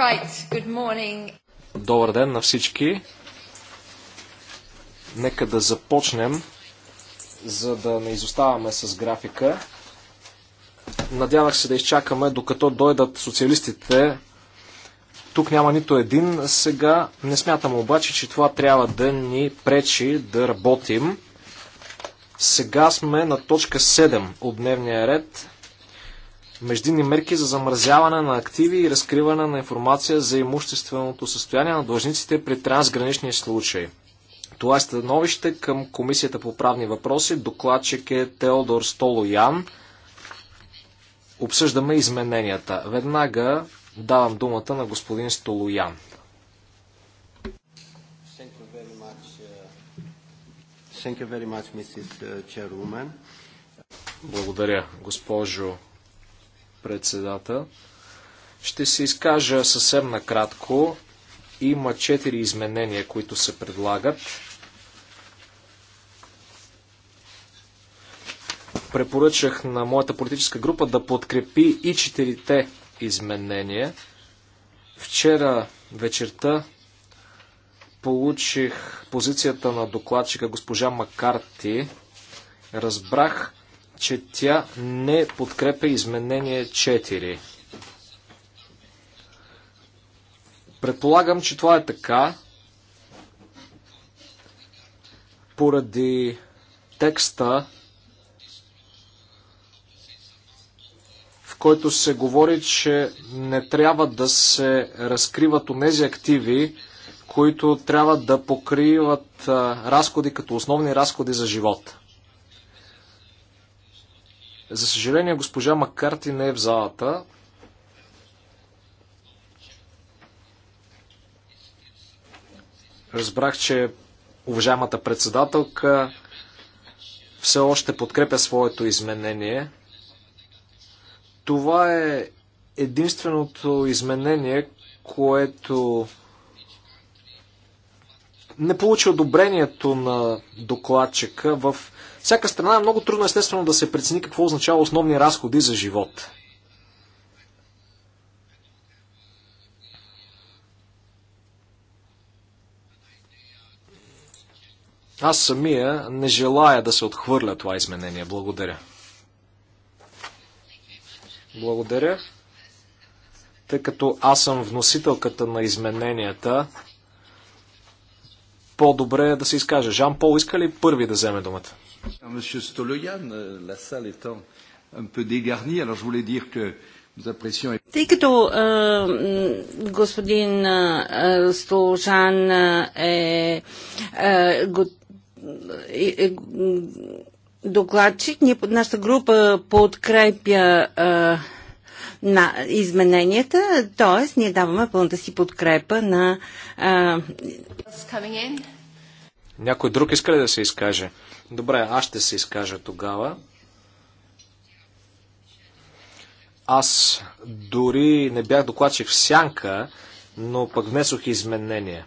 Right, good morning. Добър ден на всички. Нека да започнем, за да не изоставаме с графика. Надявах се да изчакаме, докато дойдат социалистите. Тук няма нито един сега. Не смятам обаче, че това трябва да ни пречи да работим. Сега сме на точка 7 от дневния ред междинни мерки за замразяване на активи и разкриване на информация за имущественото състояние на длъжниците при трансгранични случаи. Това е становище към Комисията по правни въпроси. Докладчик е Теодор Столоян. Обсъждаме измененията. Веднага давам думата на господин Столоян. Uh, Благодаря, госпожо председател. Ще се изкажа съвсем накратко. Има четири изменения, които се предлагат. Препоръчах на моята политическа група да подкрепи и четирите изменения. Вчера вечерта получих позицията на докладчика госпожа Макарти. Разбрах, че тя не подкрепя изменение 4. Предполагам, че това е така поради текста, в който се говори, че не трябва да се разкриват онези активи, които трябва да покриват разходи като основни разходи за живота. За съжаление, госпожа Макарти не е в залата. Разбрах, че уважаемата председателка все още подкрепя своето изменение. Това е единственото изменение, което не получи одобрението на докладчика в всяка страна е много трудно естествено да се прецени какво означава основни разходи за живот. Аз самия не желая да се отхвърля това изменение. Благодаря. Благодаря. Тъй като аз съм вносителката на измененията, по-добре е да се изкаже. Жан Пол иска ли първи да вземе думата? Monsieur euh, la salle étant un peu dégarnie, alors je voulais dire que тъй като е, господин е, е, е, го, е, докладчик, ние, нашата група подкрепя е, на измененията, т.е. ние даваме пълната си подкрепа на е, някой друг иска ли да се изкаже? Добре, аз ще се изкажа тогава. Аз дори не бях докладчик в сянка, но пък внесох изменения.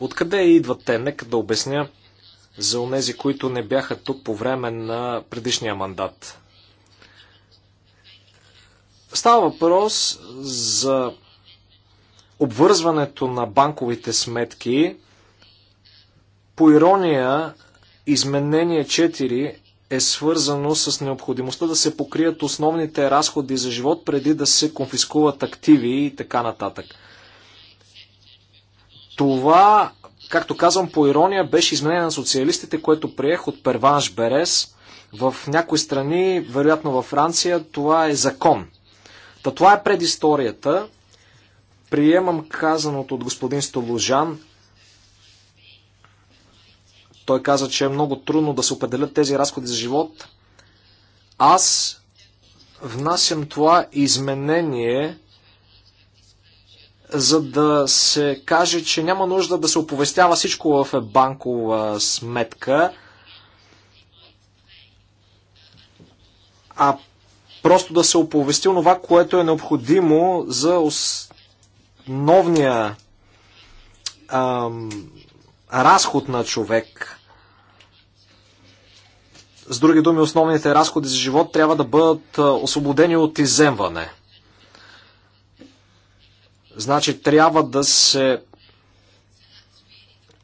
Откъде идват те? Нека да обясня за онези, които не бяха тук по време на предишния мандат. Става въпрос за обвързването на банковите сметки по ирония, изменение 4 е свързано с необходимостта да се покрият основните разходи за живот преди да се конфискуват активи и така нататък. Това, както казвам, по ирония беше изменение на социалистите, което приех от Перванш Берес. В някои страни, вероятно във Франция, това е закон. Та това е предисторията. Приемам казаното от господин Столожан. Той каза, че е много трудно да се определят тези разходи за живот. Аз внасям това изменение, за да се каже, че няма нужда да се оповестява всичко в банкова сметка, а просто да се оповести това, което е необходимо за основния ам, разход на човек. С други думи, основните разходи за живот трябва да бъдат освободени от иземване. Значи трябва да се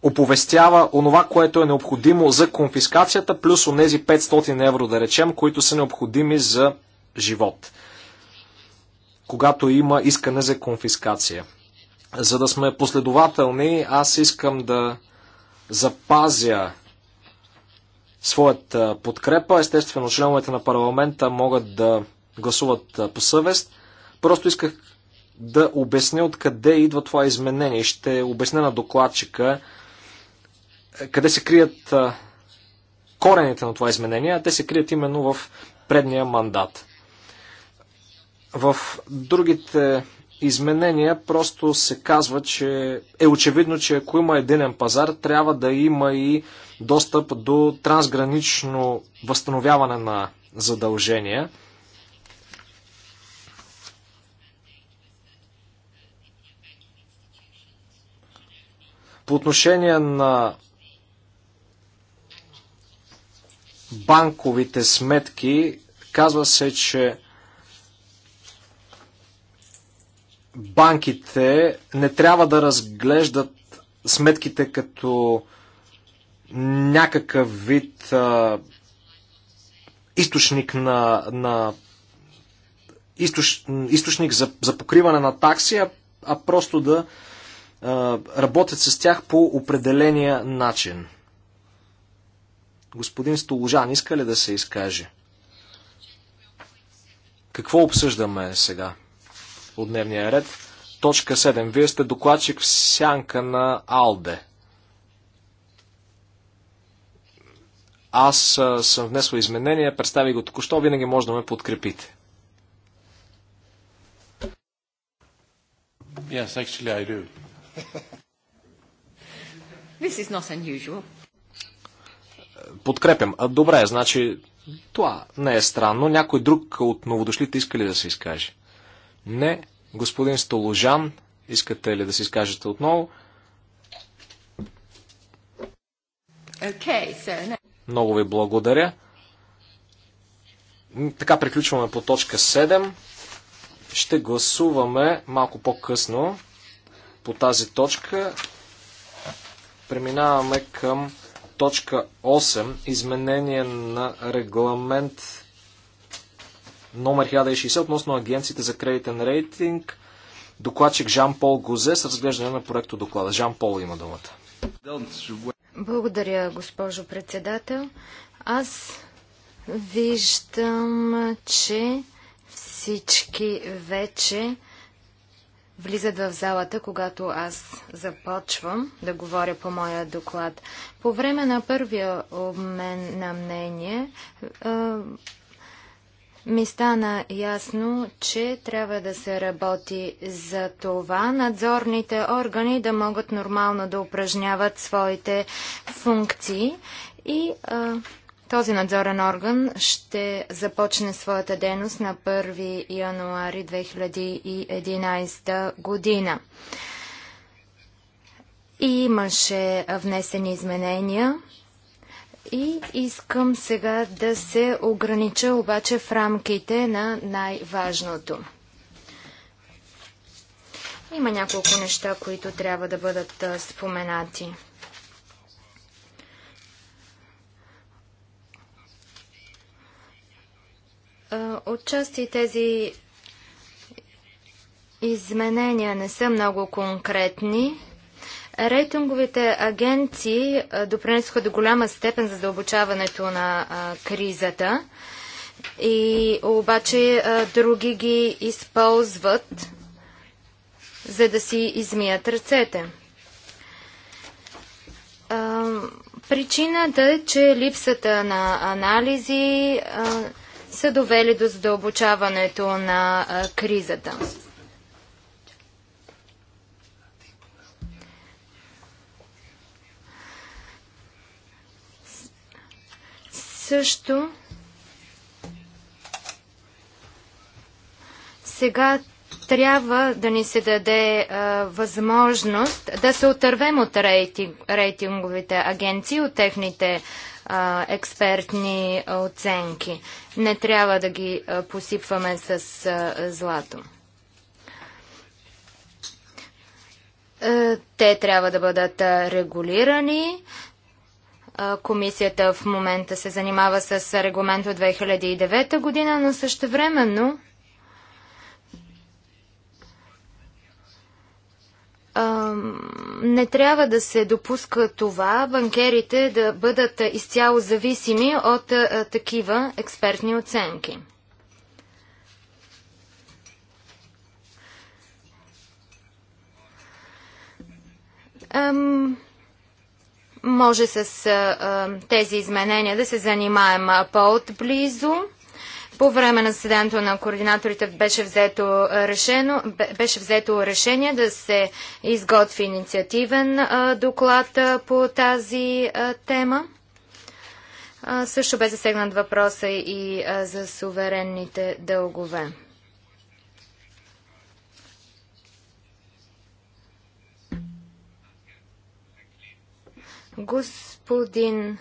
оповестява онова, което е необходимо за конфискацията, плюс онези 500 евро, да речем, които са необходими за живот, когато има искане за конфискация. За да сме последователни, аз искам да запазя своята подкрепа. Естествено, членовете на парламента могат да гласуват по съвест. Просто исках да обясня откъде идва това изменение. Ще обясня на докладчика къде се крият корените на това изменение, а те се крият именно в предния мандат. В другите изменения просто се казва, че е очевидно, че ако има единен пазар, трябва да има и достъп до трансгранично възстановяване на задължения. По отношение на банковите сметки, казва се, че банките не трябва да разглеждат сметките като някакъв вид а, източник на, на източ, източник за, за покриване на такси, а, а просто да а, работят с тях по определения начин. Господин Столожан, иска ли да се изкаже? Какво обсъждаме сега? от дневния ред. Точка 7. Вие сте докладчик в сянка на Алде. Аз съм внесла изменения, представи го току-що, винаги може да ме подкрепите. Yes, actually I do. This is not unusual. Подкрепям. Добре, значи това не е странно. Някой друг от новодошлите иска ли да се изкаже? Не. Господин Столожан, искате ли да си изкажете отново? Okay, so... Много ви благодаря. Така приключваме по точка 7. Ще гласуваме малко по-късно по тази точка. Преминаваме към точка 8. Изменение на регламент номер 1060 относно агенциите за кредитен рейтинг. Докладчик Жан-Пол Гозе с разглеждане на проекто доклада. Жан-Пол има думата. Благодаря, госпожо председател. Аз виждам, че всички вече влизат в залата, когато аз започвам да говоря по моя доклад. По време на първия обмен на мнение ми стана ясно, че трябва да се работи за това надзорните органи да могат нормално да упражняват своите функции и а, този надзорен орган ще започне своята дейност на 1 януари 2011 година. И имаше внесени изменения и искам сега да се огранича обаче в рамките на най-важното. Има няколко неща, които трябва да бъдат споменати. Отчасти тези изменения не са много конкретни. Рейтинговите агенции допринесоха до голяма степен за задълбочаването на кризата и обаче други ги използват за да си измият ръцете. причината е, че липсата на анализи са довели до задълбочаването на кризата. Също сега трябва да ни се даде а, възможност да се отървем от рейтинг, рейтинговите агенции, от техните а, експертни оценки. Не трябва да ги а, посипваме с а, злато. Е, те трябва да бъдат регулирани, Комисията в момента се занимава с регламент от 2009 година, но също времено. не трябва да се допуска това банкерите да бъдат изцяло зависими от такива експертни оценки. Ам, може с а, тези изменения да се занимаем по-отблизо. По време на заседанието на координаторите беше взето, решено, беше взето решение да се изготви инициативен а, доклад а, по тази а, тема. Също бе засегнат въпроса и за суверенните дългове. Господин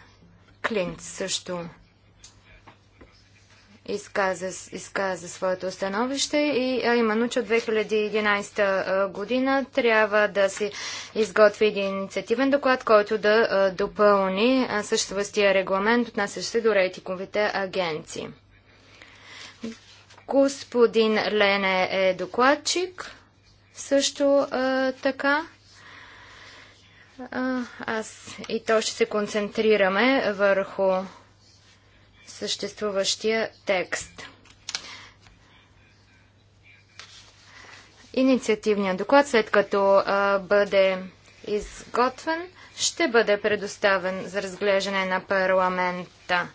Клинт също изказа, изказа своето становище и а именно, че от 2011 година трябва да се изготви един инициативен доклад, който да а, допълни съществуващия регламент, отнасящ се до рейтинговите агенции. Господин Лене е докладчик също а, така. Аз и то ще се концентрираме върху съществуващия текст. Инициативният доклад, след като а, бъде изготвен, ще бъде предоставен за разглеждане на парламента.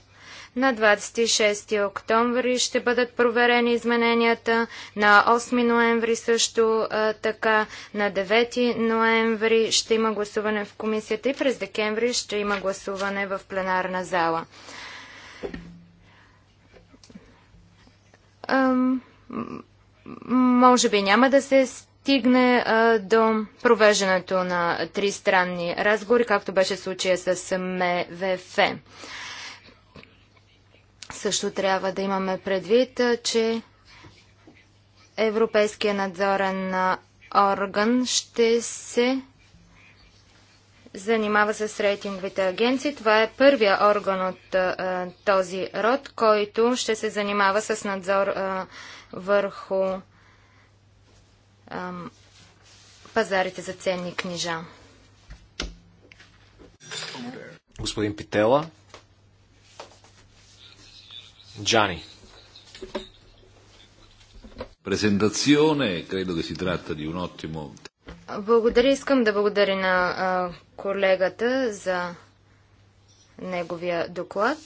На 26 октомври ще бъдат проверени измененията, на 8 ноември също а, така, на 9 ноември ще има гласуване в комисията и през декември ще има гласуване в пленарна зала. Ам, може би няма да се стигне а, до провеждането на тристранни разговори, както беше случая с МВФ. Също трябва да имаме предвид, че Европейския надзорен орган ще се занимава с рейтинговите агенции. Това е първия орган от този род, който ще се занимава с надзор върху пазарите за ценни книжа. Господин Питела. Джани. Presentazione, credo che si tratta di un ottimo... Благодаря, искам да благодаря на а, колегата за неговия доклад.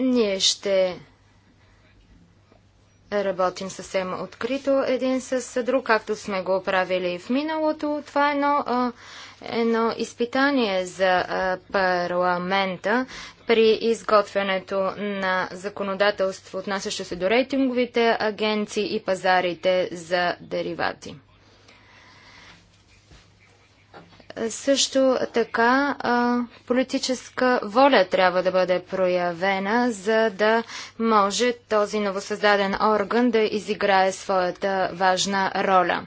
Ние ще работим съвсем открито един с друг, както сме го правили в миналото. Това е едно, едно изпитание за парламента при изготвянето на законодателство, отнасящо се до рейтинговите агенции и пазарите за деривати. Също така политическа воля трябва да бъде проявена, за да може този новосъздаден орган да изиграе своята важна роля.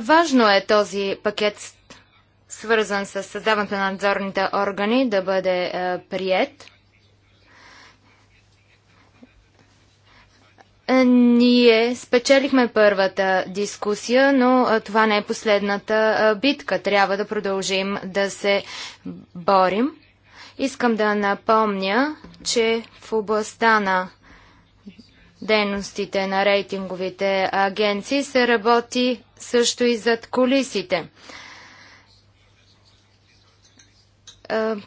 Важно е този пакет, свързан с създаването на надзорните органи, да бъде прият. Ние спечелихме първата дискусия, но това не е последната битка. Трябва да продължим да се борим. Искам да напомня, че в областта на дейностите на рейтинговите агенции се работи също и зад колисите.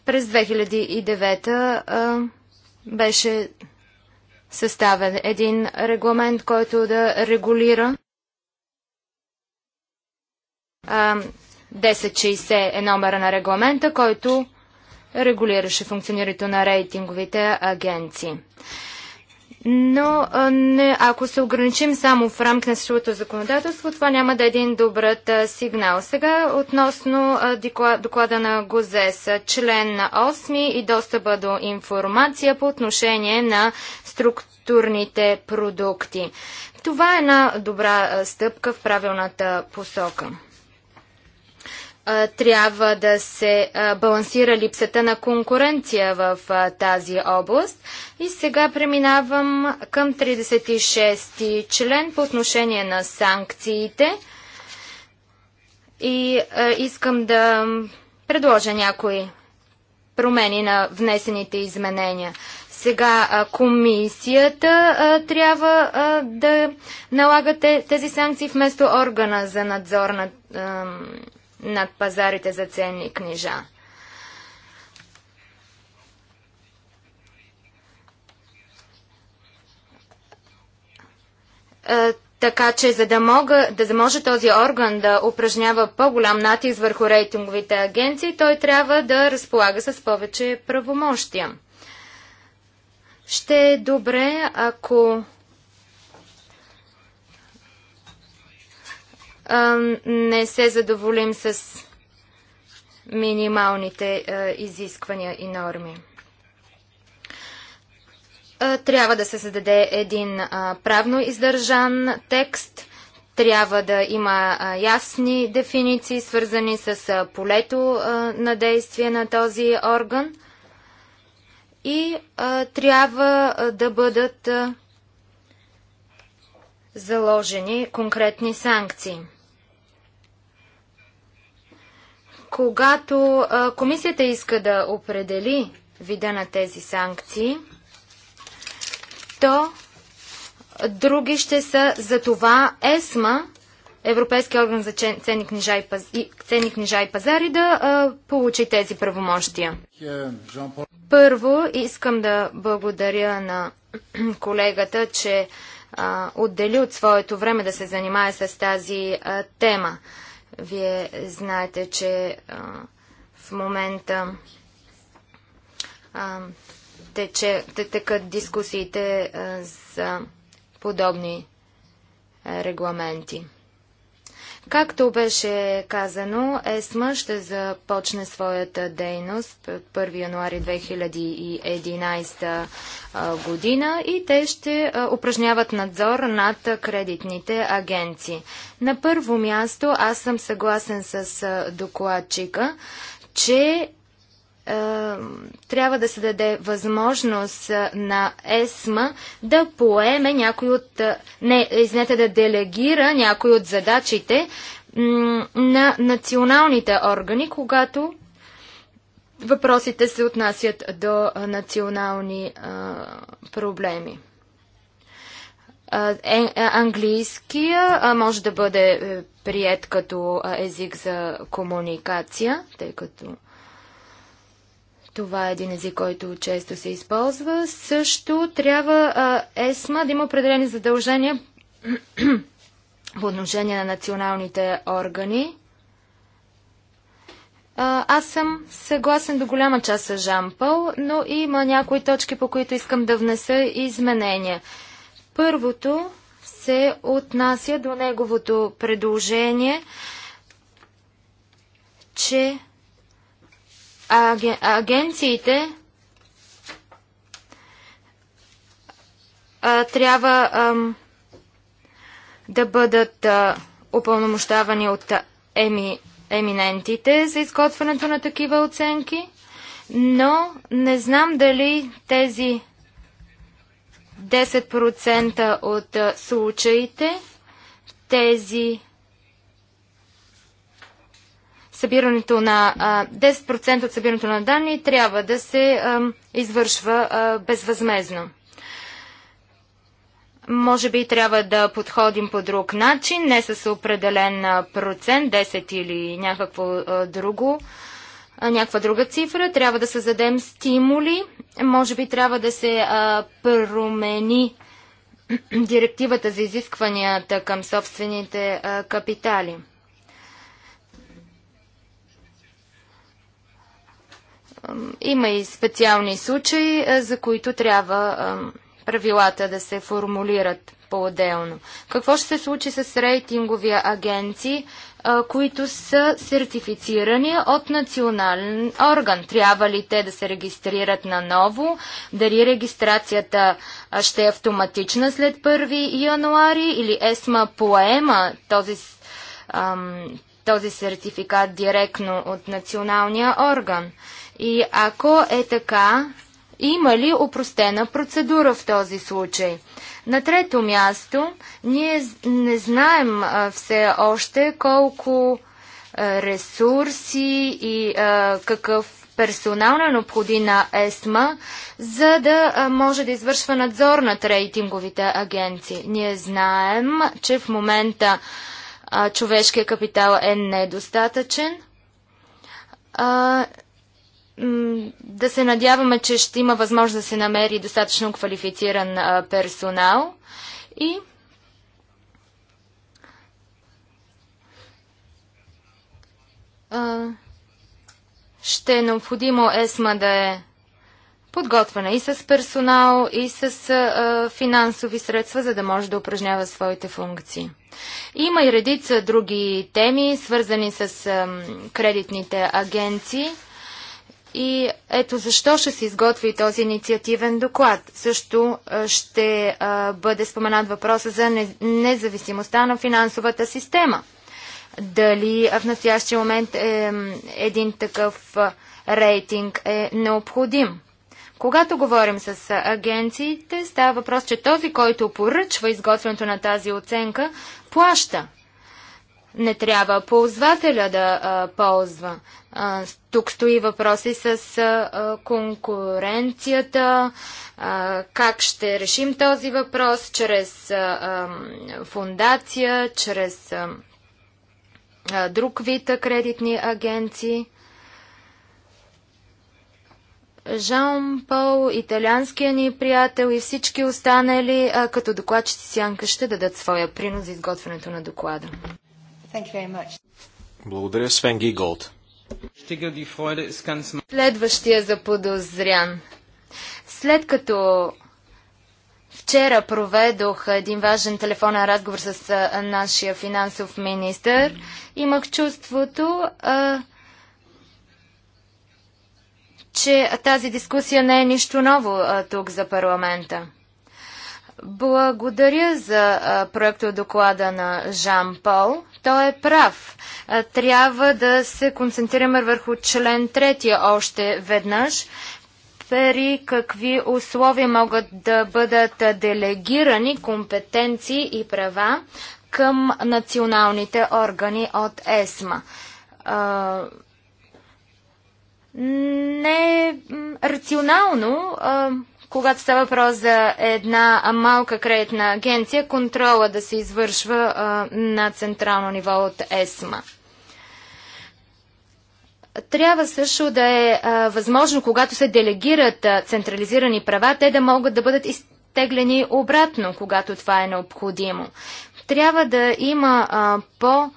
През 2009 беше съставен един регламент, който да регулира 1060 е номера на регламента, който регулираше функционирането на рейтинговите агенции. Но а, не, ако се ограничим само в рамките на същото законодателство, това няма да е един добър сигнал. Сега относно а, доклада, доклада на ГОЗЕС, член на 8 и достъпа до информация по отношение на структурните продукти. Това е една добра стъпка в правилната посока трябва да се балансира липсата на конкуренция в тази област. И сега преминавам към 36 ти член по отношение на санкциите. И искам да предложа някои промени на внесените изменения. Сега комисията трябва да налагате тези санкции вместо органа за надзор на над пазарите за ценни книжа. Е, така че за да, мога, да може този орган да упражнява по-голям натиск върху рейтинговите агенции, той трябва да разполага с повече правомощия. Ще е добре, ако не се задоволим с минималните изисквания и норми трябва да се създаде един а, правно издържан текст, трябва да има а, ясни дефиниции, свързани с а, полето на действие на този орган и трябва да бъдат заложени конкретни санкции. Когато а, комисията иска да определи вида на тези санкции, то други ще са за това ЕСМА, Европейския орган за ценни книжа и, паз... ценни книжа и пазари, да а, получи тези правомощия. Първо искам да благодаря на колегата, че а, отдели от своето време да се занимае с тази а, тема. Вие знаете, че а, в момента а, тече, текат дискусиите а, за подобни регламенти. Както беше казано, ЕСМА ще започне своята дейност 1 януари 2011 година и те ще упражняват надзор над кредитните агенции. На първо място аз съм съгласен с докладчика, че е, трябва да се даде възможност е, на ЕСМА да поеме някой от, е, не, извинете, да делегира някой от задачите на националните органи, когато въпросите се отнасят до национални проблеми. английския може да бъде прият като език за комуникация, тъй като това е един език, който често се използва. Също трябва а, ЕСМА да има определени задължения по отношение на националните органи. А, аз съм съгласен до голяма част с Жампъл, но има някои точки, по които искам да внеса изменения. Първото се отнася до неговото предложение, че агенциите трябва да бъдат упълномощавани от еми, еминентите за изготвянето на такива оценки, но не знам дали тези 10% от случаите, тези събирането на 10% от събирането на данни трябва да се извършва безвъзмезно. Може би трябва да подходим по друг начин, не с определен процент, 10 или някакво друго, някаква друга цифра. Трябва да създадем стимули. Може би трябва да се промени директивата за изискванията към собствените капитали. Има и специални случаи, е, за които трябва правилата да се формулират по-отделно. Какво ще се случи с рейтингови агенции, които са сертифицирани от национален орган? Трябва ли те да се регистрират наново? Дали регистрацията ще е автоматична след 1 януари или ЕСМА поема този, този сертификат директно от националния орган? И ако е така, има ли опростена процедура в този случай? На трето място, ние не знаем все още колко ресурси и какъв персонал е необходим на ЕСМА, за да може да извършва надзор над рейтинговите агенции. Ние знаем, че в момента човешкият капитал е недостатъчен да се надяваме, че ще има възможност да се намери достатъчно квалифициран персонал и ще е необходимо ЕСМА да е подготвена и с персонал, и с финансови средства, за да може да упражнява своите функции. Има и редица други теми, свързани с кредитните агенции – и ето защо ще се изготви този инициативен доклад. Също ще бъде споменат въпроса за независимостта на финансовата система. Дали в настоящия момент е, един такъв рейтинг е необходим? Когато говорим с агенциите, става въпрос, че този, който поръчва изготвянето на тази оценка, плаща не трябва ползвателя да а, ползва. А, тук стои въпроси с а, конкуренцията, а, как ще решим този въпрос, чрез а, а, фундация, чрез а, а, друг вид кредитни агенции. Жан Пол, италианския ни приятел и всички останали, а, като докладчици Сянка ще дадат своя принос за изготвянето на доклада. Благодаря, Свен Гиголд. Следващия за подозрян. След като вчера проведох един важен телефонен разговор с нашия финансов министр, имах чувството, а, че тази дискусия не е нищо ново а, тук за парламента. Благодаря за проекто доклада на Жан Пол. Той е прав. трябва да се концентрираме върху член 3 още веднъж. При какви условия могат да бъдат делегирани компетенции и права към националните органи от ЕСМА? не е рационално а, когато става въпрос за една малка кредитна агенция, контрола да се извършва а, на централно ниво от ЕСМА. Трябва също да е а, възможно, когато се делегират а, централизирани права, те да могат да бъдат изтеглени обратно, когато това е необходимо. Трябва да има а, по-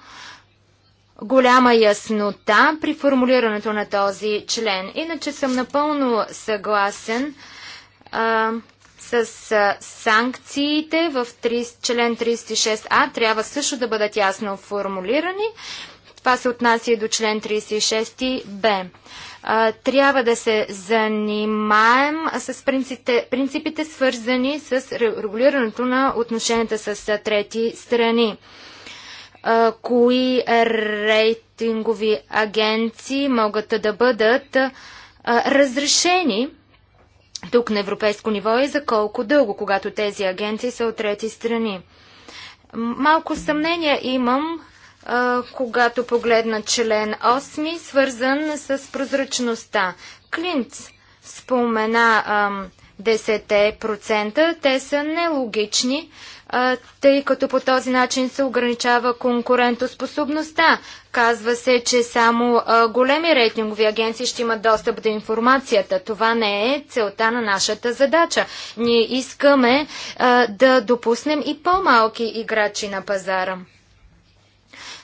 голяма яснота при формулирането на този член. Иначе съм напълно съгласен а, с а, санкциите в 30, член 36а трябва също да бъдат ясно формулирани. Това се отнася и до член 36б. Трябва да се занимаем с принципите, принципите свързани с регулирането на отношенията с трети страни. А, кои рейтингови агенции могат да бъдат а, разрешени тук на европейско ниво и е за колко дълго, когато тези агенции са от трети страни. Малко съмнение имам, а, когато погледна член 8, свързан с прозрачността. Клинц спомена а, 10%, те са нелогични, тъй като по този начин се ограничава конкурентоспособността. Казва се, че само големи рейтингови агенции ще имат достъп до информацията. Това не е целта на нашата задача. Ние искаме да допуснем и по-малки играчи на пазара.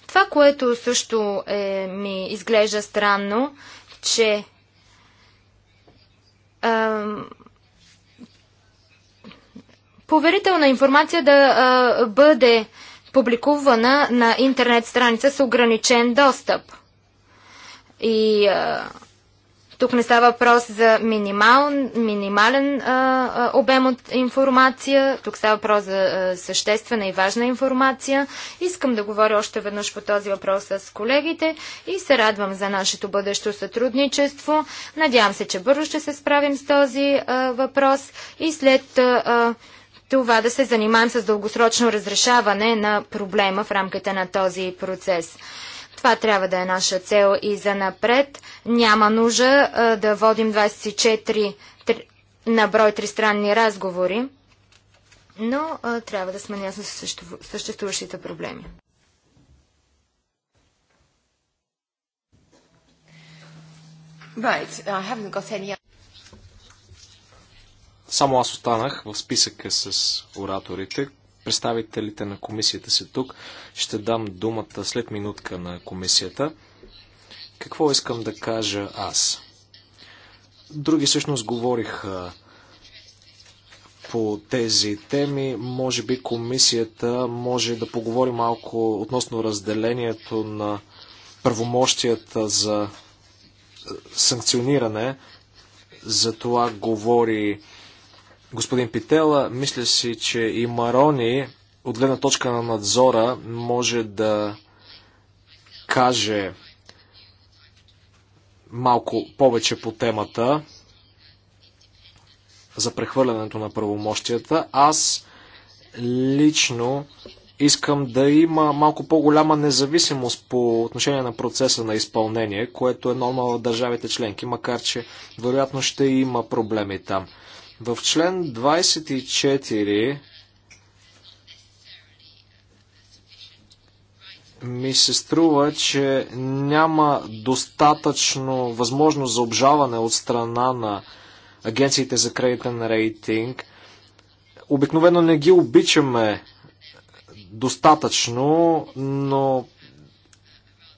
Това, което също е, ми изглежда странно, че поверителна информация да а, бъде публикувана на интернет страница с ограничен достъп. И а, тук не става въпрос за минимал, минимален а, обем от информация, тук става въпрос за а, съществена и важна информация. Искам да говоря още веднъж по този въпрос с колегите и се радвам за нашето бъдещо сътрудничество. Надявам се, че бързо ще се справим с този а, въпрос и след а, това да се занимаем с дългосрочно разрешаване на проблема в рамките на този процес. Това трябва да е наша цел и за напред. Няма нужда да водим 24 на брой тристранни разговори, но трябва да сме наясно с съществуващите проблеми. Right, I haven't got any само аз останах в списъка с ораторите. Представителите на комисията са тук. Ще дам думата след минутка на комисията. Какво искам да кажа аз? Други всъщност говорих по тези теми. Може би комисията може да поговори малко относно разделението на правомощията за санкциониране. За това говори господин Питела, мисля си, че и Марони от гледна точка на надзора може да каже малко повече по темата за прехвърлянето на правомощията. Аз лично искам да има малко по-голяма независимост по отношение на процеса на изпълнение, което е нормално в държавите членки, макар че вероятно ще има проблеми там. В член 24 ми се струва, че няма достатъчно възможност за обжаване от страна на агенциите за кредитен рейтинг. Обикновено не ги обичаме достатъчно, но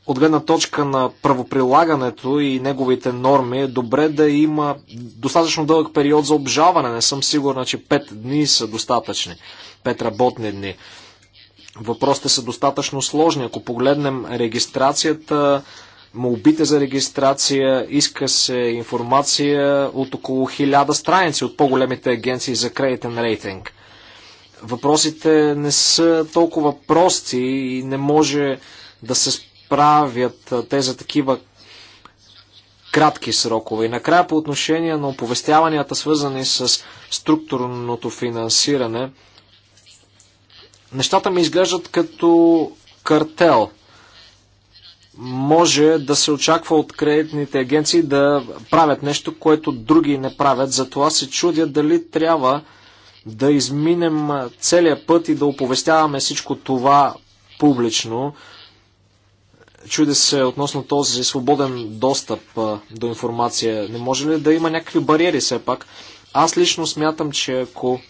от гледна точка на правоприлагането и неговите норми е добре да има достатъчно дълъг период за обжаване. Не съм сигурна, че 5 дни са достатъчни. 5 работни дни. Въпросите са достатъчно сложни. Ако погледнем регистрацията, молбите за регистрация, иска се информация от около 1000 страници от по-големите агенции за кредитен рейтинг. Въпросите не са толкова прости и не може да се правят тези такива кратки срокове. И накрая по отношение на оповестяванията, свързани с структурното финансиране, нещата ми изглеждат като картел. Може да се очаква от кредитните агенции да правят нещо, което други не правят. Затова се чудя дали трябва да изминем целият път и да оповестяваме всичко това публично. Чуде се относно този свободен достъп до информация. Не може ли да има някакви бариери все пак? Аз лично смятам, че ако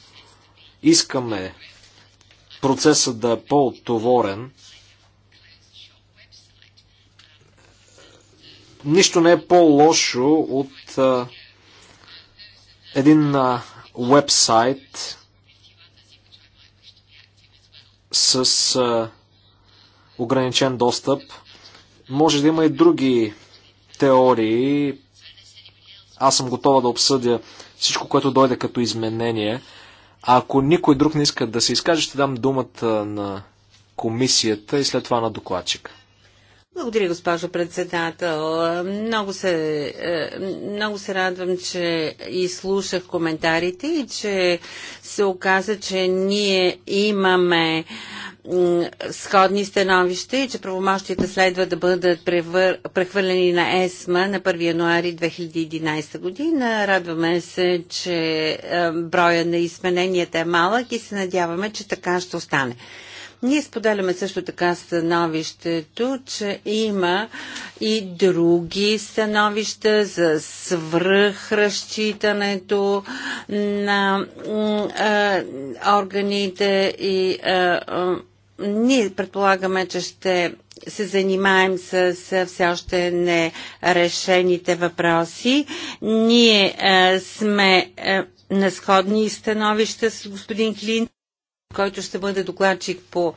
искаме процесът да е по отоворен нищо не е по-лошо от а, един а, вебсайт с а, ограничен достъп. Може да има и други теории. Аз съм готова да обсъдя всичко, което дойде като изменение. А ако никой друг не иска да се изкаже, ще дам думата на комисията и след това на докладчика. Благодаря, госпожо председател. Много се, е, много се радвам, че и слушах коментарите и че се оказа, че ние имаме е, сходни становища и че правомощията следва да бъдат превър... прехвърлени на ЕСМА на 1 януари 2011 година. Радваме се, че е, броя на измененията е малък и се надяваме, че така ще остане. Ние споделяме също така становището, че има и други становища за свръхразчитането на е, органите и а, е, ние предполагаме, че ще се занимаем с, все още нерешените въпроси. Ние е, сме е, на сходни становища с господин Клин, който ще бъде докладчик по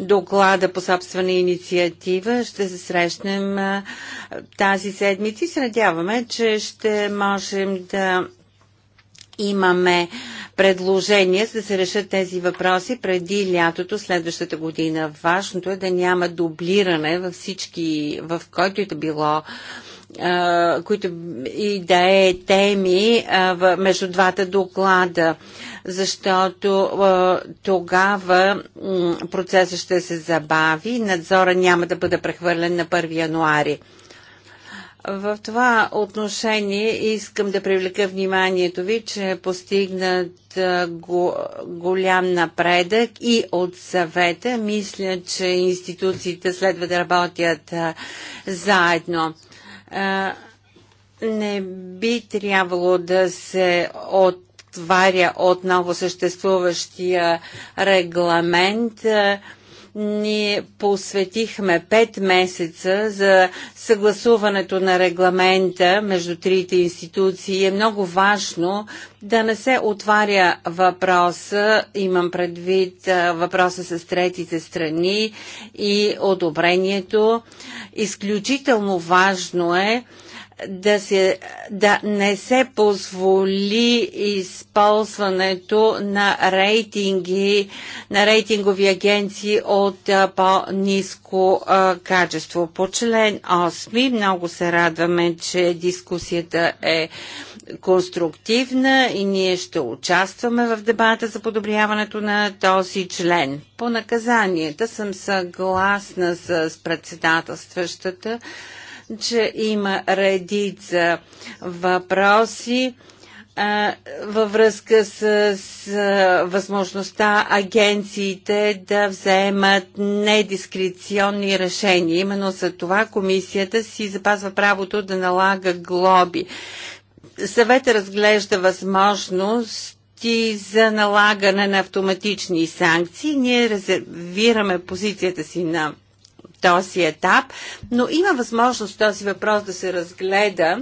доклада по собствена инициатива. Ще се срещнем е, тази седмица и се надяваме, че ще можем да имаме предложения, за да се решат тези въпроси преди лятото следващата година. Важното е да няма дублиране във всички, в който и да било които и да е теми между двата доклада, защото тогава процесът ще се забави, надзора няма да бъде прехвърлен на 1 януари. В това отношение искам да привлека вниманието ви, че е постигнат го, голям напредък и от съвета. Мисля, че институциите следва да работят заедно не би трябвало да се отваря отново съществуващия регламент. Ние посветихме 5 месеца за съгласуването на регламента между трите институции. Е много важно да не се отваря въпроса, имам предвид въпроса с третите страни и одобрението. Изключително важно е да, се, да не се позволи използването на рейтинги, на рейтингови агенции от по-низко качество. По член 8 много се радваме, че дискусията е конструктивна и ние ще участваме в дебата за подобряването на този член. По наказанията съм съгласна с председателстващата че има редица въпроси във връзка с, с възможността агенциите да вземат недискреционни решения. Именно за това комисията си запазва правото да налага глоби. Съветът разглежда възможности за налагане на автоматични санкции. Ние резервираме позицията си на този етап, но има възможност този въпрос да се разгледа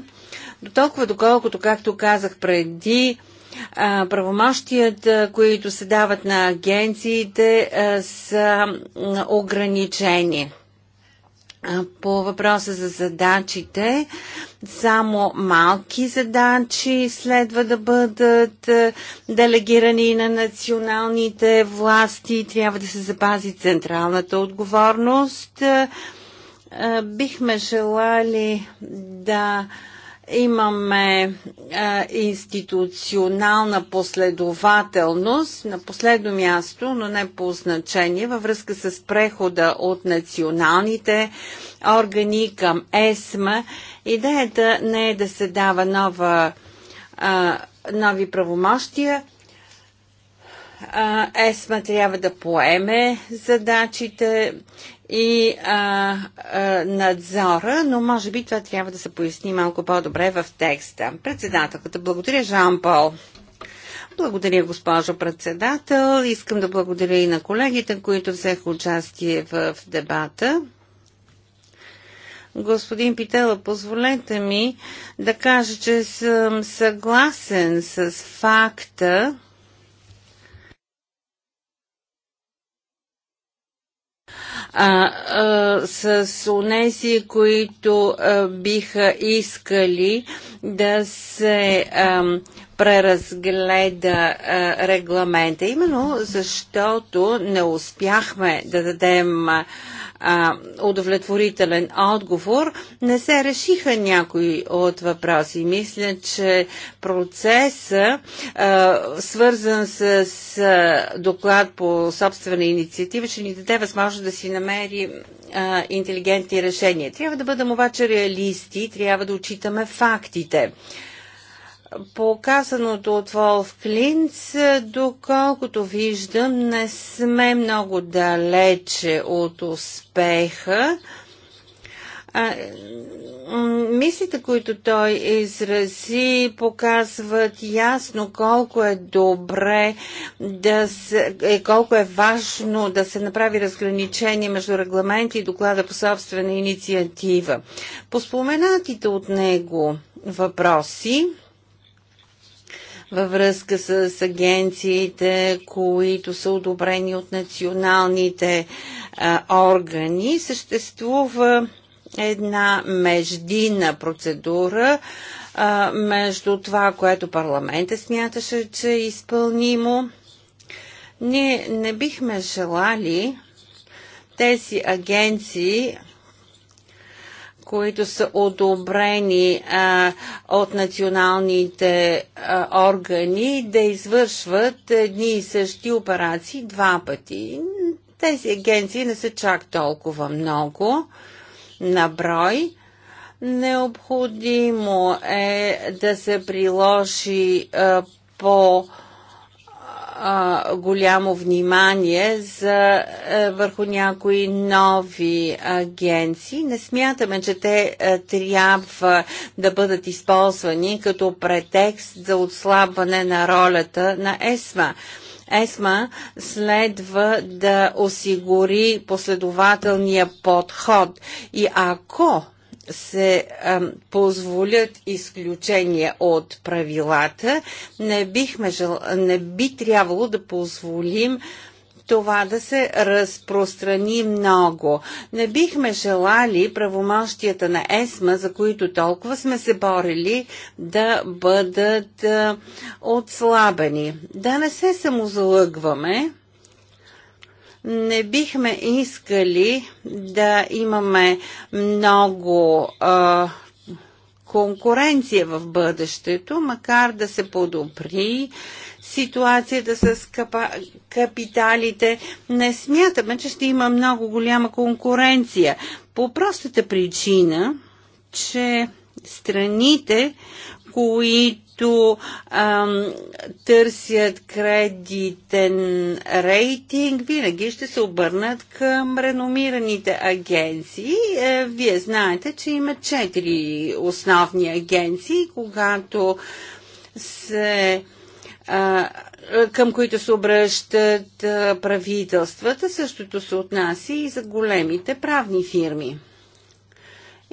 до толкова доколкото, както казах преди, правомощията, които се дават на агенциите, са ограничени. По въпроса за задачите, само малки задачи следва да бъдат делегирани на националните власти. Трябва да се запази централната отговорност. Бихме желали да имаме а, е, институционална последователност на последно място, но не по значение, във връзка с прехода от националните органи към ЕСМА. Идеята не е да се дава нова, а, е, нови правомощия. А, е, ЕСМА трябва да поеме задачите и а, а, надзора, но може би това трябва да се поясни малко по-добре в текста. Председателката, благодаря Жан Пол. Благодаря, госпожо председател. Искам да благодаря и на колегите, които взеха участие в, в дебата. Господин Питела, позволете ми да кажа, че съм съгласен с факта, а, а, с онези, които а, биха искали да се а, преразгледа а, регламента. Именно защото не успяхме да дадем а, а, удовлетворителен отговор, не се решиха някои от въпроси. Мисля, че процеса, а, свързан с, с доклад по собствена инициатива, ще ни даде възможност да си намери а, интелигентни решения. Трябва да бъдем обаче реалисти, трябва да учитаме фактите по казаното от Волф Клинц, доколкото виждам, не сме много далече от успеха. А, мислите, които той изрази, показват ясно колко е добре да се, е, колко е важно да се направи разграничение между регламент и доклада по собствена инициатива. По споменатите от него въпроси, във връзка с агенциите, които са одобрени от националните а, органи. Съществува една междинна процедура а, между това, което парламента смяташе, че е изпълнимо. Ние не бихме желали тези агенции които са одобрени а, от националните а, органи, да извършват едни и същи операции два пъти. Тези агенции не са чак толкова много на брой. Необходимо е да се приложи а, по- а, голямо внимание за, а, е, върху някои нови агенции. Не смятаме, че те а, е, трябва да бъдат използвани като претекст за отслабване на ролята на ЕСМА. ЕСМА следва да осигури последователния подход. И ако се а, позволят изключения от правилата, не, бихме жел... не би трябвало да позволим това да се разпространи много. Не бихме желали правомощията на ЕСМА, за които толкова сме се борили, да бъдат а, отслабени. Да не се самозалъгваме не бихме искали да имаме много а, конкуренция в бъдещето, макар да се подобри ситуацията с капа, капиталите. Не смятаме, че ще има много голяма конкуренция. По простата причина, че страните, които които ам, търсят кредитен рейтинг, винаги ще се обърнат към реномираните агенции. Е, вие знаете, че има четири основни агенции, когато се към които се обръщат правителствата. Същото се отнася и за големите правни фирми.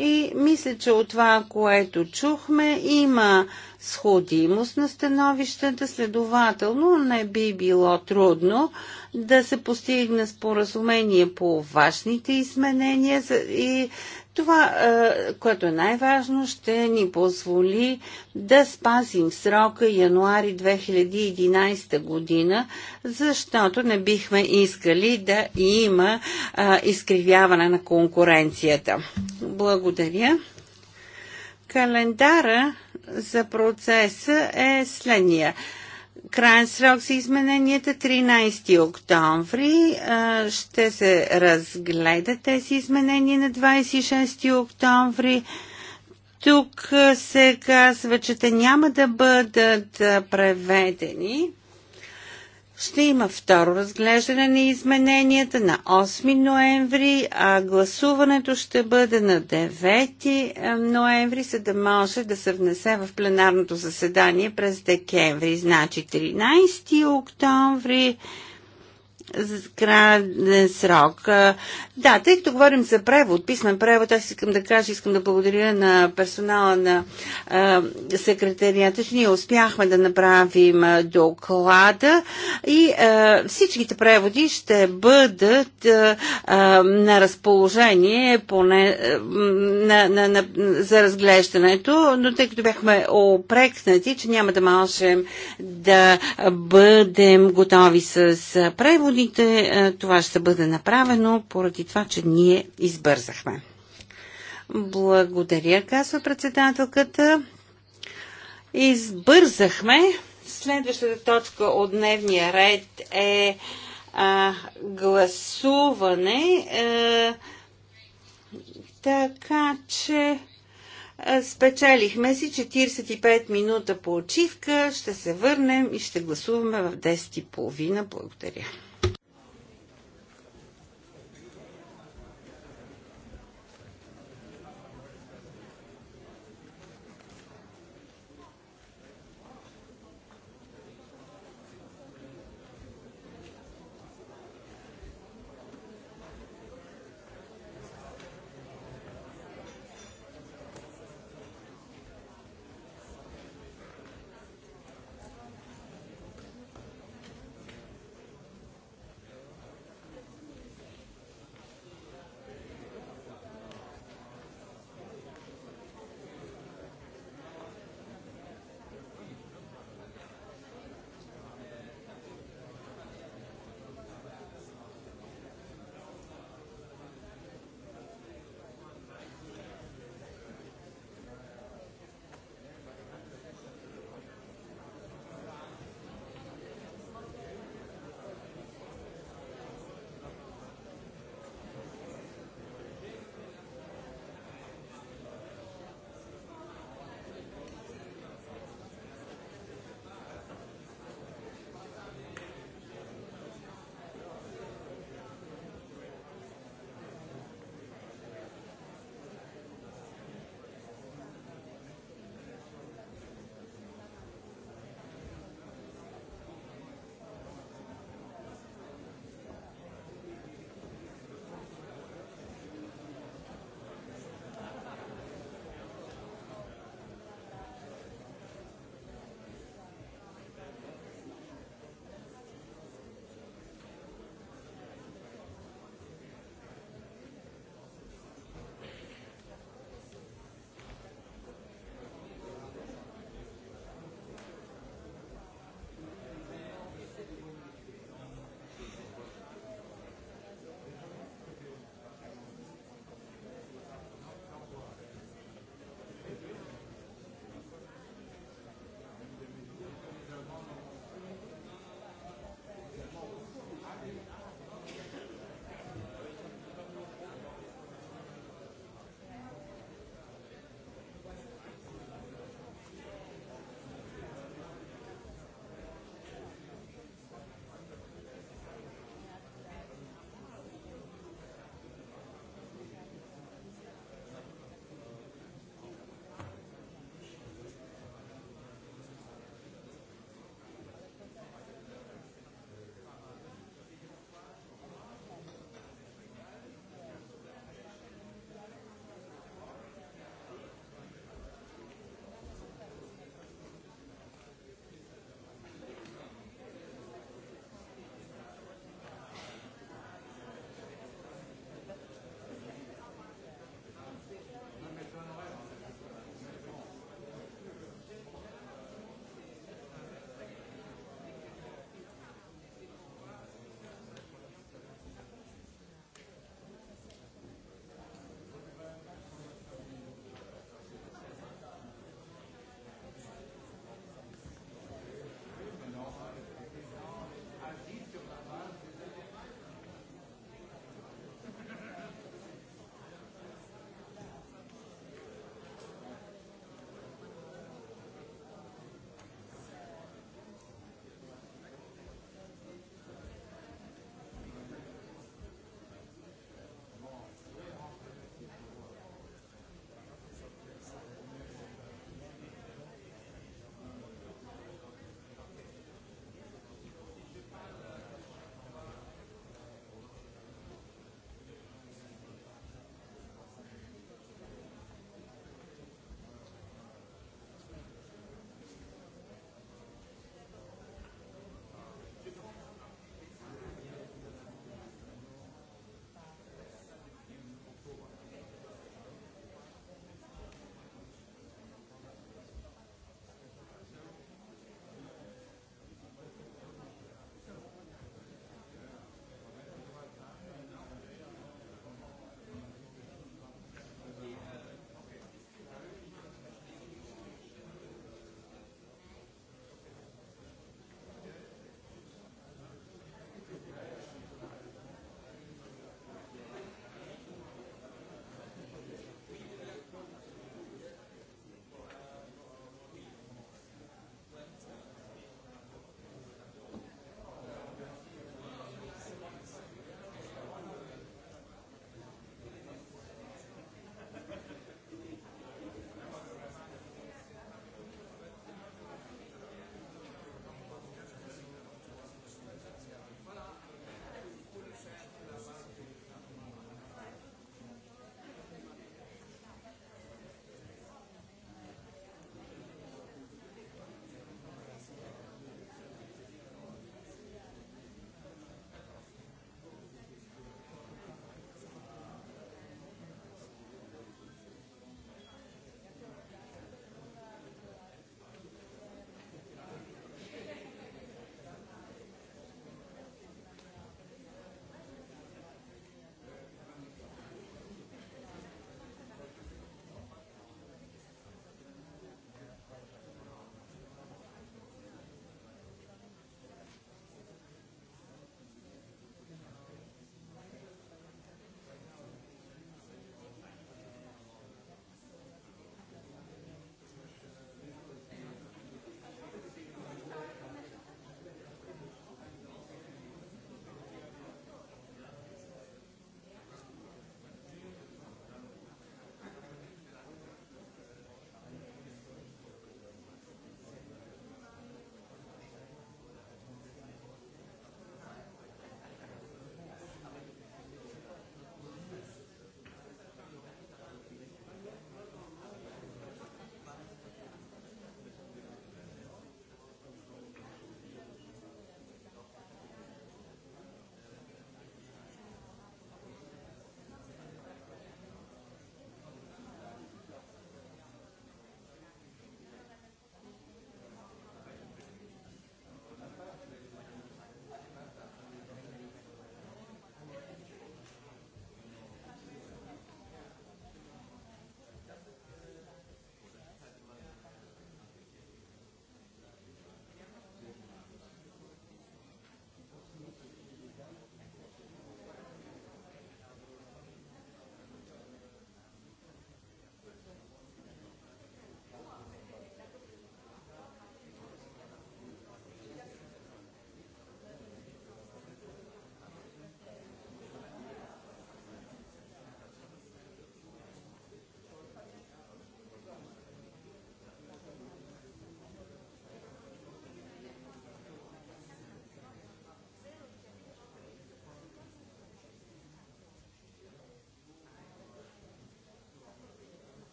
И мисля, че от това, което чухме, има сходимост на становищата, следователно не би било трудно да се постигне споразумение по важните изменения и това, е, което е най-важно, ще ни позволи да спазим срока януари 2011 година, защото не бихме искали да има е, изкривяване на конкуренцията. Благодаря. Календара за процеса е следния. Крайен срок за измененията 13 е октомври. Ще се разгледат тези изменения на 26 октомври. Тук се казва, че те няма да бъдат преведени. Ще има второ разглеждане на измененията на 8 ноември, а гласуването ще бъде на 9 е, ноември, за да може да се внесе в пленарното заседание през декември. Значи 13 октомври крайен срок. Да, тъй като говорим за превод, писмен превод, аз искам да кажа, искам да благодаря на персонала на секретарията, че ние успяхме да направим доклада и всичките преводи ще бъдат на разположение поне, на, на, на, за разглеждането, но тъй като бяхме опрекнати, че няма да можем да бъдем готови с преводи, годините е, Това ще бъде направено поради това, че ние избързахме. Благодаря, казва председателката. Избързахме. Следващата точка от дневния ред е а, е, гласуване. А, е, така че а, спечелихме си 45 минута по почивка. Ще се върнем и ще гласуваме в 10.30. Благодаря.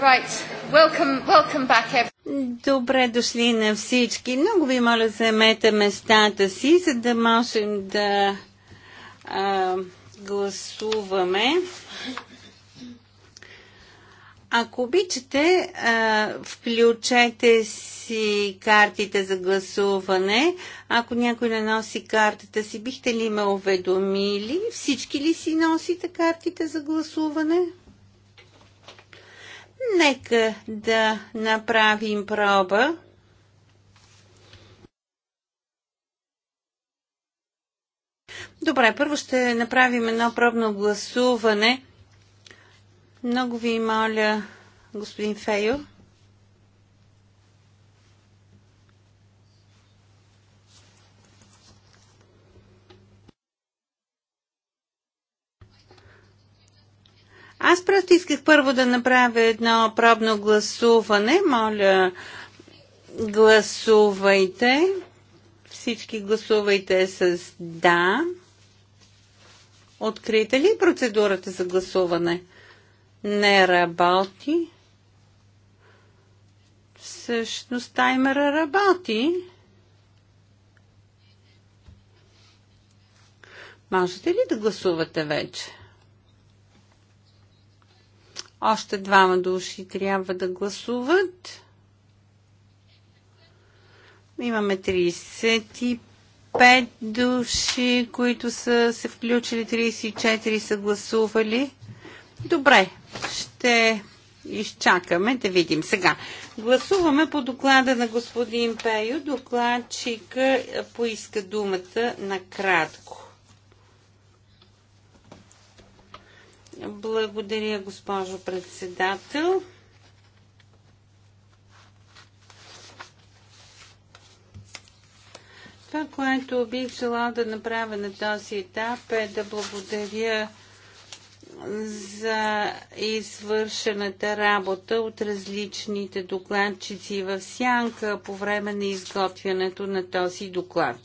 Right. Welcome, welcome back, Добре дошли на всички. Много ви моля, вземете местата си, за да можем да а, гласуваме. Ако обичате, а, включете си картите за гласуване. Ако някой не носи картата си, бихте ли ме уведомили? Всички ли си носите картите за гласуване? Нека да направим проба. Добре, първо ще направим едно пробно гласуване. Много ви моля, господин Фейо. Аз просто исках първо да направя едно пробно гласуване. Моля, гласувайте. Всички гласувайте с да. Открита ли процедурата за гласуване? Не работи. Всъщност таймера работи. Можете ли да гласувате вече? Още двама души трябва да гласуват. Имаме 35 души, които са се включили, 34 са гласували. Добре, ще изчакаме да видим. Сега, гласуваме по доклада на господин Пейо. Докладчика поиска думата накратко. Благодаря, госпожо председател. Това, което бих желала да направя на този етап е да благодаря за извършената работа от различните докладчици в сянка по време на изготвянето на този доклад.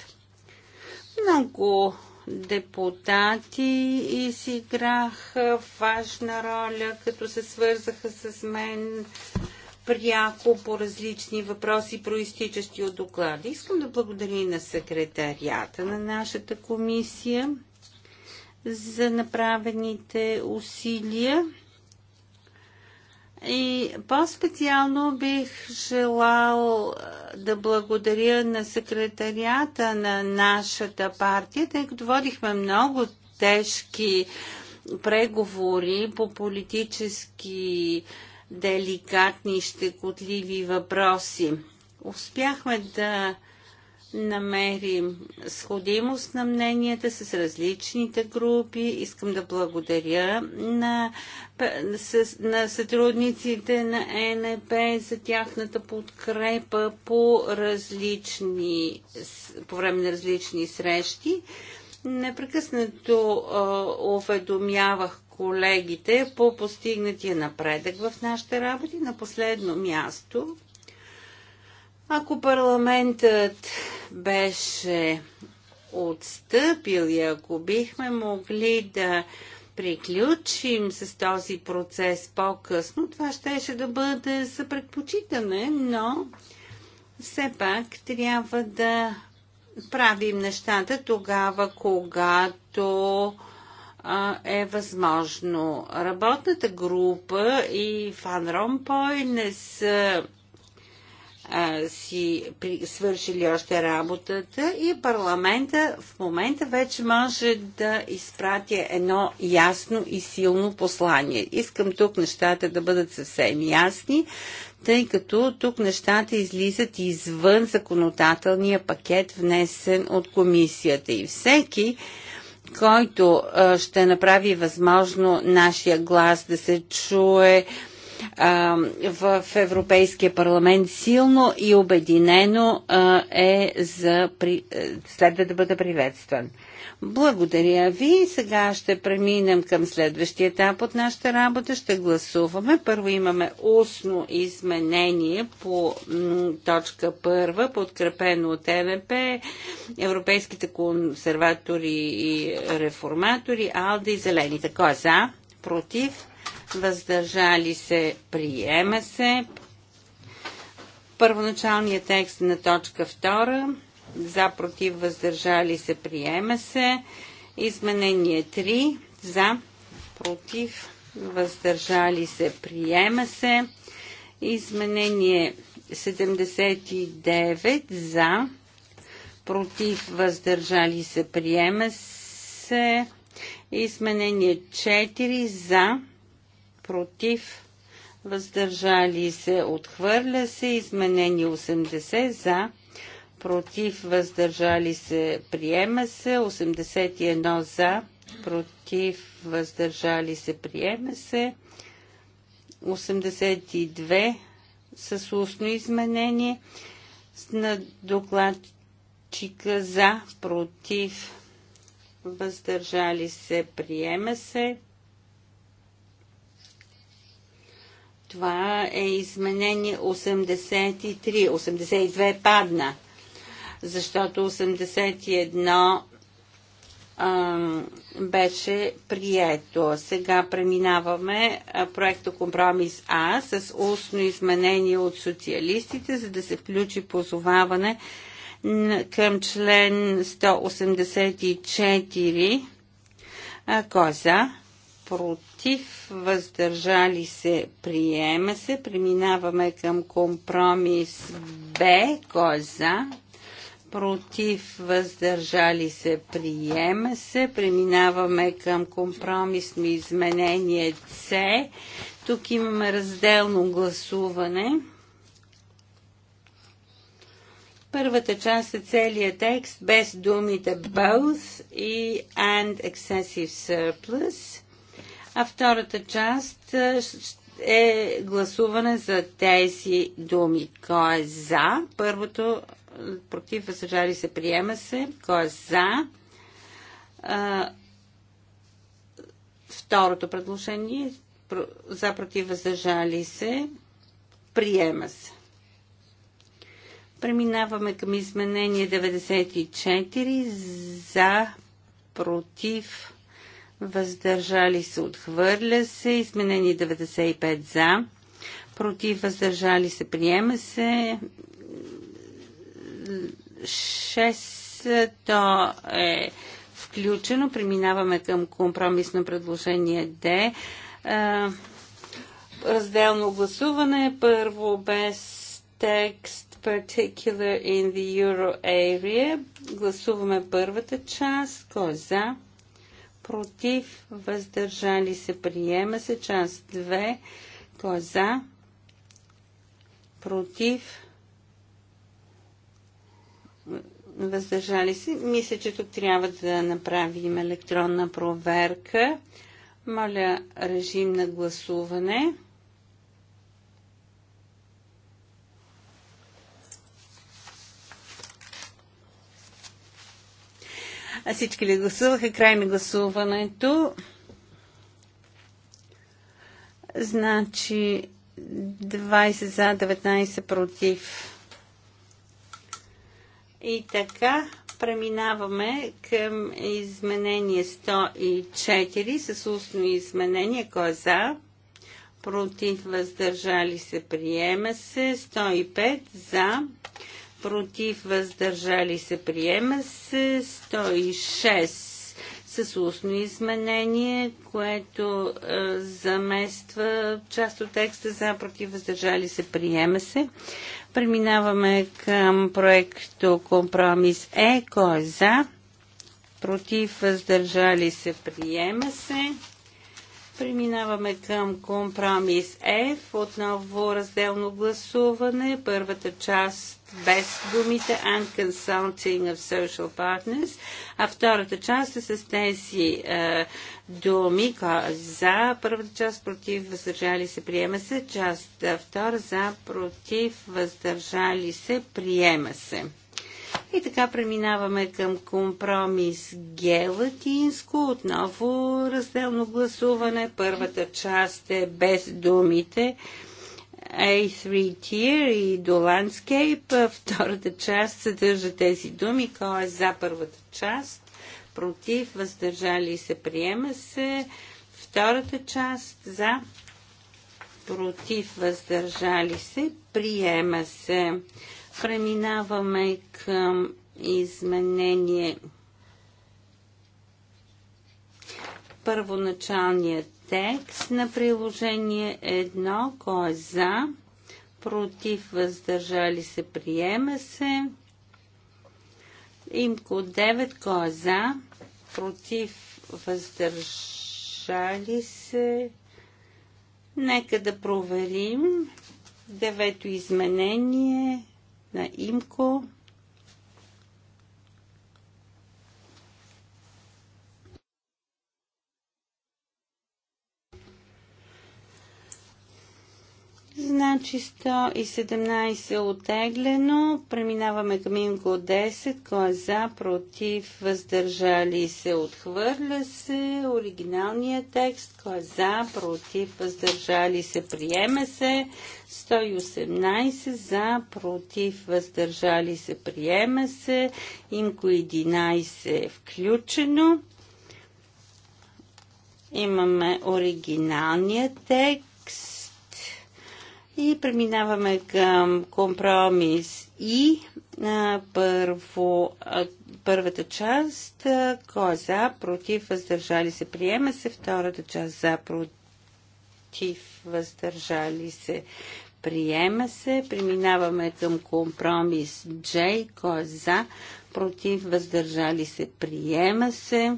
Много депутати изиграха важна роля, като се свързаха с мен пряко по различни въпроси, проистичащи от доклада. Искам да благодаря и на секретарията на нашата комисия за направените усилия. И по-специално бих желал да благодаря на секретарията на нашата партия, тъй като водихме много тежки преговори по политически деликатни, щекотливи въпроси. Успяхме да намерим сходимост на мненията с различните групи. Искам да благодаря на, на сътрудниците на ЕНП за тяхната подкрепа по, различни, по време на различни срещи. Непрекъснато уведомявах колегите по постигнатия напредък в нашите работи. На последно място ако парламентът беше отстъпил и ако бихме могли да приключим с този процес по-късно, това щеше да бъде за предпочитане, но все пак трябва да правим нещата тогава, когато а, е възможно. Работната група и Фан Ромпой не са а, си при, свършили още работата и парламента в момента вече може да изпрати едно ясно и силно послание. Искам тук нещата да бъдат съвсем ясни, тъй като тук нещата излизат извън законодателния пакет, внесен от комисията и всеки който ще направи възможно нашия глас да се чуе, а, в Европейския парламент силно и обединено а, е за при... Е, следва да бъде приветстван. Благодаря ви. Сега ще преминем към следващия етап от нашата работа. Ще гласуваме. Първо имаме устно изменение по точка първа, подкрепено от ЕВП, Европейските консерватори и реформатори, АЛДА и Зелените. Кой е за? Против? въздържали се, приема се. Първоначалният текст на точка 2, за, против, въздържали се, приема се. Изменение 3, за, против, въздържали се, приема се. Изменение 79 за, против въздържали се, приема се. Изменение 4 за, против, въздържали се, отхвърля се, изменени 80 за, против, въздържали се, приема се, 81 за, против, въздържали се, приема се, 82 с устно изменение на докладчика за, против, въздържали се, приема се. Това е изменение 83. 82 падна, защото 81 беше прието. Сега преминаваме проекта Компромис А с устно изменение от социалистите, за да се включи позоваване към член 184. коза. Е против, въздържали се, приема се. Преминаваме към компромис Б, кой е за, против, въздържали се, приема се. Преминаваме към компромисно изменение С. Тук имаме разделно гласуване. Първата част е целият текст без думите both и and excessive surplus а втората част е гласуване за тези думи. Кой е за? Първото против възражали се приема се. Кой е за? Второто предложение за против въздържали се приема се. Преминаваме към изменение 94 за против въздържали се, отхвърля се, изменени 95 за, против, въздържали се, приема се, 6 то е включено, преминаваме към компромисно предложение Д. Разделно гласуване, първо без текст particular in the euro area. Гласуваме първата част. Кой е за? против, въздържали се, приема се. Част 2, кой е за, против, въздържали се. Мисля, че тук трябва да направим електронна проверка. Моля режим на гласуване. А всички ли гласуваха? Край на гласуването. Значи 20 за, 19 против. И така преминаваме към изменение 104 с устно изменение. Кой е за? Против въздържали се приема се. 105 за против, въздържали се, приема се 106 с устно изменение, което е, замества част от текста за против, въздържали се, приема се. Преминаваме към проекто компромис Е, кой е за, против, въздържали се, приема се. Преминаваме към компромис F. Отново разделно гласуване. Първата част без думите and consulting of social partners, а втората част е с тези е, думи за първата част против въздържали се приема се, част е, втора за против въздържали се приема се. И така преминаваме към компромис Г латинско, отново разделно гласуване. Първата част е без думите. A3 tier и до Landscape. Втората част съдържа тези думи. Кой е за първата част? Против, въздържали се, приема се. Втората част за против, въздържали се, приема се. Преминаваме към изменение първоначалният текст на приложение 1, кой е за, против, въздържали се, приема се. Имко 9, кой е за, против, въздържали се. Нека да проверим. Девето изменение на ИМКО Значи 117 е отеглено. Преминаваме към Инко 10. Кой е за, против, въздържали се, отхвърля се. Оригиналният текст. Кой е за, против, въздържали се, приема се. 118 за, против, въздържали се, приема се. Имко 11 е включено. Имаме оригиналния текст и преминаваме към компромис и а, първо, а, първата част, а, кой е за, против, въздържали се, приема се, втората част за, против, въздържали се, приема се. Преминаваме към компромис J, кой е за, против, въздържали се, приема се.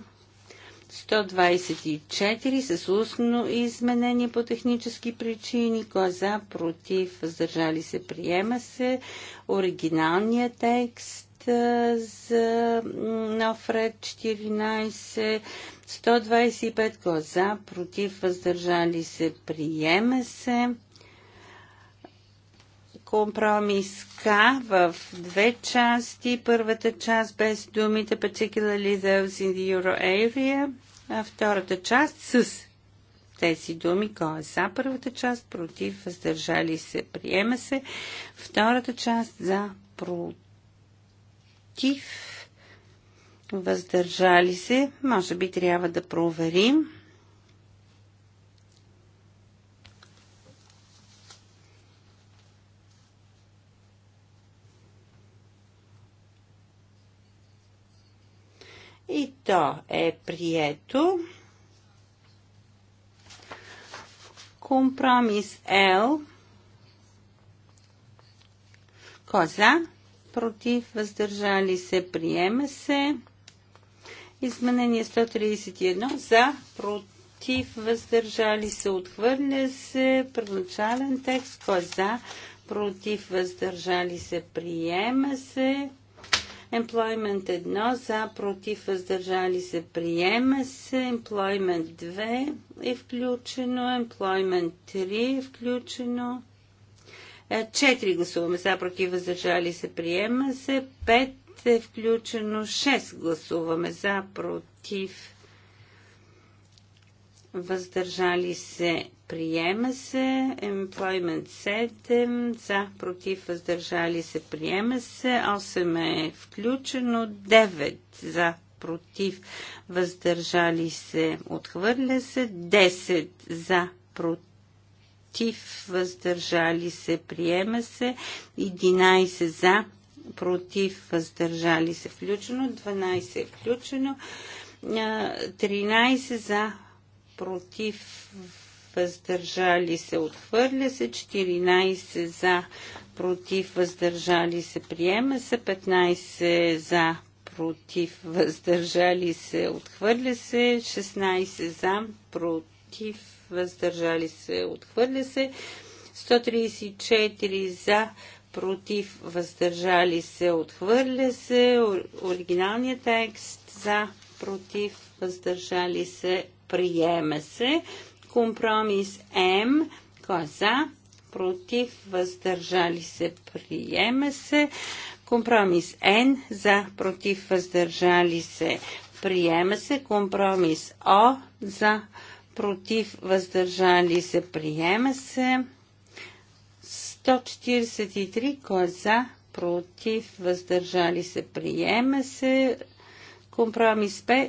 124 с устно изменение по технически причини. Кой е за, против, въздържали се, приема се. Оригиналният текст за нов ред 14, 125 кой е за, против, въздържали се, приема се. Компромис К в две части. Първата част без думите particularly those in the euro area, а втората част с тези думи. Кой е за първата част? Против, въздържали се, приема се. Втората част за против, въздържали се. Може би трябва да проверим. И то е прието. Компромис L. Коза. Е против. Въздържали се. Приема се. Изменение 131 за против, въздържали се, отхвърля се. Първоначален текст, Коза. Е за, против, въздържали се, приема се. Employment 1 за, против, въздържали се, приема се. Employment 2 е включено. Employment 3 е включено. 4 е, гласуваме за, против, въздържали се, приема се. 5 е включено. 6 гласуваме за, против, въздържали се, приема се. Employment 7 за, против, въздържали се, приема се. 8 е включено. 9 за, против, въздържали се, отхвърля се. 10 за, против, въздържали се, приема се. 11 за, против, въздържали се, включено. 12 е включено. 13 за, против, въздържали се, отхвърля се, 14 за, против, въздържали се, приема се, 15 за, против, въздържали се, отхвърля се, 16 за, против, въздържали се, отхвърля се, 134 за, против, въздържали се, отхвърля се, оригиналният текст за, против, въздържали се, приема се. Компромис М, коза, е за, против, въздържали се, приема се. Компромис Н, за, против, въздържали се, приема се. Компромис О, за, против, въздържали се, приема се. 143, коза, е за, против, въздържали се, приема се. Компромис П,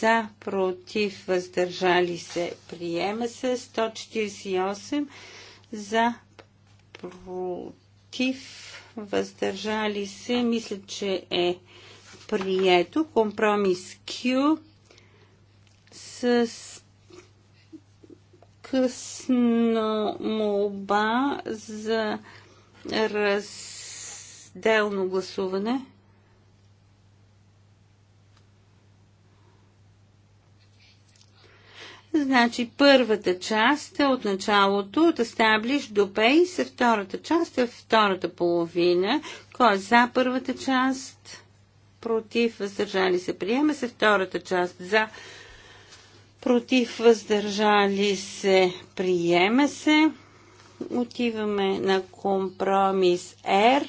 за, против, въздържали се, приема се. 148 за, против, въздържали се, мисля, че е прието. Компромис Q с късно молба за разделно гласуване. Значи първата част е от началото, от Establish до Base, втората част е втората половина. Кой е за първата част? Против, въздържали се. Приема се втората част за против, въздържали се. Приема се. Отиваме на компромис R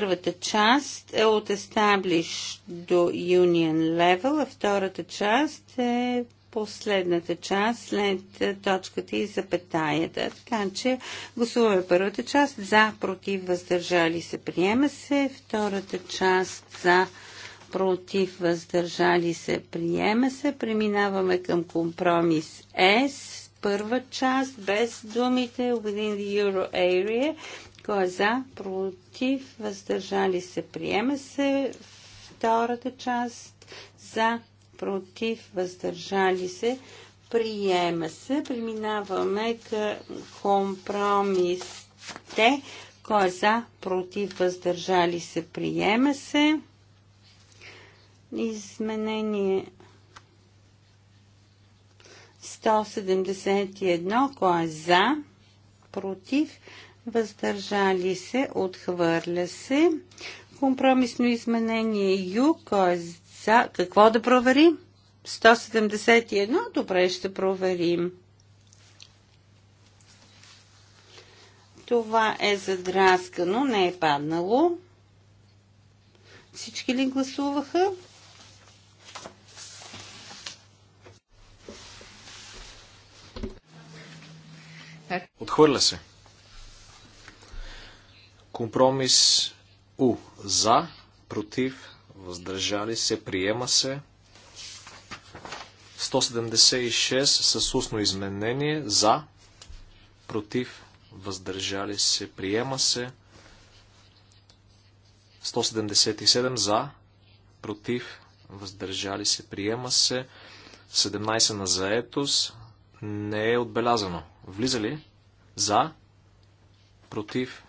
Първата част е от Established до Union Level, а втората част е последната част след е, точката и запетаята. Така че гласуваме първата част за, против, въздържали се, приема се. Втората част за, против, въздържали се, приема се. Преминаваме към компромис С. Първа част без думите Within the Euro Area кой е за? Против? Въздържали се? Приема се. Втората част. За? Против? Въздържали се? Приема се. Преминаваме към компромисите, Кой е за? Против? Въздържали се? Приема се. Изменение 171. Кой е за? Против? въздържали се, отхвърля се. Компромисно изменение Ю, кой е за, какво да проверим? 171, добре ще проверим. Това е задраскано, не е паднало. Всички ли гласуваха? Отхвърля се. Компромис У. За, против, въздържали се, приема се. 176 с устно изменение. За, против, въздържали се, приема се. 177 за, против, въздържали се, приема се. 17 на заетост не е отбелязано. Влиза ли? За, против,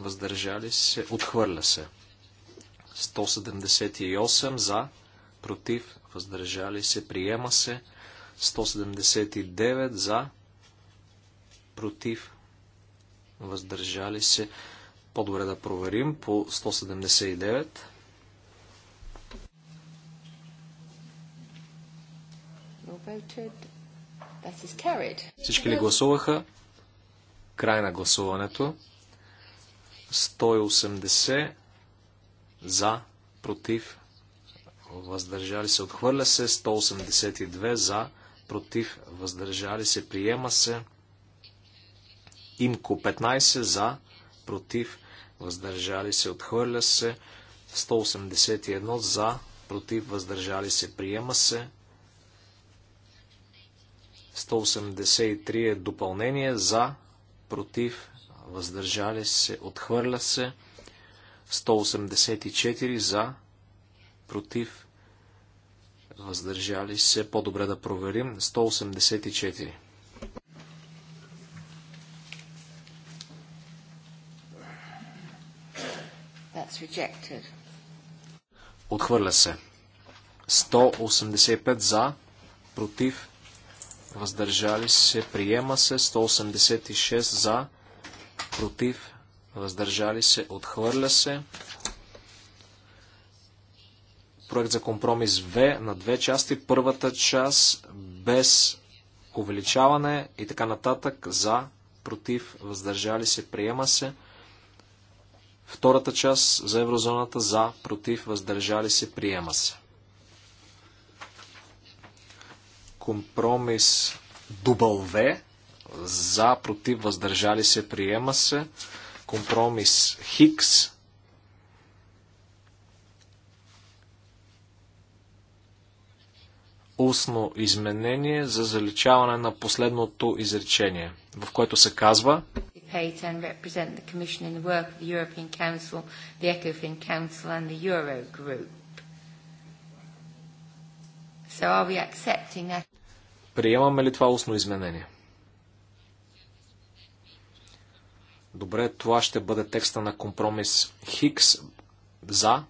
въздържали се, отхвърля се. 178 за, против, въздържали се, приема се. 179 за, против, въздържали се. По-добре да проверим по 179. Всички ли гласуваха? Край на гласуването. 180 за, против, въздържали се, отхвърля се, 182 за, против, въздържали се, приема се, имко 15 за, против, въздържали се, отхвърля се, 181 за, против, въздържали се, приема се, 183 е допълнение за, против, въздържали се, отхвърля се. 184 за, против, въздържали се. По-добре да проверим. 184. Отхвърля се. 185 за, против, въздържали се, приема се, 186 за, против, въздържали се, отхвърля се. Проект за компромис В на две части. Първата част без увеличаване и така нататък. За, против, въздържали се, приема се. Втората част за еврозоната за, против, въздържали се, приема се. Компромис W за, против, въздържали се, приема се. Компромис Хикс. Устно изменение за заличаване на последното изречение, в което се казва Приемаме ли това устно изменение? Добре, това ще бъде текста на компромис Хикс. За,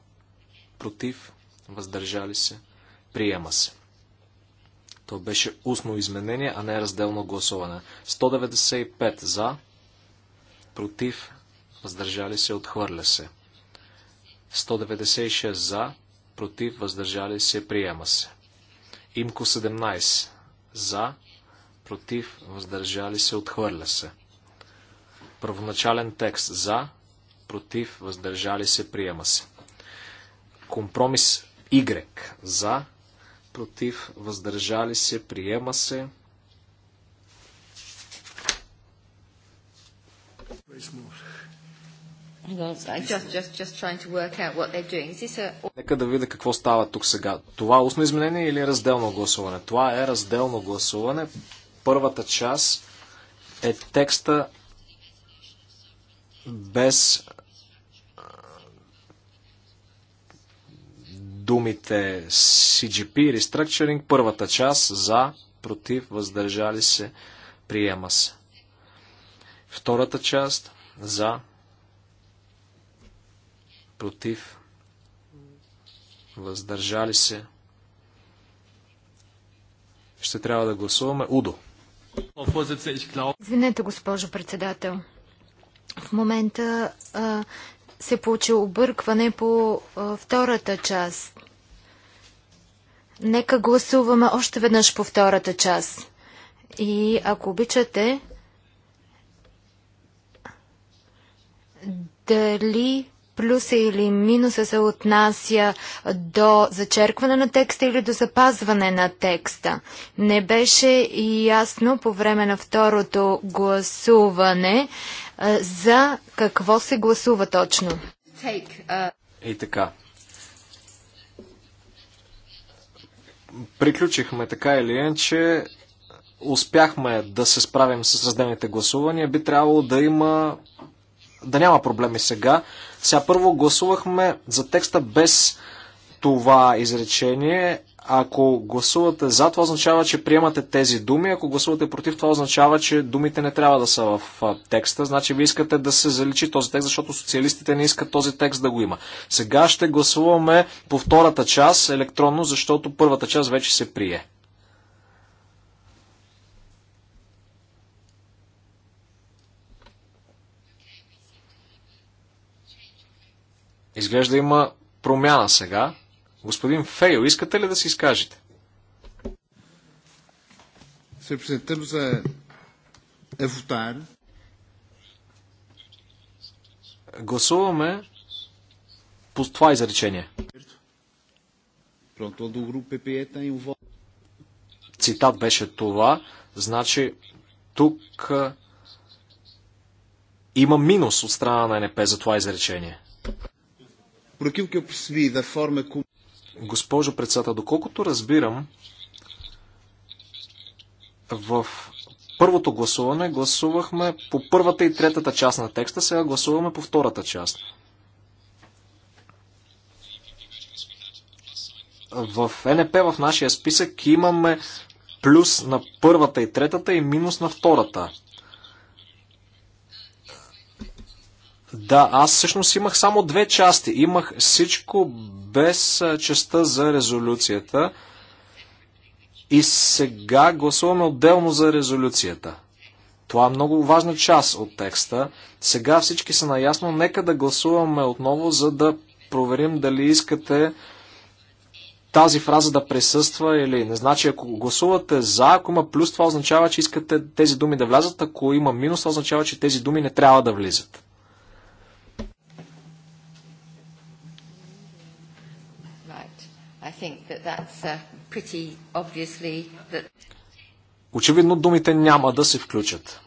против, въздържали се, приема се. То беше устно изменение, а не разделно гласуване. 195 за, против, въздържали се, отхвърля се. 196 за, против, въздържали се, приема се. Имко 17 за, против, въздържали се, отхвърля се. Първоначален текст за, против, въздържали се, приема се. Компромис Y за, против, въздържали се, приема се. Нека да видя какво става тук сега. Това е устно изменение или е разделно гласуване? Това е разделно гласуване. Първата част е текста без думите CGP, Restructuring, първата част за, против, въздържали се, приема се. Втората част за, против, въздържали се. Ще трябва да гласуваме. Удо. Извинете, госпожо председател в момента а, се получи объркване по а, втората част. Нека гласуваме още веднъж по втората част. И ако обичате, дали плюса или минуса се отнася до зачеркване на текста или до запазване на текста. Не беше ясно по време на второто гласуване е, за какво се гласува точно. Е, и така. Приключихме така или че успяхме да се справим с създадените гласувания, би трябвало да има да няма проблеми сега. Сега първо гласувахме за текста без това изречение. Ако гласувате за, това означава, че приемате тези думи. Ако гласувате против, това означава, че думите не трябва да са в текста. Значи ви искате да се заличи този текст, защото социалистите не искат този текст да го има. Сега ще гласуваме по втората част електронно, защото първата част вече се прие. Изглежда има промяна сега. Господин Фейл, искате ли да си изкажете? Гласуваме по това изречение. E Цитат беше това. Значи, тук има минус от страна на НП за това изречение por aquilo que eu percebi da forma como. Госпожо председател, доколкото разбирам, в първото гласуване гласувахме по първата и третата част на текста, сега гласуваме по втората част. В НП в нашия списък имаме плюс на първата и третата и минус на втората Да, аз всъщност имах само две части. Имах всичко без частта за резолюцията. И сега гласуваме отделно за резолюцията. Това е много важна част от текста. Сега всички са наясно. Нека да гласуваме отново, за да проверим дали искате тази фраза да присъства или не. Значи, ако гласувате за, ако има плюс, това означава, че искате тези думи да влязат. Ако има минус, това означава, че тези думи не трябва да влизат. think that that's uh, pretty obviously that... Очевидно думите няма да се включат.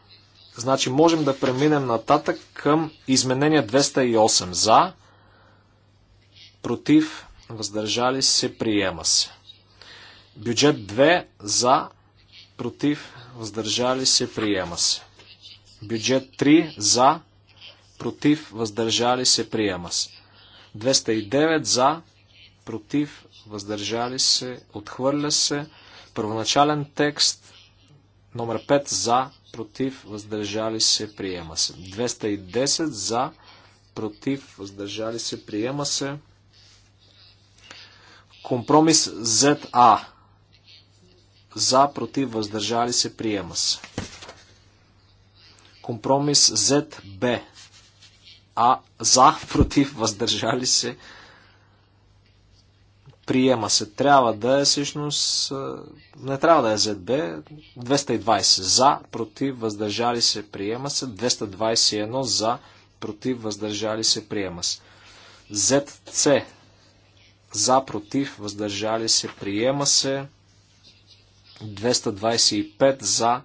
Значи можем да преминем нататък към изменение 208 за, против, въздържали се, приема се. Бюджет 2 за, против, въздържали се, приема се. Бюджет 3 за, против, въздържали се, приема се. 209 за, против, въздържали се, отхвърля се. Първоначален текст, номер 5 за, против, въздържали се, приема се. 210 за, против, въздържали се, приема се. Компромис ЗА. За, против, въздържали се, приема се. Компромис ЗБ. А, за, против, въздържали се, приема се приема се. Трябва да е всъщност, не трябва да е ЗБ, 220 за, против, въздържали се, приема се, 221 за, против, въздържали се, приема се. ZC за, против, въздържали се, приема се, 225 за,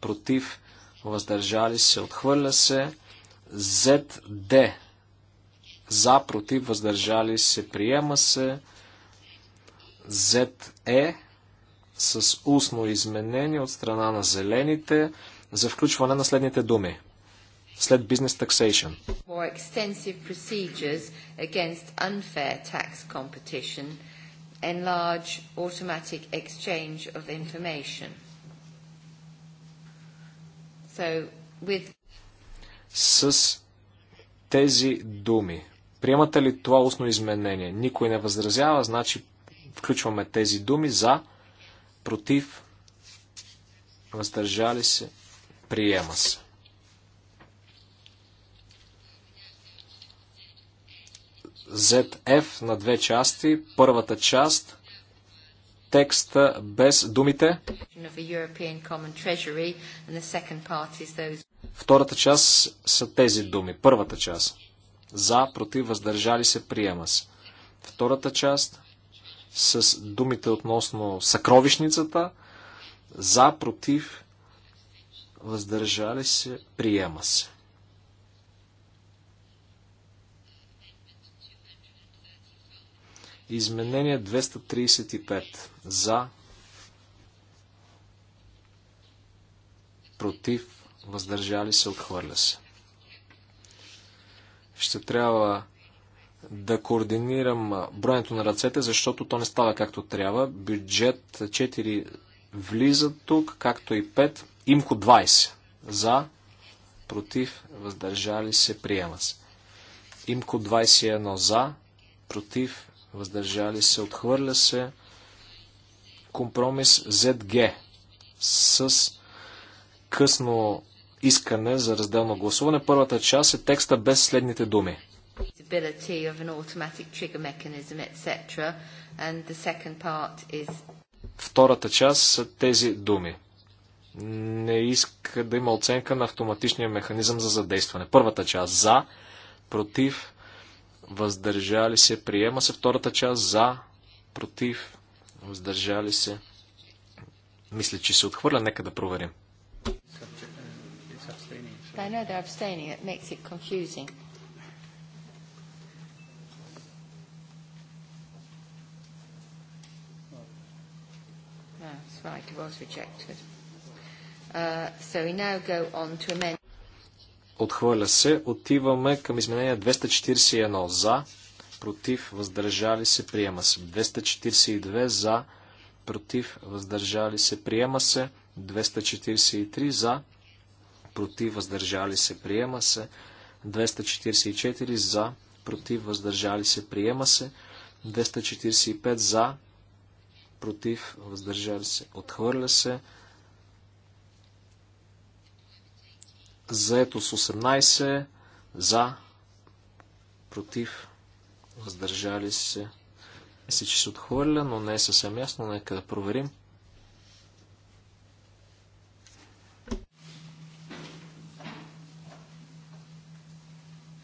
против, въздържали се, отхвърля се, ZD за, против, въздържали се, приема се, ZE с устно изменение от страна на зелените за включване на следните думи. След бизнес Taxation. More extensive procedures against unfair tax competition, enlarge automatic exchange of information. So, with... С тези думи. Приемате ли това устно изменение? Никой не възразява, значи включваме тези думи за, против, въздържали се, приема се. ZF на две части. Първата част текста без думите. Втората част са тези думи. Първата част. За, против, въздържали се, приема се. Втората част с думите относно съкровищницата. За, против, въздържали се, приема се. Изменение 235. За, против, въздържали се, отхвърля се. Ще трябва да координирам броенето на ръцете, защото то не става както трябва. Бюджет 4 влиза тук, както и 5. Имко 20. За, против, въздържали се, приема се. Имко 21 за, против, въздържали се, отхвърля се. Компромис ZG с късно искане за разделно гласуване. Първата част е текста без следните думи. Втората част са тези думи. Не иска да има оценка на автоматичния механизъм за задействане. Първата част за, против, въздържали се, приема се. Втората част за, против, въздържали се. Мисля, че се отхвърля. Нека да проверим. I know they're abstaining. It makes it confusing. That's right, it was rejected. Uh, so we now go on to amend... Отхвърля се. Отиваме към изменение 241 за, против, въздържали се, приема се. 242 за, против, въздържали се, приема се. 243 за, против, въздържали се, приема се. 244 за, против, въздържали се, приема се. 245 за, против, въздържали се, отхвърля се. Заето с 18, за, против, въздържали се. Мисля, че се отхвърля, но не е съвсем ясно. Нека да проверим.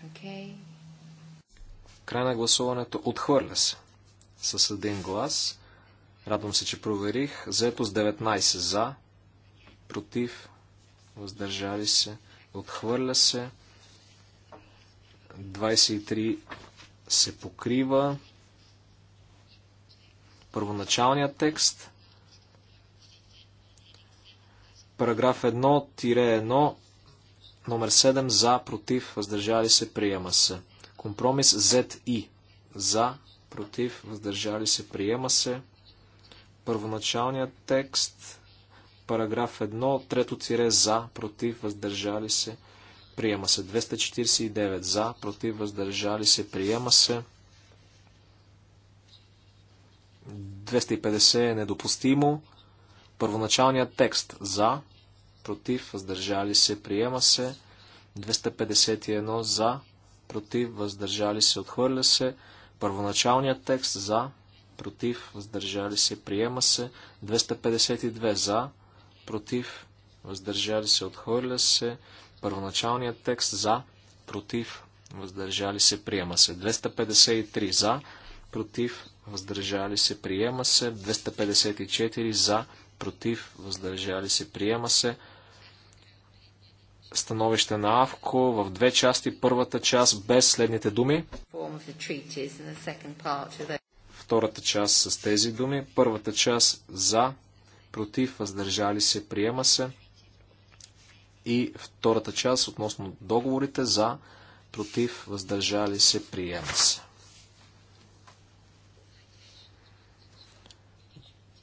Okay. Край на гласуването отхвърля се. С един глас. Радвам се, че проверих. Заето с 19 за, против, въздържали се, отхвърля се. 23 се покрива. Първоначалният текст. Параграф 1-1, номер 7, за, против, въздържали се, приема се. Компромис ZI. За, против, въздържали се, приема се първоначалния текст, параграф 1, трето тире за, против, въздържали се, приема се. 249 за, против, въздържали се, приема се. 250 е недопустимо. Първоначалният текст за, против, въздържали се, приема се. 251 за, против, въздържали се, отхвърля се. Първоначалният текст за, против, въздържали се, приема се. 252 за, против, въздържали се, отхвърля се. Първоначалният текст за, против, въздържали се, приема се. 253 за, против, въздържали се, приема се. 254 за, против, въздържали се, приема се. Становище на Авко в две части. Първата част без следните думи втората част с тези думи. Първата част за, против, въздържали се, приема се. И втората част относно договорите за, против, въздържали се, приема се.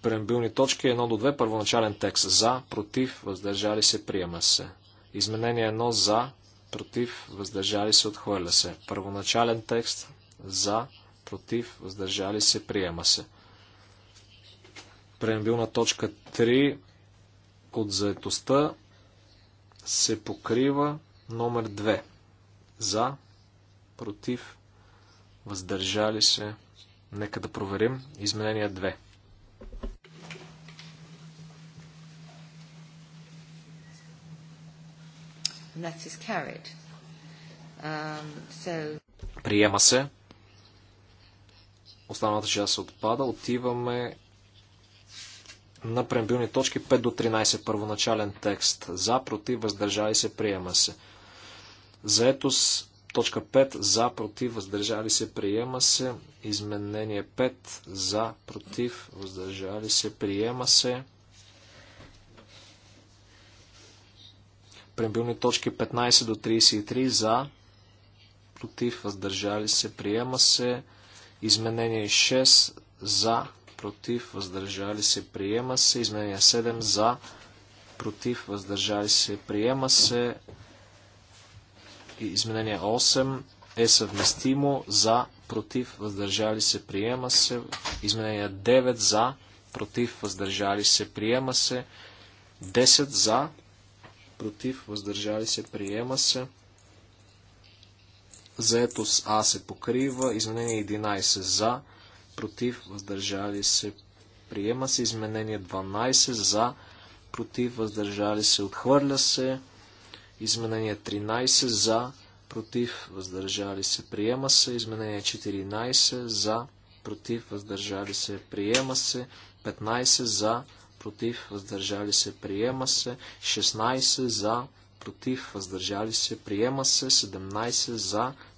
Преамбилни точки 1 до 2, първоначален текст за, против, въздържали се, приема се. Изменение 1 за, против, въздържали се, отхвърля се. Първоначален текст за, против, въздържали се, приема се. Преамбилна точка 3 от заетостта се покрива номер 2. За, против, въздържали се. Нека да проверим изменение 2. Um, приема се. Останалата част отпада. Отиваме на преамбилни точки 5 до 13. Първоначален текст. За, против, въздържали се, приема се. Заетост Точка 5. За, против, въздържали се, приема се. Изменение 5. За, против, въздържали се, приема се. Прембилни точки 15 до 33. За, против, въздържали се, приема се. Изменение 6 за, против, въздържали се, приема се. Изменение 7 за, против, въздържали се, приема се. Изменение 8 е съвместимо за, против, въздържали се, приема се. Изменение 9 за, против, въздържали се, приема се. 10 за, против, въздържали се, приема се. Заетост А се покрива. Изменение 11 за. Против. Въздържали се. Приема се. Изменение 12 за. Против. Въздържали се. Отхвърля се. Изменение 13 за. Против. Въздържали се. Приема се. Изменение 14 за. Против. Въздържали се. Приема се. 15 за. Против. Въздържали се. Приема се. 16 за против, въздържали се, приема се, 17 за,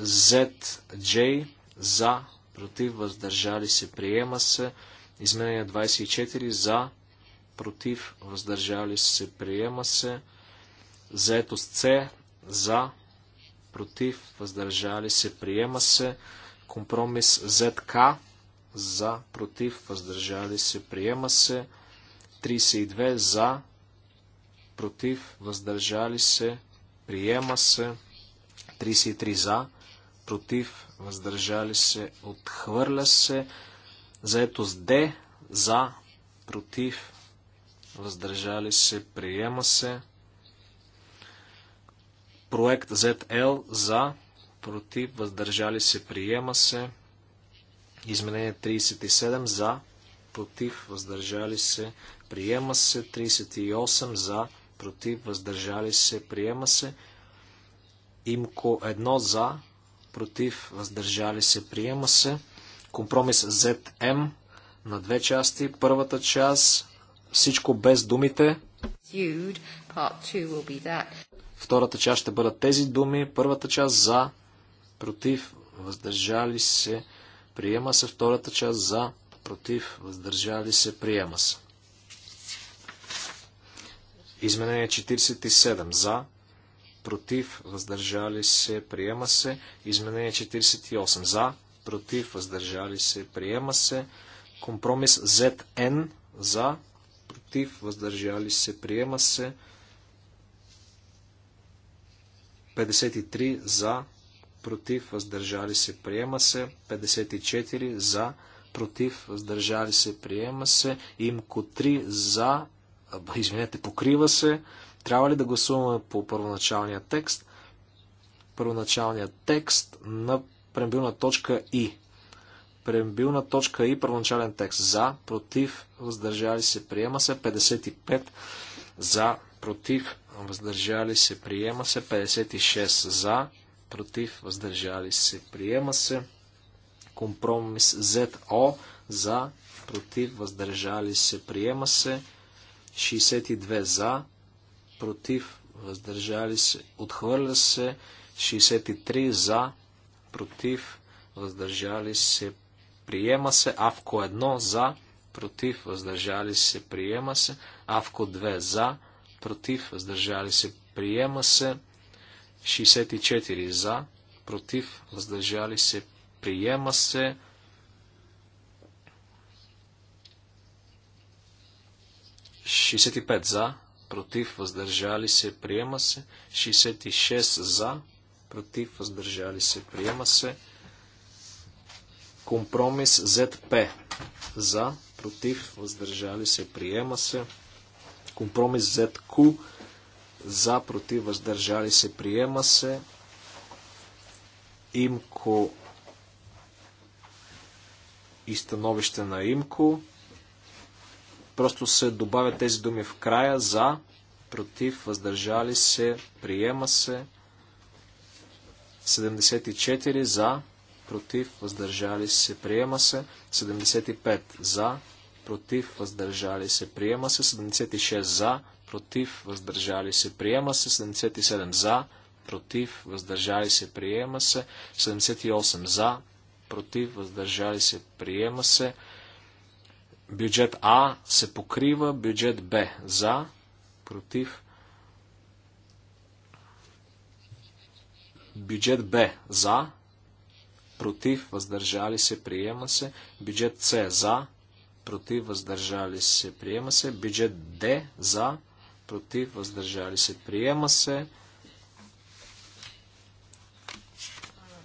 ZJ за, против, въздържали се, приема се. Изменение 24 за, против, въздържали се, приема се. Заетост С за, против, въздържали се, приема се. Компромис ЗК за, против, въздържали се, приема се. 32 за, против, въздържали се, приема се. 33 за, против, въздържали се, отхвърля се. с Д, за, против, въздържали се, приема се. Проект ZL, за, против, въздържали се, приема се. Изменение 37, за, против, въздържали се, приема се. 38, за, против, въздържали се, приема се. Имко 1, за, против, въздържали се, приема се. Компромис ZM на две части. Първата част, всичко без думите. Втората част ще бъдат тези думи. Първата част за, против, въздържали се, приема се. Втората част за, против, въздържали се, приема се. Изменение 47 за, против, въздържали се, приема се. Изменение 48 за, против, въздържали се, приема се. Компромис ZN за, против, въздържали се, приема се. 53 за, против, въздържали се, приема се. 54 за, против, въздържали се, приема се. Имко 3 за, извинете, покрива се. Трябва ли да гласуваме по първоначалния текст? Първоначалният текст на преамбилна точка И. Преамбилна точка И, първоначален текст. За, против, въздържали се, приема се. 55. За, против, въздържали се, приема се. 56. За, против, въздържали се, приема се. Компромис ЗО. За, против, въздържали се, приема се. 62 за, против, въздържали се, отхвърля се, 63 за, против, въздържали се, приема се, авко 1 за, против, въздържали се, приема се, авко 2 за, против, въздържали се, приема се, 64 за, против, въздържали се, приема се, Шестдесет за, против, въздържали се, приема се. 66 за, против, въздържали се, приема се. Компромис ZP за, против, въздържали се, приема се. Компромис ZQ за, против, въздържали се, приема се. Имко и становище на Имко. Просто се добавят тези думи в края за, против, въздържали се, приема се. 74 за, против, въздържали се, приема се. 75 за, против, въздържали се, приема се. 76 за, против, въздържали се, приема се. 77 за, против, въздържали се, приема се. 78 за, против, въздържали се, приема се. Бюджет А се покрива, бюджет Б за, против. Бюджет Б за, против, въздържали се, приема се. Бюджет С за, против, въздържали се, приема се. Бюджет Д за, против, въздържали се, приема се.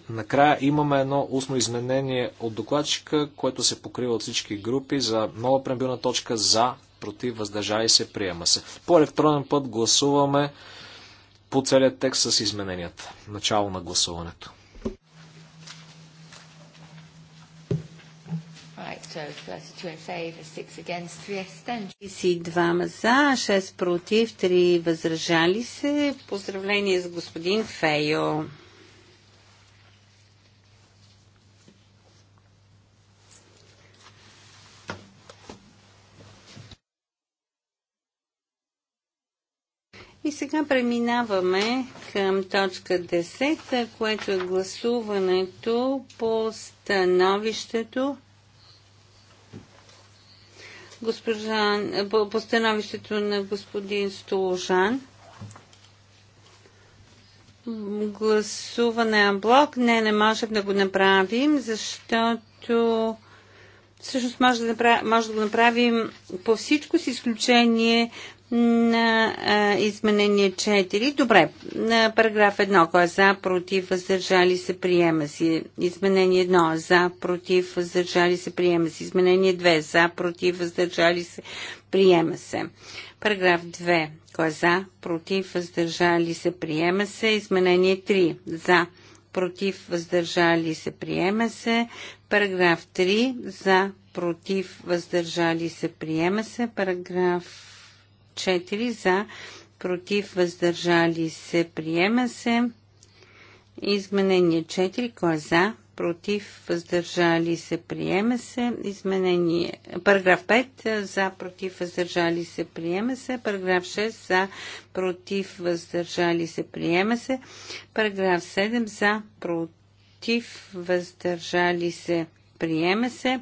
Накрая имаме едно устно изменение от докладчика, което се покрива от всички групи за нова преамбилна точка за, против, въздържали се, приема се. По електронен път гласуваме по целият текст с измененията. Начало на гласуването. Си двама за, 6 против, 3 възражали се. Поздравление с господин Фейо. И сега преминаваме към точка 10, което е гласуването по становището Госпожан, по, по становището на господин Столожан. Гласуване на блок. Не, не можем да го направим, защото всъщност може да, направим, може да го направим по всичко с изключение на а, изменение 4. Добре, на параграф 1, кой е за, против, въздържали се, приема си. Изменение 1, за, против, въздържали се, приема си. Изменение 2, за, против, въздържали се, приема се. Параграф 2, кой е за, против, въздържали се, приема се. Изменение 3, за, против, въздържали се, приема се. Параграф 3, за, против, въздържали се, приема се. Параграф 4 за, против, въздържали се, приема се. Изменение 4, кой е за, против, въздържали се, приема се. Изменение. Параграф 5 за, против, въздържали се, приема се. Параграф 6 за, против, въздържали се, приема се. Параграф 7 за, против, въздържали се, приема се.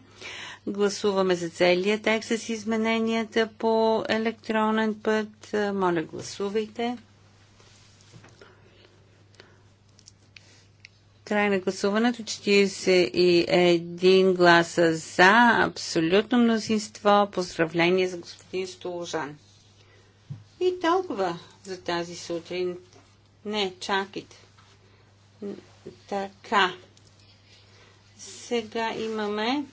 Гласуваме за целия текст с измененията по електронен път. Моля, гласувайте. Край на гласуването 41 гласа за, абсолютно мнозинство. Поздравление за господин Столожан. И толкова за тази сутрин. Не, чакайте. Така. Сега имаме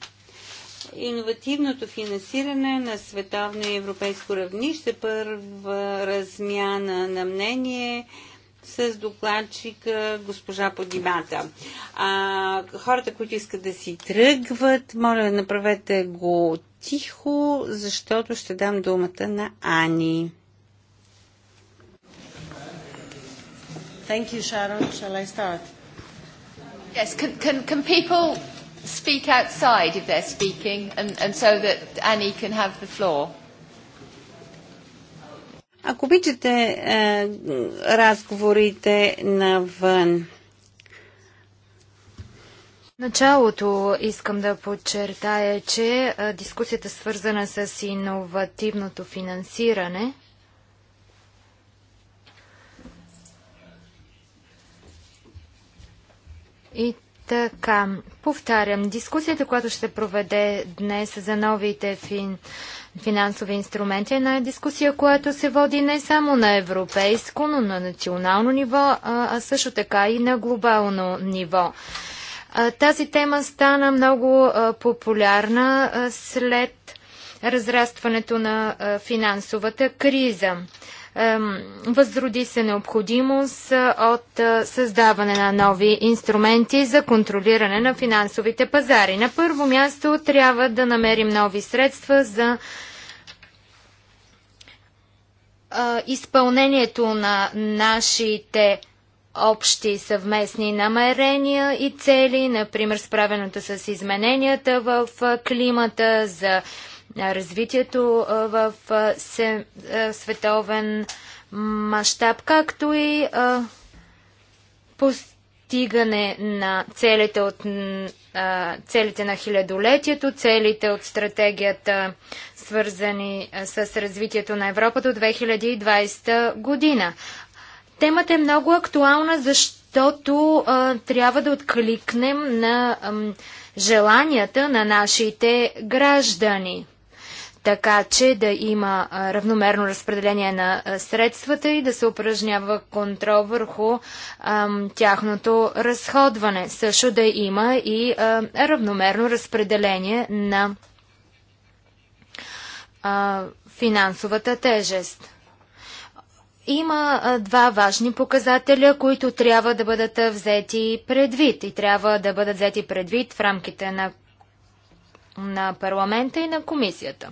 иновативното финансиране на световно и европейско равнище, първа размяна на мнение с докладчика госпожа Подимата. А, хората, които искат да си тръгват, моля, направете го тихо, защото ще дам думата на Ани. Thank you, Sharon. Shall I start? Yes, can, can, can people speak outside if they're speaking, and, and so that Annie can have the floor. Ако обичате е, разговорите навън. Началото искам да подчертая, че е, дискусията свързана с иновативното финансиране и така, повтарям, дискусията, която ще проведе днес за новите фин... финансови инструменти, е една дискусия, която се води не само на европейско, но на национално ниво, а също така и на глобално ниво. Тази тема стана много популярна след разрастването на финансовата криза. Възроди се необходимост е, от е, създаване на нови инструменти за контролиране на финансовите пазари. На първо място трябва да намерим нови средства за е, изпълнението на нашите общи съвместни намерения и цели, например справеното с измененията в климата, за развитието в световен мащаб, както и постигане на целите, от, целите на хилядолетието, целите от стратегията, свързани с развитието на Европа до 2020 година. Темата е много актуална, защото а, трябва да откликнем на а, желанията на нашите граждани така че да има равномерно разпределение на средствата и да се упражнява контрол върху ам, тяхното разходване. Също да има и равномерно разпределение на финансовата тежест. Има два важни показателя, които трябва да бъдат взети предвид и трябва да бъдат взети предвид в рамките на на парламента и на комисията.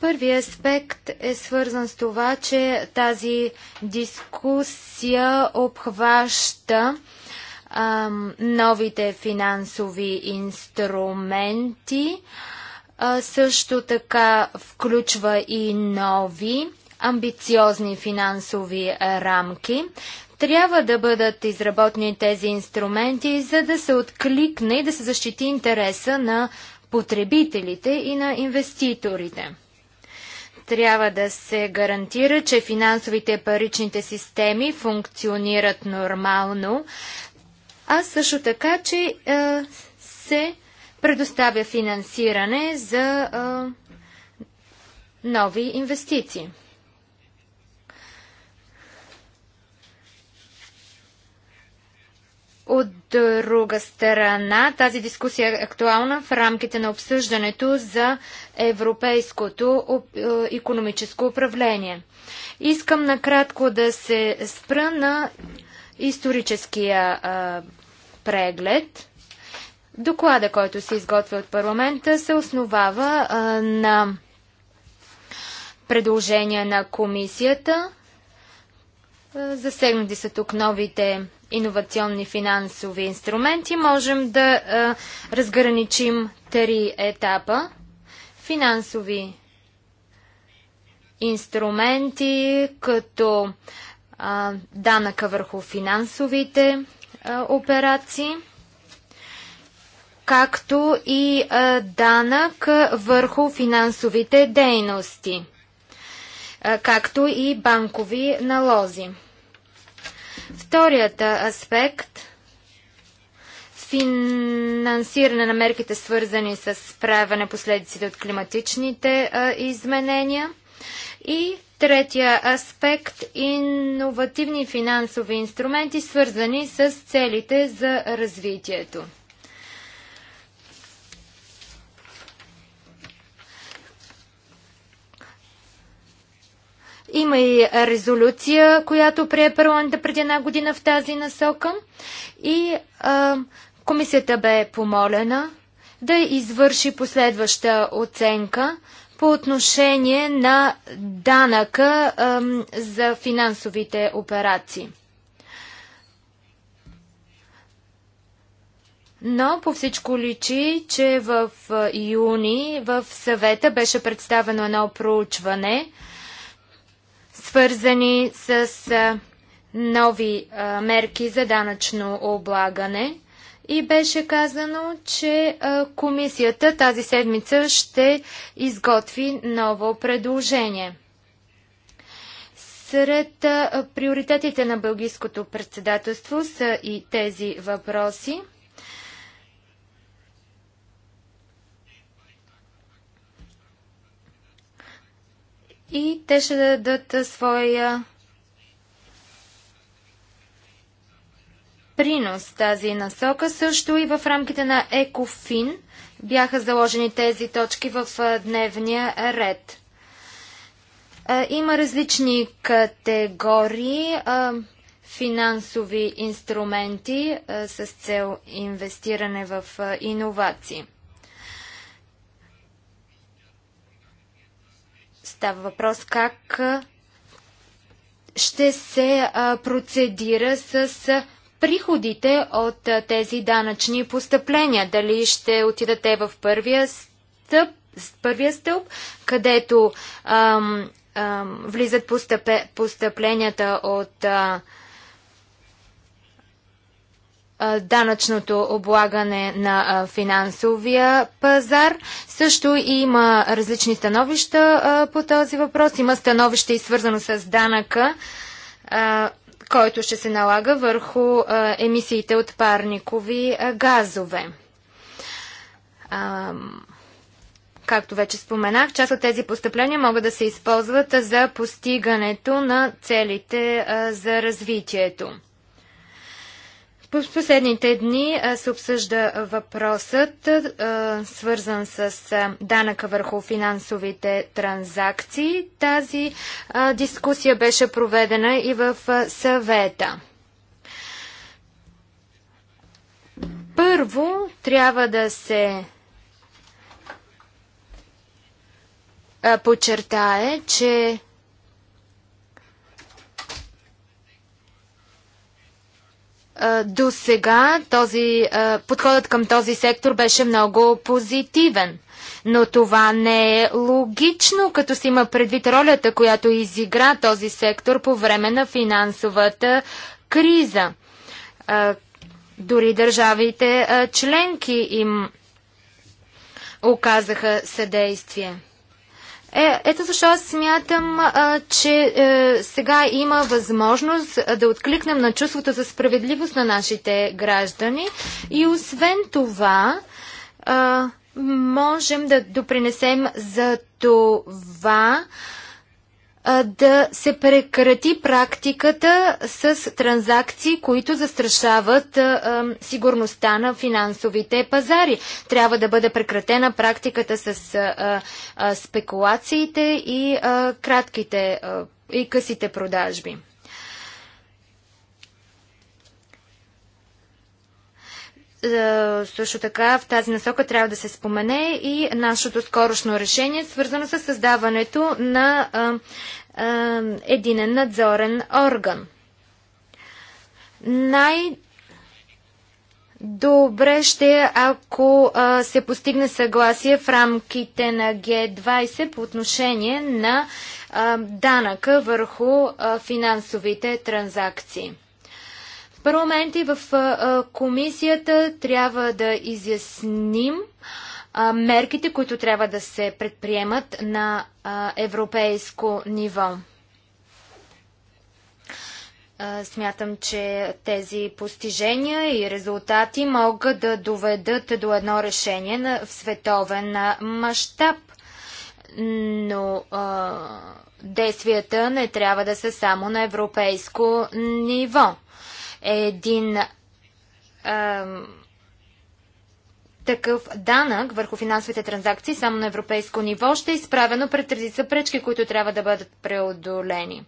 Първият аспект е свързан с това, че тази дискусия обхваща ам, новите финансови инструменти, а, също така включва и нови амбициозни финансови рамки. Трябва да бъдат изработени тези инструменти, за да се откликне и да се защити интереса на потребителите и на инвеститорите трябва да се гарантира, че финансовите паричните системи функционират нормално, а също така, че е, се предоставя финансиране за е, нови инвестиции. От друга страна, тази дискусия е актуална в рамките на обсъждането за европейското економическо управление. Искам накратко да се спра на историческия а, преглед. Доклада, който се изготвя от парламента, се основава а, на предложения на комисията. Засегнати са тук новите иновационни финансови инструменти, можем да а, е, разграничим три етапа. Финансови инструменти, като а, данъка върху финансовите а, е, операции, както и а, данък върху финансовите дейности, а, както и банкови налози. Вторият аспект финансиране на мерките, свързани с справяне последиците от климатичните а, изменения. И третия аспект иновативни финансови инструменти, свързани с целите за развитието. Има и резолюция, която прие парламента преди една година в тази насока. И а, комисията бе помолена да извърши последваща оценка по отношение на данъка а, за финансовите операции. Но по всичко личи, че в юни в съвета беше представено едно проучване, свързани с нови мерки за данъчно облагане. И беше казано, че комисията тази седмица ще изготви ново предложение. Сред а, приоритетите на бългийското председателство са и тези въпроси. и те ще дадат своя принос тази насока. Също и в рамките на ЕКОФИН бяха заложени тези точки в дневния ред. Има различни категории финансови инструменти с цел инвестиране в иновации. Става въпрос как ще се процедира с приходите от тези данъчни постъпления. Дали ще отидете в първия стъп, първия стълб, където ам, ам, влизат постъпе, постъпленията от а, данъчното облагане на финансовия пазар. Също има различни становища по този въпрос. Има становище и свързано с данъка, който ще се налага върху емисиите от парникови газове. Както вече споменах, част от тези постъпления могат да се използват за постигането на целите за развитието. В последните дни се обсъжда въпросът, свързан с данъка върху финансовите транзакции. Тази дискусия беше проведена и в съвета. Първо трябва да се подчертае, че До сега този, подходът към този сектор беше много позитивен. Но това не е логично, като се има предвид ролята, която изигра този сектор по време на финансовата криза. Дори държавите членки им оказаха съдействие. Е, ето защо аз смятам, а, че е, сега има възможност да откликнем на чувството за справедливост на нашите граждани и освен това а, можем да допринесем за това, да се прекрати практиката с транзакции, които застрашават сигурността на финансовите пазари. Трябва да бъде прекратена практиката с спекулациите и кратките и късите продажби. също така в тази насока трябва да се спомене и нашето скорошно решение, свързано с създаването на а, единен надзорен орган. Най- Добре ще, е, ако а, се постигне съгласие в рамките на Г20 по отношение на а, данъка върху а, финансовите транзакции. Парламент и в а, комисията трябва да изясним а, мерките, които трябва да се предприемат на а, европейско ниво. смятам, че тези постижения и резултати могат да доведат до едно решение на, световен мащаб. Но а, действията не трябва да са само на европейско ниво. Един а, такъв данък върху финансовите транзакции само на европейско ниво ще е изправено пред редица пречки, които трябва да бъдат преодолени.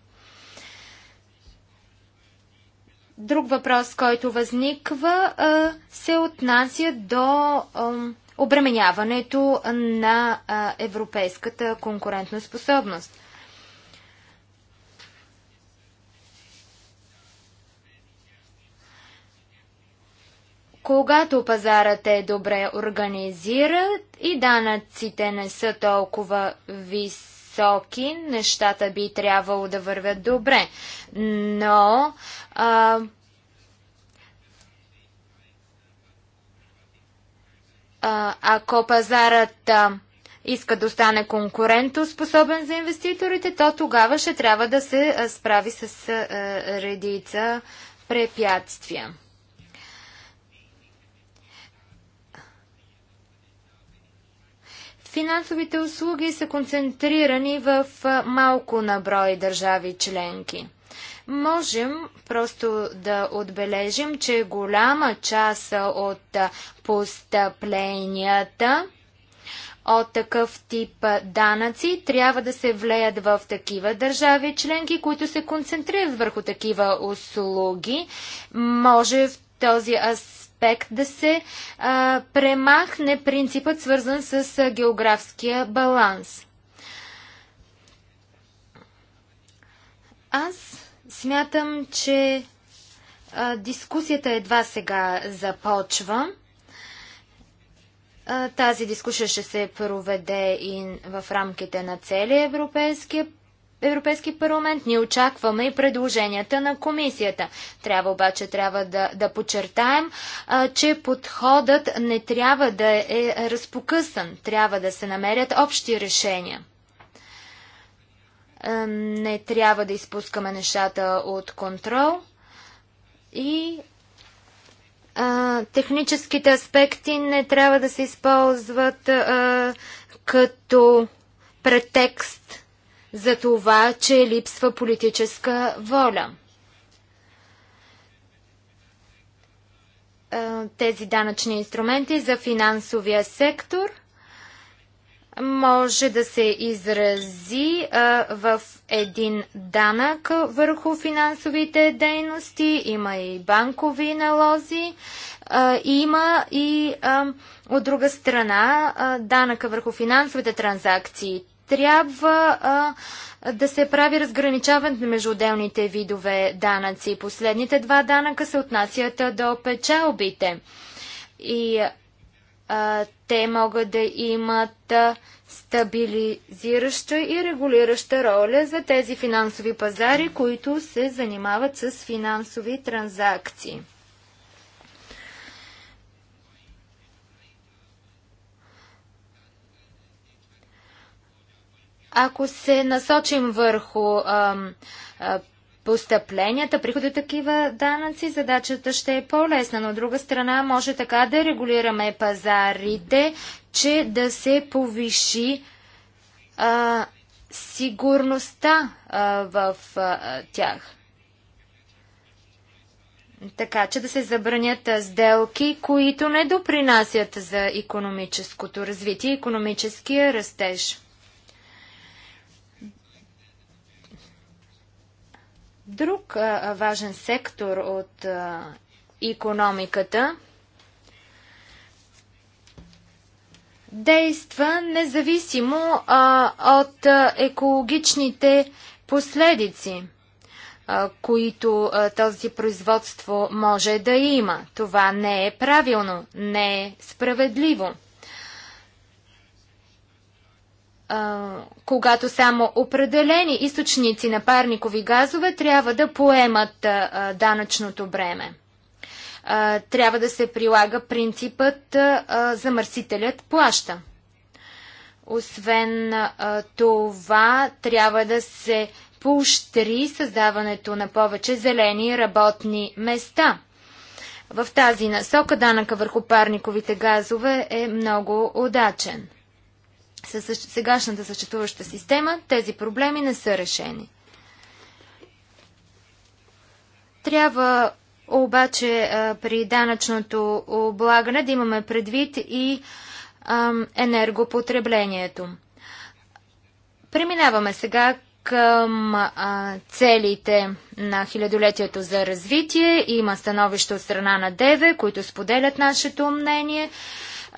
Друг въпрос, който възниква, се отнася до обременяването на европейската конкурентна способност. Когато пазарът е добре организиран и данъците не са толкова високи, нещата би трябвало да вървят добре. Но а, а, ако пазарът а, иска да остане конкурентоспособен за инвеститорите, то тогава ще трябва да се справи с а, редица препятствия. Финансовите услуги са концентрирани в малко на брой държави членки. Можем просто да отбележим, че голяма част от постъпленията от такъв тип данъци трябва да се влеят в такива държави членки, които се концентрират върху такива услуги. Може в този аспект аспект да се а, премахне принципът, свързан с а, географския баланс. Аз смятам, че а, дискусията едва сега започва. Тази дискусия ще се проведе и в рамките на целия Европейския Европейски парламент. Ние очакваме и предложенията на комисията. Трябва обаче трябва да, да подчертаем, а, че подходът не трябва да е разпокъсан. Трябва да се намерят общи решения. А, не трябва да изпускаме нещата от контрол и а, техническите аспекти не трябва да се използват а, като претекст за това, че липсва политическа воля. Тези данъчни инструменти за финансовия сектор може да се изрази в един данък върху финансовите дейности. Има и банкови налози. има и от друга страна данъка върху финансовите транзакции трябва а, да се прави разграничаването между отделните видове данъци. Последните два данъка се отнасят до печалбите. И а, те могат да имат стабилизираща и регулираща роля за тези финансови пазари, които се занимават с финансови транзакции. Ако се насочим върху ам, а, постъпленията, приходи такива данъци, задачата ще е по-лесна. Но от друга страна може така да регулираме пазарите, че да се повиши а, сигурността а, в а, тях. Така че да се забранят сделки, които не допринасят за економическото развитие и економическия растеж. Друг а, важен сектор от а, економиката действа независимо а, от а, екологичните последици, а, които а, този производство може да има. Това не е правилно, не е справедливо когато само определени източници на парникови газове трябва да поемат данъчното бреме. Трябва да се прилага принципът замърсителят плаща. Освен това, трябва да се поощри създаването на повече зелени работни места. В тази насока данъка върху парниковите газове е много удачен. С сегашната съществуваща система тези проблеми не са решени. Трябва обаче при данъчното облагане да имаме предвид и енергопотреблението. Преминаваме сега към целите на хилядолетието за развитие. Има становище от страна на ДЕВЕ, които споделят нашето мнение.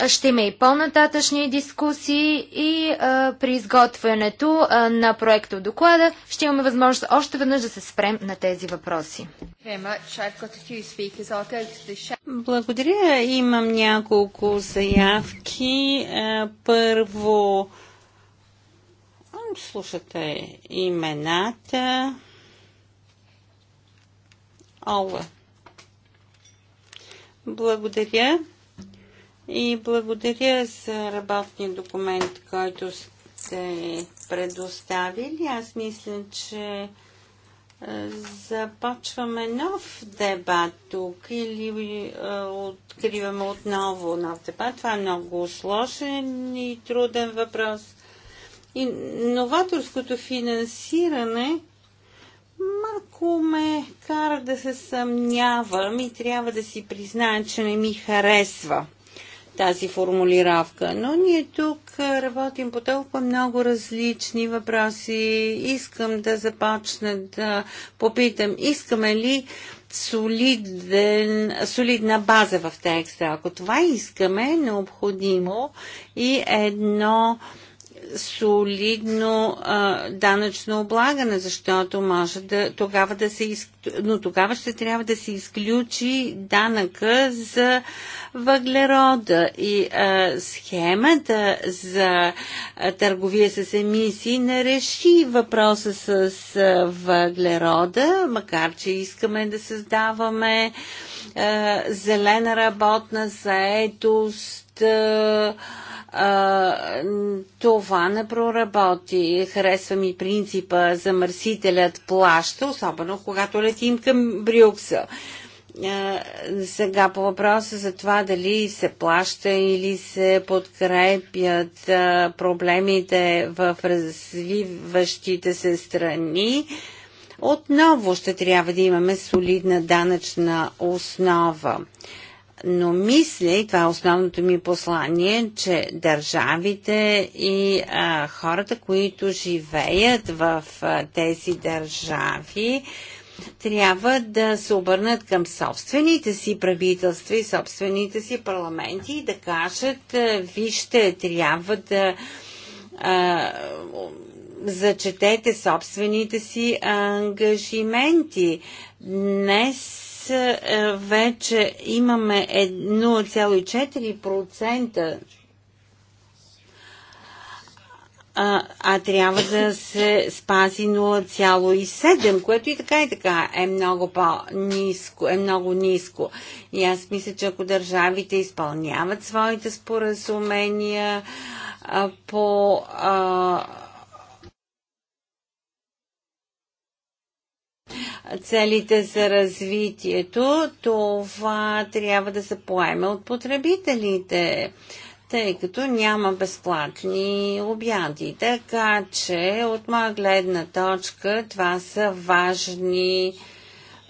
Ще има и по-нататъчни дискусии и а, при изготвянето а, на проекта доклада ще имаме възможност още веднъж да се спрем на тези въпроси. Благодаря. Имам няколко заявки. Първо, слушате имената. Ола. Благодаря и благодаря за работния документ, който сте предоставили. Аз мисля, че започваме нов дебат тук или откриваме отново нов дебат. Това е много сложен и труден въпрос. И новаторското финансиране малко ме кара да се съмнявам и трябва да си призная, че не ми харесва тази формулировка. Но ние тук работим по толкова много различни въпроси. Искам да започна да попитам, искаме ли солиден, солидна база в текста. Ако това искаме, необходимо и едно солидно а, данъчно облагане, защото може да, тогава да се из... но тогава ще трябва да се изключи данъка за въглерода и а, схемата за а, търговия с емисии не реши въпроса с а, въглерода, макар че искаме да създаваме а, зелена работна заетост а, а, това не проработи. Харесва ми принципа замърсителят плаща, особено когато летим към Брюксел. Сега по въпроса за това дали се плаща или се подкрепят а, проблемите в развиващите се страни, отново ще трябва да имаме солидна данъчна основа но мисля, и това е основното ми послание, че държавите и а, хората, които живеят в а, тези държави, трябва да се обърнат към собствените си правителства и собствените си парламенти и да кажат, а, вижте, трябва да а, зачетете собствените си ангажименти. Днес е, вече имаме 0,4% а, а трябва да се спази 0,7, което и така и така е много по-низко, е много ниско. И аз мисля, че ако държавите изпълняват своите споразумения а, по а, целите за развитието, това трябва да се поеме от потребителите тъй като няма безплатни обяди. Така че, от моя гледна точка, това са важни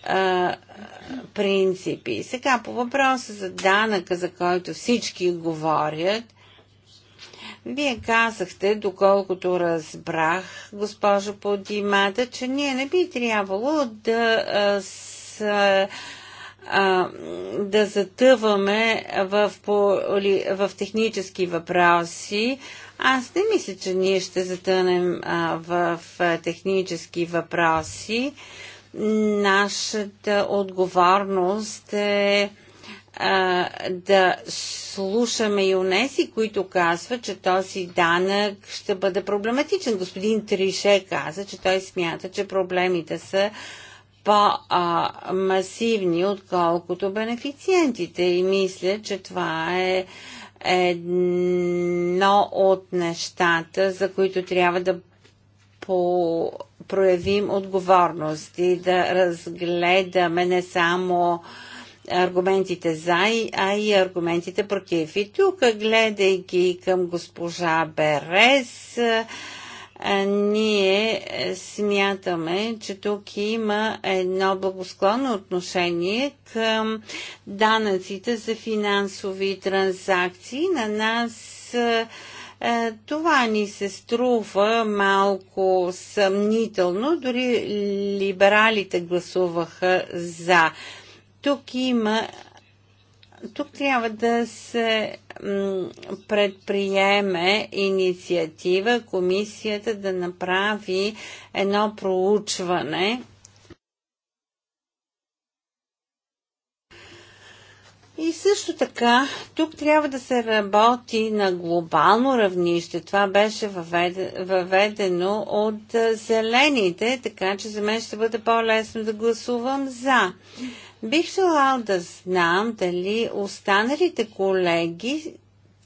а, принципи. Сега по въпроса за данъка, за който всички говорят – вие казахте, доколкото разбрах, госпожо Подимата, че ние не би трябвало да а, с, а, да затъваме в, ли, в технически въпроси. Аз не мисля, че ние ще затънем а, в а, технически въпроси. Нашата отговорност е а, а, да слушаме и унеси, които казват, че този данък ще бъде проблематичен. Господин Трише каза, че той смята, че проблемите са по-масивни, отколкото бенефициентите. И мисля, че това е едно от нещата, за които трябва да по проявим отговорност и да разгледаме не само а, аргументите за, а и аргументите против. И тук, гледайки към госпожа Берес, е, е, ние смятаме, че тук има едно благосклонно отношение към данъците за финансови транзакции. На нас е, това ни се струва малко съмнително. Дори либералите гласуваха за. Тук има тук трябва да се предприеме инициатива комисията да направи едно проучване И също така, тук трябва да се работи на глобално равнище. Това беше въведено от зелените, така че за мен ще бъде по-лесно да гласувам за. Бих желал да знам дали останалите колеги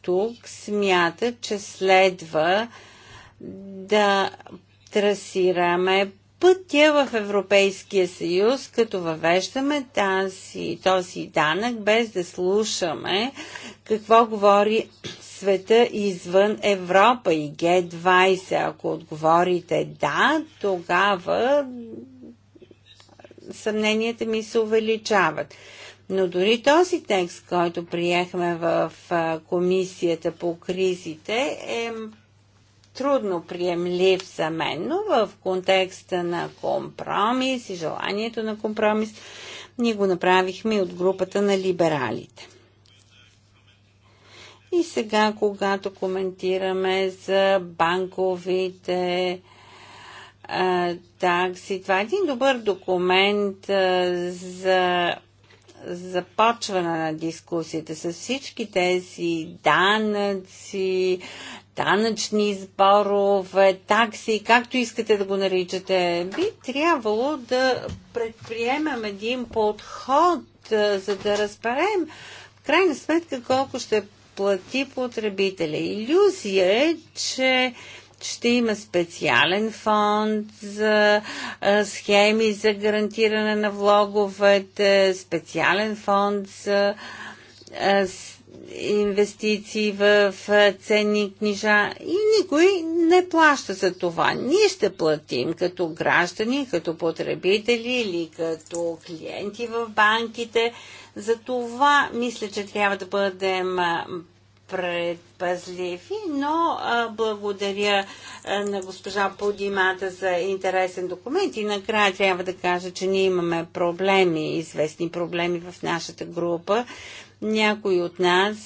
тук смятат, че следва да трасираме пътя в Европейския съюз, като въвеждаме тази, този данък, без да слушаме какво говори света извън Европа и Г20. Ако отговорите да, тогава съмненията ми се увеличават. Но дори този текст, който приехме в комисията по кризите, е трудно приемлив за мен, но в контекста на компромис и желанието на компромис, ние го направихме от групата на либералите. И сега, когато коментираме за банковите Так, си, Това е един добър документ а, за започване на дискусията с всички тези данъци, данъчни сборове, такси, както искате да го наричате. Би трябвало да предприемем един подход, за да разберем в крайна сметка колко ще плати потребителя. Иллюзия е, че ще има специален фонд за схеми за гарантиране на влоговете, специален фонд за инвестиции в ценни книжа и никой не плаща за това. Ние ще платим като граждани, като потребители или като клиенти в банките. За това мисля, че трябва да бъдем предпазливи, но благодаря на госпожа Подимата за интересен документ и накрая трябва да кажа, че ние имаме проблеми, известни проблеми в нашата група. Някои от нас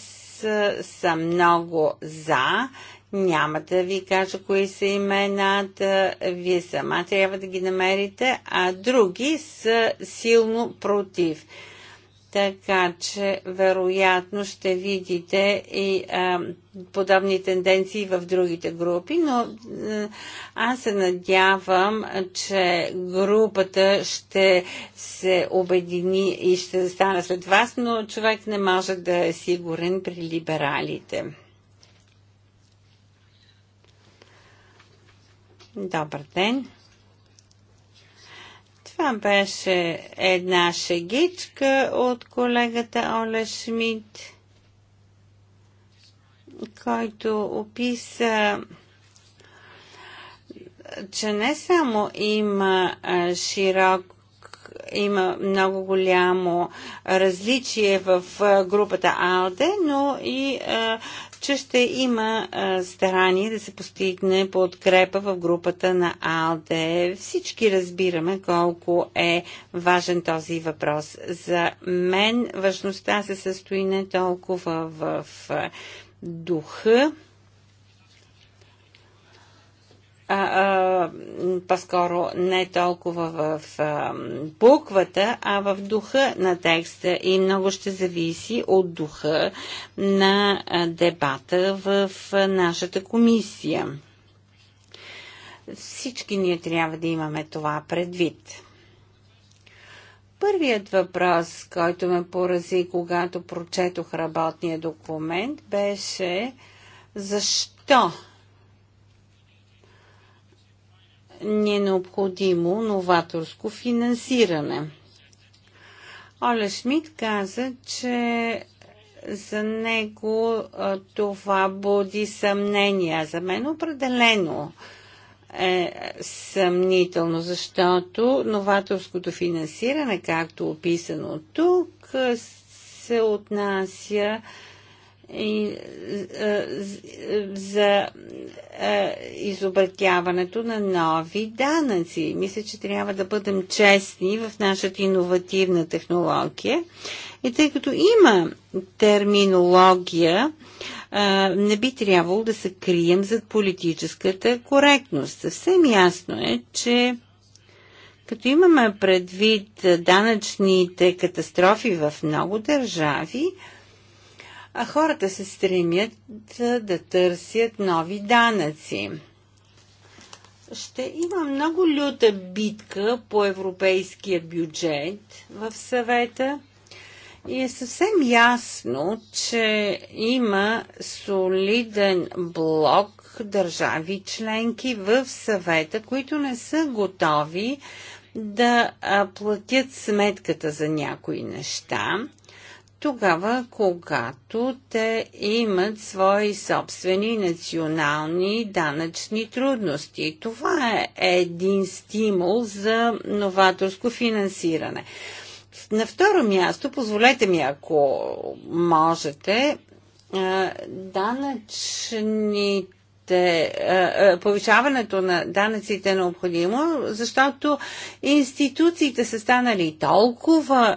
са много за. Няма да ви кажа кои са имената, вие сама трябва да ги намерите, а други са силно против. Така че, вероятно, ще видите и а, подобни тенденции в другите групи, но аз се надявам, че групата ще се обедини и ще застане след вас, но човек не може да е сигурен при либералите. Добър ден! Това беше една шегичка от колегата Оле Шмидт, който описа че не само има широк има много голямо различие в групата АЛДЕ, но и а, че ще има а, старание да се постигне подкрепа в групата на АЛДЕ. Всички разбираме колко е важен този въпрос. За мен важността се състои не толкова в, в духа по-скоро не толкова в а, буквата, а в духа на текста и много ще зависи от духа на дебата в нашата комисия. Всички ние трябва да имаме това предвид. Първият въпрос, който ме порази, когато прочетох работния документ, беше защо ни е необходимо новаторско финансиране. Оле Шмидт каза, че за него това буди съмнение. За мен определено е съмнително, защото новаторското финансиране, както описано тук, се отнася и, е, за е, изобретяването на нови данъци. Мисля, че трябва да бъдем честни в нашата иновативна технология. И тъй като има терминология, е, не би трябвало да се крием зад политическата коректност. Съвсем ясно е, че като имаме предвид данъчните катастрофи в много държави, а хората се стремят да търсят нови данъци. Ще има много люта битка по европейския бюджет в съвета и е съвсем ясно, че има солиден блок държави членки в съвета, които не са готови да платят сметката за някои неща тогава, когато те имат свои собствени национални данъчни трудности. Това е един стимул за новаторско финансиране. На второ място, позволете ми, ако можете, данъчните данъците, е, повишаването на данъците е необходимо, защото институциите са станали толкова,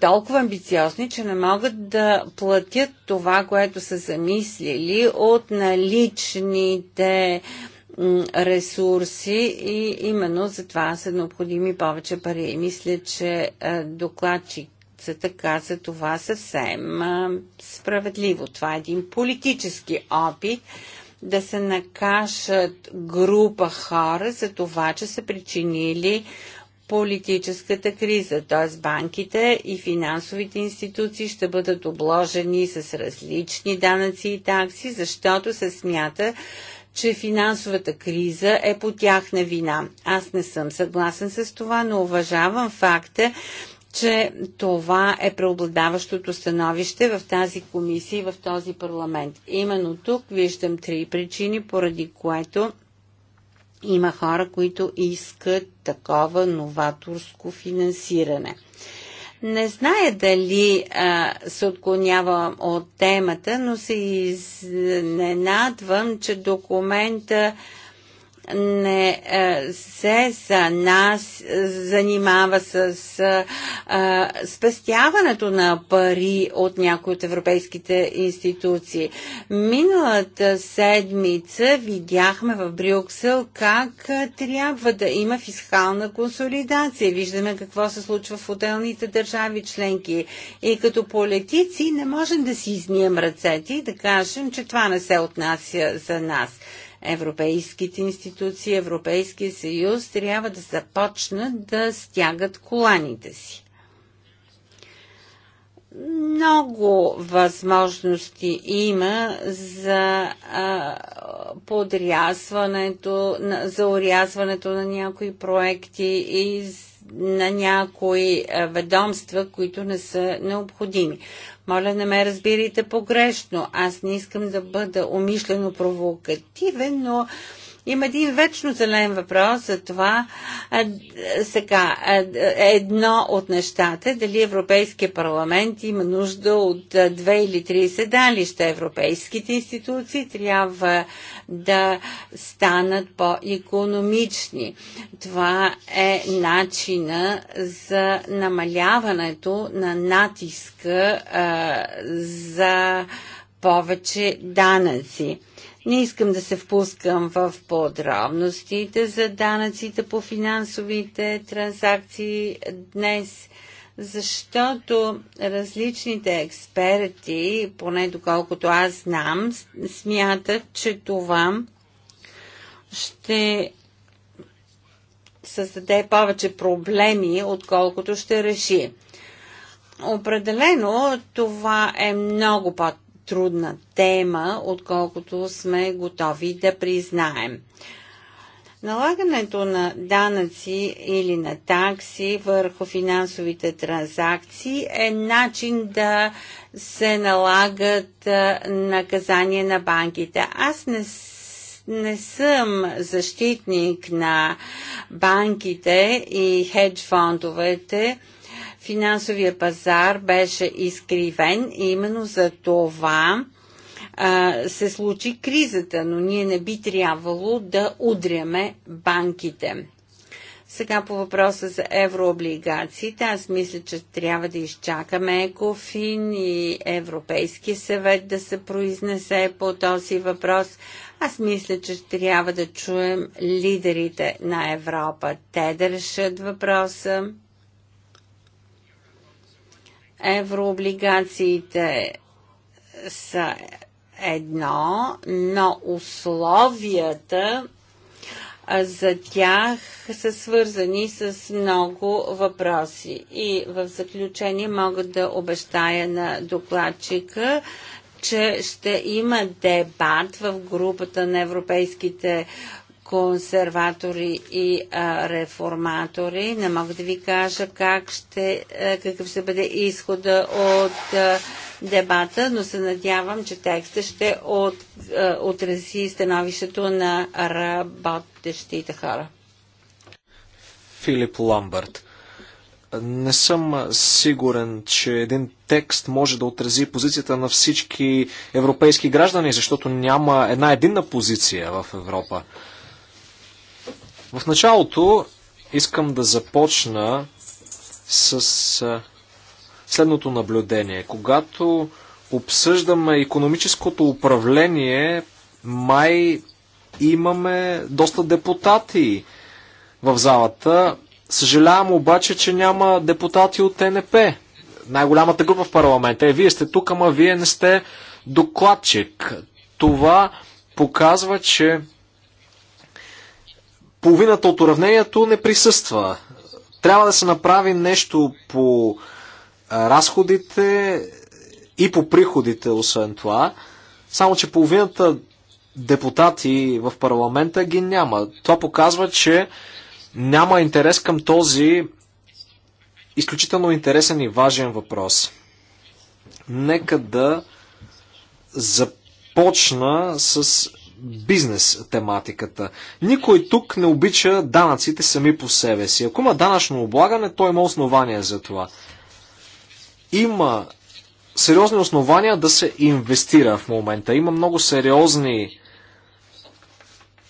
толкова амбициозни, че не могат да платят това, което са замислили от наличните ресурси и именно за това са необходими повече пари. Мисля, че е, докладчик така каза това съвсем справедливо. Това е един политически опит да се накашат група хора за това, че са причинили политическата криза, т.е. банките и финансовите институции ще бъдат обложени с различни данъци и такси, защото се смята, че финансовата криза е по тяхна вина. Аз не съм съгласен с това, но уважавам факта, че това е преобладаващото становище в тази комисия и в този парламент. Именно тук виждам три причини, поради което има хора, които искат такова новаторско финансиране. Не зная дали а, се отклонявам от темата, но се изненадвам, че документа а, не е, се за нас занимава с е, е, спестяването на пари от някои от европейските институции. Миналата седмица видяхме в Брюксел как трябва да има фискална консолидация. Виждаме какво се случва в отделните държави членки. И като политици не можем да си измием ръцете и да кажем, че това не се отнася за нас европейските институции, Европейския съюз трябва да започнат да стягат коланите си. Много възможности има за а, подрязването, за урязването на някои проекти и на някои ведомства, които не са необходими. Моля, не ме разбирайте погрешно. Аз не искам да бъда умишлено провокативен, но има един вечно зелен въпрос за това. Сега, едно от нещата е дали Европейския парламент има нужда от две или три седалища. Европейските институции трябва да станат по-економични. Това е начина за намаляването на натиска а, за повече данъци. Не искам да се впускам в подробностите за данъците по финансовите транзакции днес защото различните експерти, поне доколкото аз знам, смятат, че това ще създаде повече проблеми, отколкото ще реши. Определено това е много по-трудна тема, отколкото сме готови да признаем. Налагането на данъци или на такси върху финансовите транзакции е начин да се налагат наказания на банките. Аз не не съм защитник на банките и хедж фондовете. Финансовия пазар беше изкривен и именно за това а, се случи кризата, но ние не би трябвало да удряме банките. Сега по въпроса за еврооблигациите, аз мисля, че трябва да изчакаме Екофин и Европейския съвет да се произнесе по този въпрос. Аз мисля, че трябва да чуем лидерите на Европа. Те да решат въпроса. Еврооблигациите са едно, но условията за тях са свързани с много въпроси. И в заключение мога да обещая на докладчика, че ще има дебат в групата на европейските консерватори и а, реформатори. Не мога да ви кажа как ще, а, какъв ще бъде изхода от а, дебата, но се надявам, че текста ще от, е, отрази становището на работещите хора. Филип Ламбърт. Не съм сигурен, че един текст може да отрази позицията на всички европейски граждани, защото няма една единна позиция в Европа. В началото искам да започна с е, следното наблюдение. Когато обсъждаме економическото управление, май имаме доста депутати в залата. Съжалявам обаче, че няма депутати от ТНП. Най-голямата група в парламента е. Вие сте тук, ама вие не сте докладчик. Това показва, че половината от уравнението не присъства. Трябва да се направи нещо по разходите и по приходите, освен това. Само, че половината депутати в парламента ги няма. Това показва, че няма интерес към този изключително интересен и важен въпрос. Нека да започна с бизнес тематиката. Никой тук не обича данъците сами по себе си. Ако има данъчно облагане, той има основания за това. Има сериозни основания да се инвестира в момента. Има много сериозни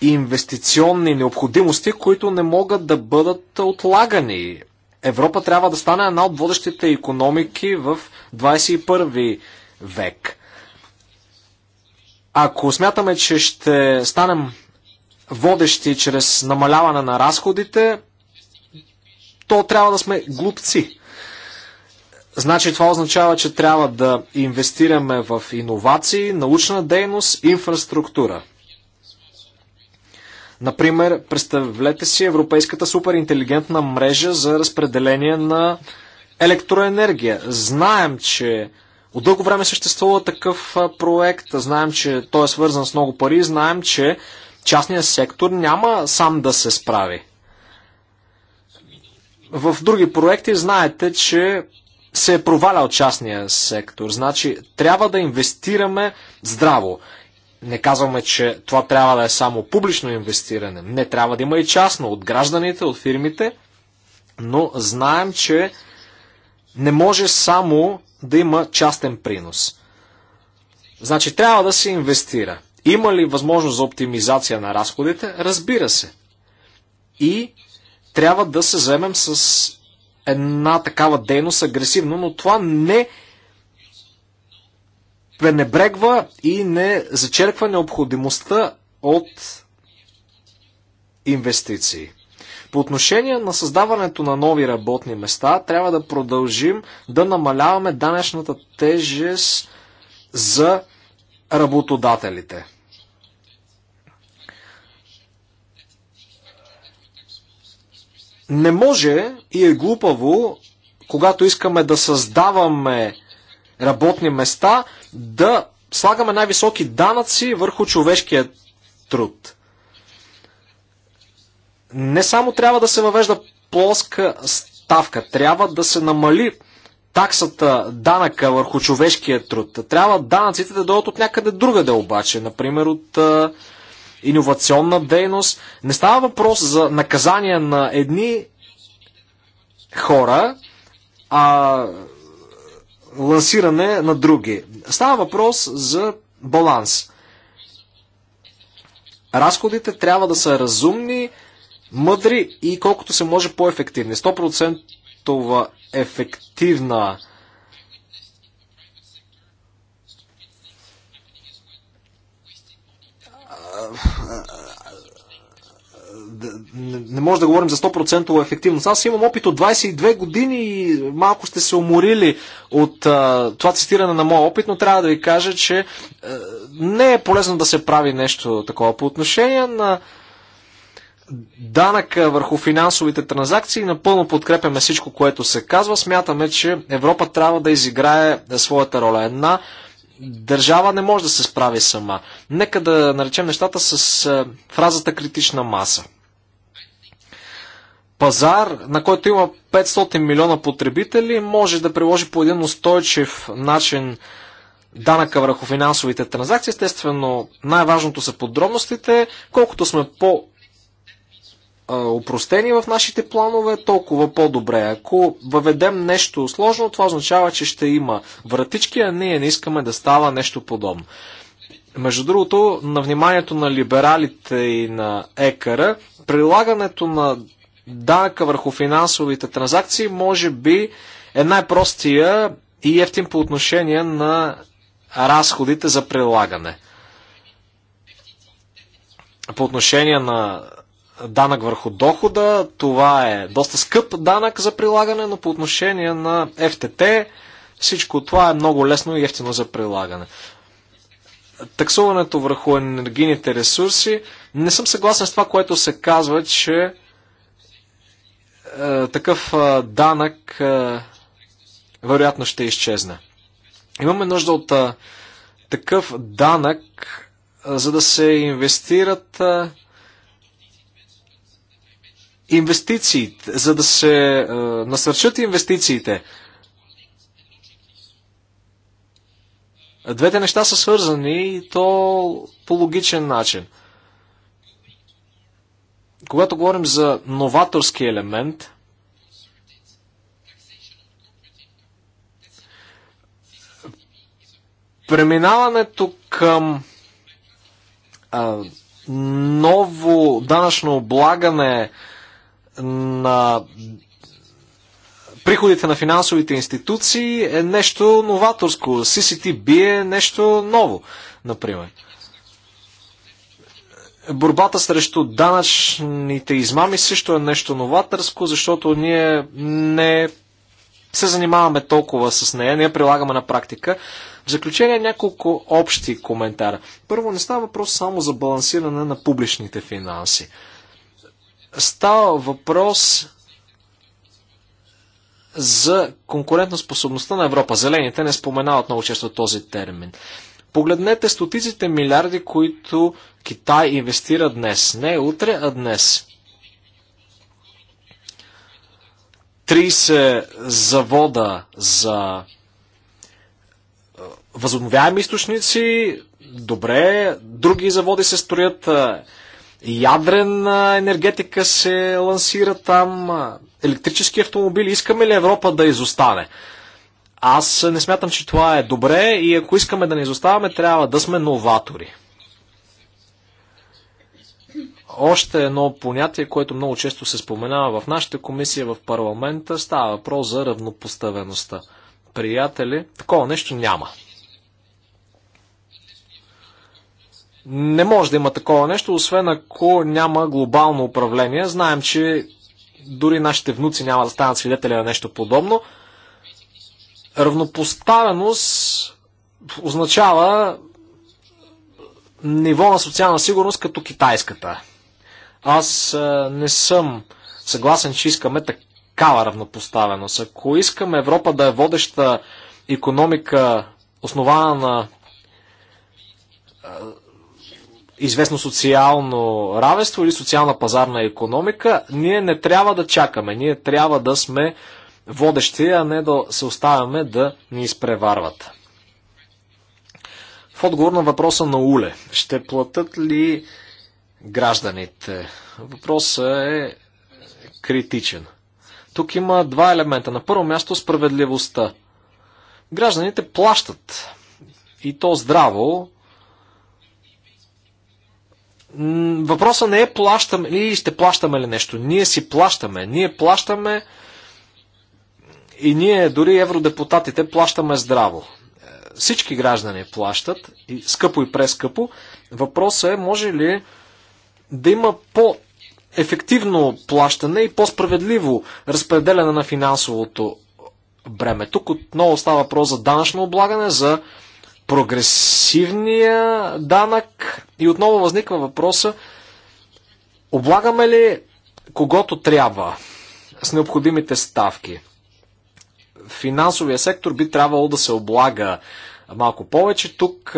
инвестиционни необходимости, които не могат да бъдат отлагани. Европа трябва да стане една от водещите економики в 21 век. Ако смятаме, че ще станем водещи чрез намаляване на разходите, то трябва да сме глупци. Значи това означава, че трябва да инвестираме в иновации, научна дейност, инфраструктура. Например, представлете си Европейската суперинтелигентна мрежа за разпределение на електроенергия. Знаем, че от дълго време съществува такъв проект, знаем, че той е свързан с много пари, знаем, че частният сектор няма сам да се справи. В други проекти знаете, че се е провалял частния сектор. Значи, трябва да инвестираме здраво. Не казваме, че това трябва да е само публично инвестиране. Не трябва да има и частно от гражданите, от фирмите, но знаем, че не може само да има частен принос. Значи трябва да се инвестира. Има ли възможност за оптимизация на разходите? Разбира се. И трябва да се вземем с една такава дейност агресивно, но това не пренебрегва и не зачерква необходимостта от инвестиции. По отношение на създаването на нови работни места, трябва да продължим да намаляваме данъчната тежест за работодателите. Не може и е глупаво, когато искаме да създаваме работни места, да слагаме най-високи данъци върху човешкия труд. Не само трябва да се въвежда плоска ставка, трябва да се намали таксата, данъка върху човешкия труд. Трябва данъците да дойдат от някъде другаде обаче, например от а, иновационна дейност. Не става въпрос за наказания на едни хора, а лансиране на други. Става въпрос за баланс. Разходите трябва да са разумни, мъдри и колкото се може по-ефективни. 100% ефективна не може да говорим за 100% ефективност. Аз имам опит от 22 години и малко сте се уморили от а, това цитиране на моя опит, но трябва да ви кажа, че а, не е полезно да се прави нещо такова. По отношение на данъка върху финансовите транзакции, напълно подкрепяме всичко, което се казва. Смятаме, че Европа трябва да изиграе своята роля. Една държава не може да се справи сама. Нека да наречем нещата с фразата критична маса. Пазар, на който има 500 милиона потребители, може да приложи по един устойчив начин данъка върху финансовите транзакции. Естествено, най-важното са подробностите. Колкото сме по опростени в нашите планове, толкова по-добре. Ако въведем нещо сложно, това означава, че ще има вратички, а ние не искаме да става нещо подобно. Между другото, на вниманието на либералите и на екара, прилагането на данъка върху финансовите транзакции може би е най-простия и ефтин по отношение на разходите за прилагане. По отношение на данък върху дохода. Това е доста скъп данък за прилагане, но по отношение на ФТТ всичко това е много лесно и ефтино за прилагане. Таксуването върху енергийните ресурси. Не съм съгласен с това, което се казва, че е, такъв е, данък е, вероятно ще изчезне. Имаме нужда от е, такъв данък, е, за да се инвестират. Е, инвестициите, за да се е, насърчат инвестициите. Двете неща са свързани и то по логичен начин. Когато говорим за новаторски елемент, преминаването към а, ново данъчно облагане, а, на приходите на финансовите институции е нещо новаторско. CCTB е нещо ново, например. Борбата срещу данъчните измами също е нещо новаторско, защото ние не се занимаваме толкова с нея, не я прилагаме на практика. В заключение няколко общи коментара. Първо, не става въпрос само за балансиране на публичните финанси. Става въпрос за конкурентоспособността на Европа. Зелените не споменават много често този термин. Погледнете стотиците милиарди, които Китай инвестира днес. Не утре, а днес. 30 завода за е, възобновяеми източници, добре, други заводи се строят, ядрена енергетика се лансира там, електрически автомобили. Искаме ли Европа да изостане? Аз не смятам, че това е добре и ако искаме да не изоставаме, трябва да сме новатори. Още едно понятие, което много често се споменава в нашата комисия в парламента, става въпрос за равнопоставеността. Приятели, такова нещо няма. Не може да има такова нещо, освен ако няма глобално управление. Знаем, че дори нашите внуци няма да станат свидетели на нещо подобно. Равнопоставеност означава ниво на социална сигурност като китайската. Аз не съм съгласен, че искаме такава равнопоставеност. Ако искаме Европа да е водеща економика, основана на известно социално равенство или социална пазарна економика, ние не трябва да чакаме. Ние трябва да сме водещи, а не да се оставяме да ни изпреварват. В отговор на въпроса на Уле, ще платят ли гражданите? Въпросът е критичен. Тук има два елемента. На първо място справедливостта. Гражданите плащат и то здраво Въпросът не е плащаме ли ще плащаме ли нещо. Ние си плащаме. Ние плащаме и ние, дори евродепутатите, плащаме здраво. Е, всички граждани плащат, и скъпо и прескъпо. Въпросът е, може ли да има по ефективно плащане и по-справедливо разпределяне на финансовото бреме. Тук отново става въпрос за данъчно облагане, за прогресивния данък и отново възниква въпроса облагаме ли когото трябва с необходимите ставки? Финансовия сектор би трябвало да се облага малко повече. Тук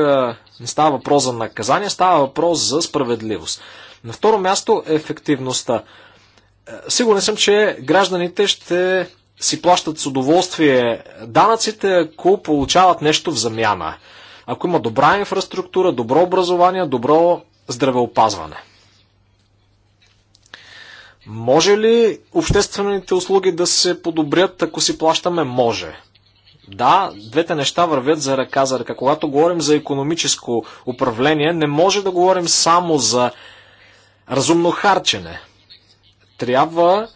не става въпрос за наказание, става въпрос за справедливост. На второ място ефективността. Сигурен съм, че гражданите ще си плащат с удоволствие данъците, ако получават нещо в замяна ако има добра инфраструктура, добро образование, добро здравеопазване. Може ли обществените услуги да се подобрят, ако си плащаме? Може. Да, двете неща вървят за ръка за ръка. Когато говорим за економическо управление, не може да говорим само за разумно харчене. Трябва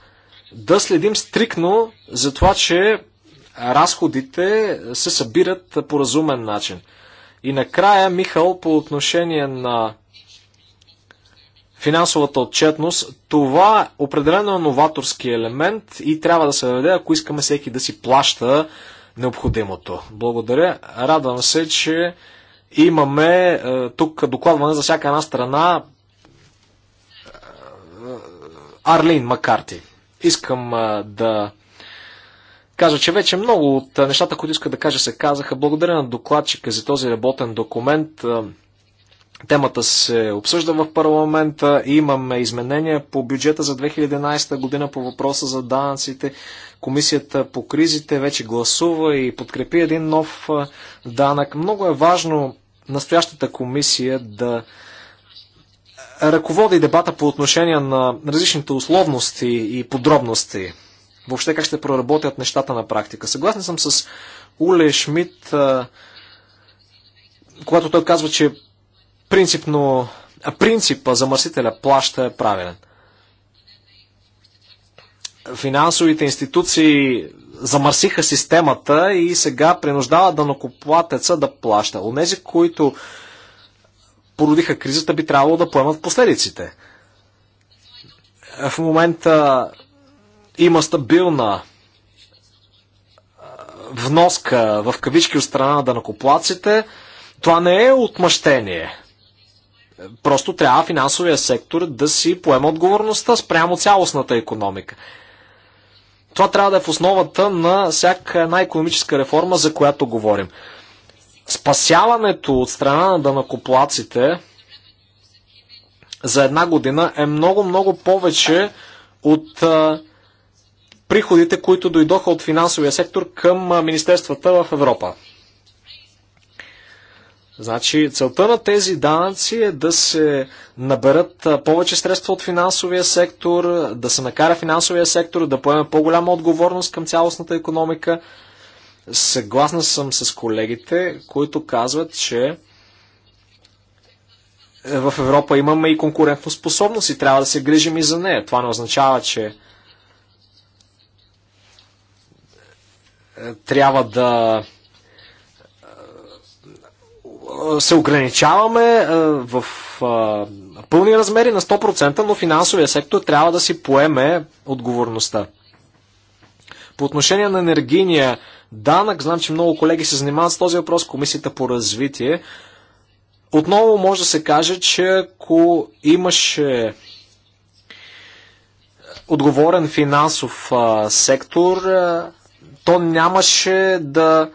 да следим стрикно за това, че разходите се събират по разумен начин. И накрая, Михал, по отношение на финансовата отчетност, това определено е новаторски елемент и трябва да се даде, ако искаме всеки да си плаща необходимото. Благодаря. Радвам се, че имаме е, тук докладване за всяка една страна. Е, Арлин Макарти. Искам е, да кажа, че вече много от нещата, които иска да кажа, се казаха. Благодаря на докладчика за този работен документ. Темата се обсъжда в парламента. Имаме изменения по бюджета за 2011 година по въпроса за данъците. Комисията по кризите вече гласува и подкрепи един нов данък. Много е важно настоящата комисия да ръководи дебата по отношение на различните условности и подробности въобще как ще проработят нещата на практика. Съгласен съм с Уле Шмидт, когато той казва, че принципно, принципа принципа замърсителя плаща е правилен. Финансовите институции замърсиха системата и сега принуждават данокоплатеца да плаща. Онези, които породиха кризата, би трябвало да поемат последиците. В момента има стабилна вноска в кавички от страна на данакоплаците, това не е отмъщение. Просто трябва финансовия сектор да си поема отговорността спрямо цялостната економика. Това трябва да е в основата на всяка една економическа реформа, за която говорим. Спасяването от страна на данакоплаците за една година е много-много повече от а, приходите, които дойдоха от финансовия сектор към министерствата в Европа. Значи целта на тези данъци е да се наберат повече средства от финансовия сектор, да се накара финансовия сектор да поеме по-голяма отговорност към цялостната економика. Съгласна съм с колегите, които казват, че е, в Европа имаме и конкурентоспособност и трябва да се грижим и за нея. Това не означава, че трябва да се ограничаваме в пълни размери на 100%, но финансовия сектор трябва да си поеме отговорността. По отношение на енергийния данък, знам, че много колеги се занимават с този въпрос, Комисията по развитие. Отново може да се каже, че ако имаше отговорен финансов сектор, то нямаше да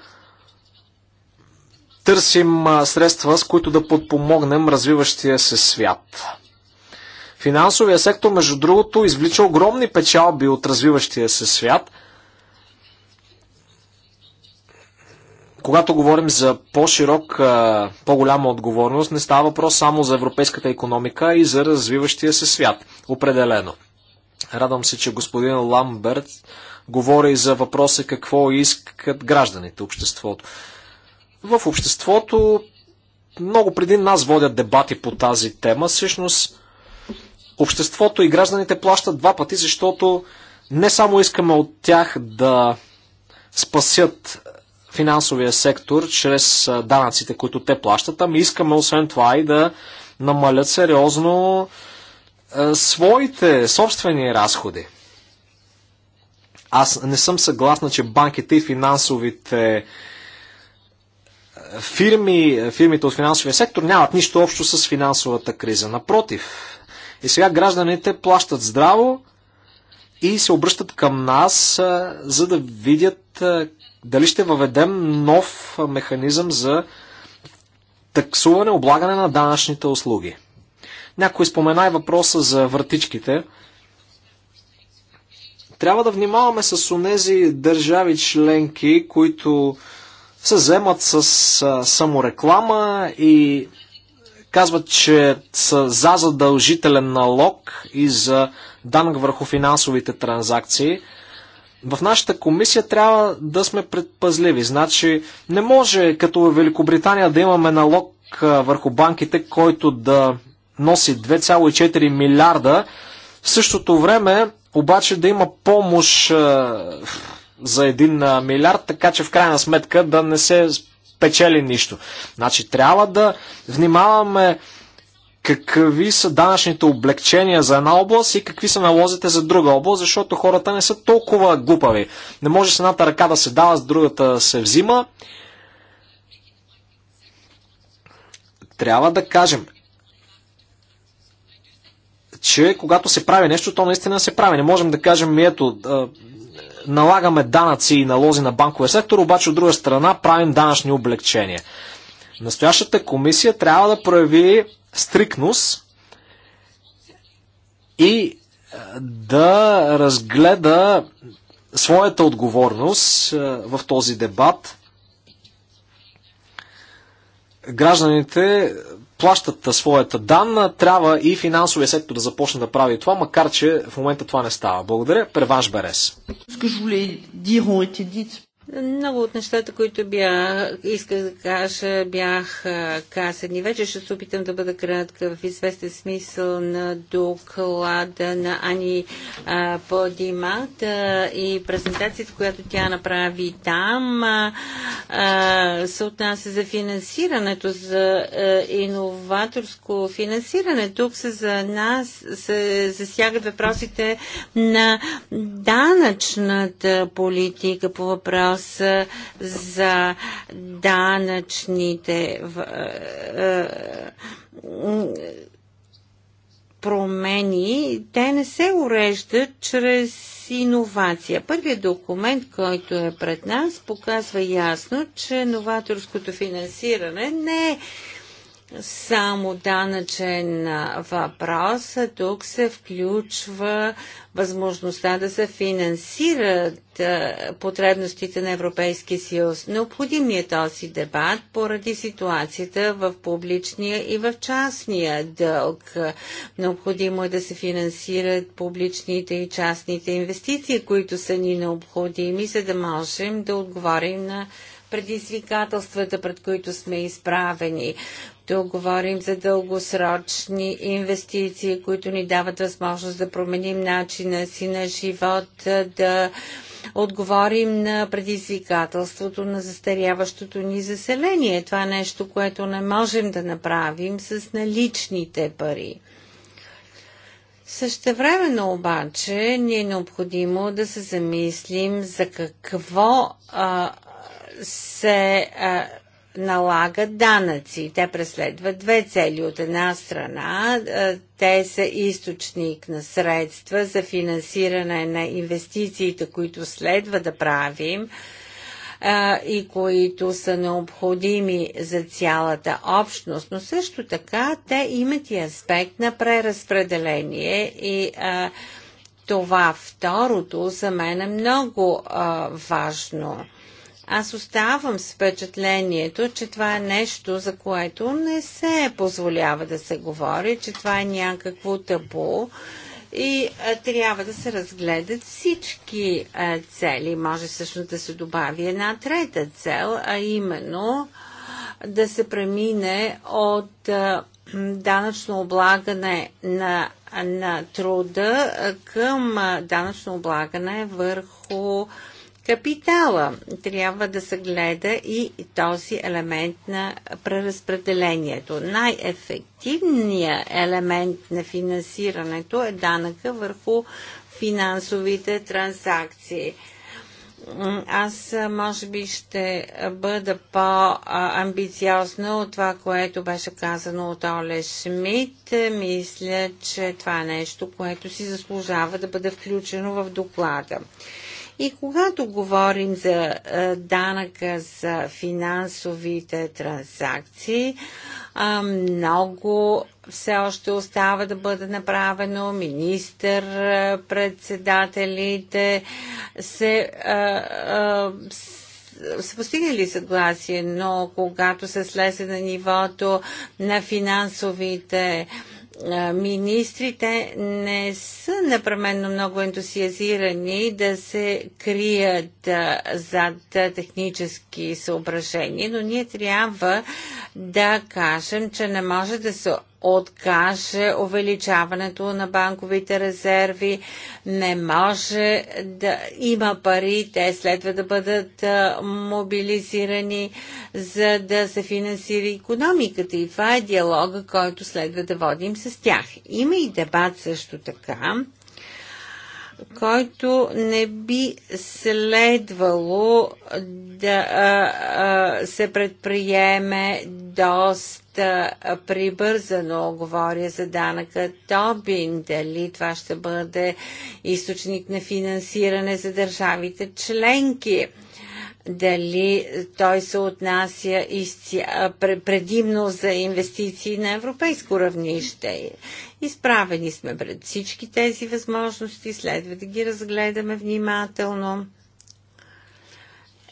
търсим средства, с които да подпомогнем развиващия се свят. Финансовия сектор, между другото, извлича огромни печалби от развиващия се свят. Когато говорим за по-широк, по-голяма отговорност, не става въпрос само за европейската економика и за развиващия се свят. Определено. Радвам се, че господин Ламберт говори за въпроса какво искат гражданите, обществото. В обществото много преди нас водят дебати по тази тема. Всъщност, обществото и гражданите плащат два пъти, защото не само искаме от тях да спасят финансовия сектор чрез данъците, които те плащат, ами искаме освен това и да намалят сериозно своите собствени разходи. Аз не съм съгласна, че банките и финансовите е, фирми, е, фирмите от финансовия сектор нямат нищо общо с финансовата криза. Напротив. И сега гражданите плащат здраво и се обръщат към нас, е, за да видят дали ще въведем нов механизъм за таксуване, облагане на данъчните услуги. Някой спомена и въпроса за вратичките – трябва да внимаваме с онези държави членки, които се вземат с а, самореклама и казват, че са за задължителен налог и за данък върху финансовите транзакции. В нашата комисия трябва да сме предпазливи. Значи не може като в Великобритания да имаме налог върху банките, който да носи 2,4 милиарда. В същото време обаче да има помощ за един милиард, така че в крайна сметка да не се печели нищо. Значи трябва да внимаваме какви са данъчните облегчения за една област и какви са налозите за друга област, защото хората не са толкова глупави. Не може с едната ръка да се дава, с другата да се взима. Трябва да кажем, че когато се прави нещо, то наистина се прави. Не можем да кажем, ето, налагаме данъци и налози на банковия сектор, обаче от друга страна правим данъчни облегчения. Настоящата комисия трябва да прояви стрикност и да разгледа своята отговорност в този дебат. Гражданите плащат своята данна, трябва и финансовия сектор да започне да прави това, макар че в момента това не става. Благодаря. Преванш Берес. Много от нещата, които бях, исках да кажа, бях казани. Вече ще се опитам да бъда кратка в известен смисъл на доклада на Ани Подимата и презентацията, която тя направи там, се отнася за финансирането, за иноваторско финансиране. Тук се за нас се засягат въпросите на данъчната политика по въпрос въпрос за данъчните е, е, промени, те не се уреждат чрез иновация. Първият документ, който е пред нас, показва ясно, че новаторското финансиране не е само данъчен въпрос. Тук се включва възможността да се финансират потребностите на Европейския съюз. Необходим е този дебат поради ситуацията в публичния и в частния дълг. Необходимо е да се финансират публичните и частните инвестиции, които са ни необходими, за да можем да отговорим на предизвикателствата, пред които сме изправени. Тук говорим за дългосрочни инвестиции, които ни дават възможност да променим начина си на живот, да отговорим на предизвикателството на застаряващото ни заселение. Това е нещо, което не можем да направим с наличните пари. Същевременно обаче ни е необходимо да се замислим за какво а, се а, налагат данъци. Те преследват две цели. От една страна, те са източник на средства за финансиране на инвестициите, които следва да правим и които са необходими за цялата общност, но също така те имат и аспект на преразпределение и а, това второто за мен е много а, важно аз оставам с впечатлението, че това е нещо, за което не се позволява да се говори, че това е някакво табу и а, трябва да се разгледат всички а, цели. Може също да се добави една трета цел, а именно да се премине от а, данъчно облагане на, на труда към данъчно облагане върху капитала. Трябва да се гледа и този елемент на преразпределението. Най-ефективният елемент на финансирането е данъка върху финансовите транзакции аз може би ще бъда по-амбициозна от това, което беше казано от Оле Шмидт. Мисля, че това е нещо, което си заслужава да бъде включено в доклада. И когато говорим за данъка за финансовите транзакции, много все още остава да бъде направено. Министър, председателите се са постигнали съгласие, но когато се слезе на нивото на финансовите а, министрите не са непременно много ентусиазирани да се крият зад технически съображения, но ние трябва да кажем, че не може да се откаже увеличаването на банковите резерви, не може да има пари, те следва да бъдат мобилизирани, за да се финансира економиката. И това е диалога, който следва да водим с тях. Има и дебат също така който не би следвало да а, а, се предприеме доста прибързано. Говоря за данъка Тобин, дали това ще бъде източник на финансиране за държавите членки дали той се отнася изця... предимно за инвестиции на европейско равнище. Изправени сме пред всички тези възможности, следва да ги разгледаме внимателно.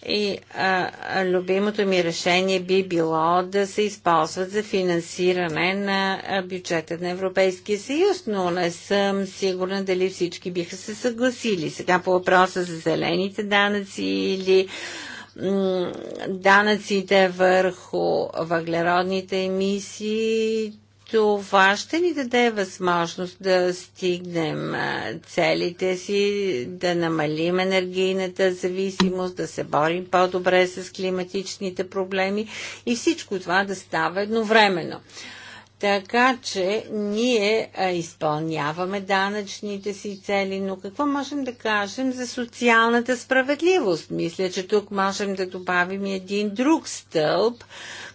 И а, любимото ми решение би било да се използват за финансиране на бюджета на Европейския съюз, но не съм сигурна дали всички биха се съгласили. Сега по въпроса за зелените данъци или данъците върху въглеродните емисии, това ще ни даде възможност да стигнем целите си, да намалим енергийната зависимост, да се борим по-добре с климатичните проблеми и всичко това да става едновременно. Така че ние а, изпълняваме данъчните си цели, но какво можем да кажем за социалната справедливост? Мисля, че тук можем да добавим един друг стълб,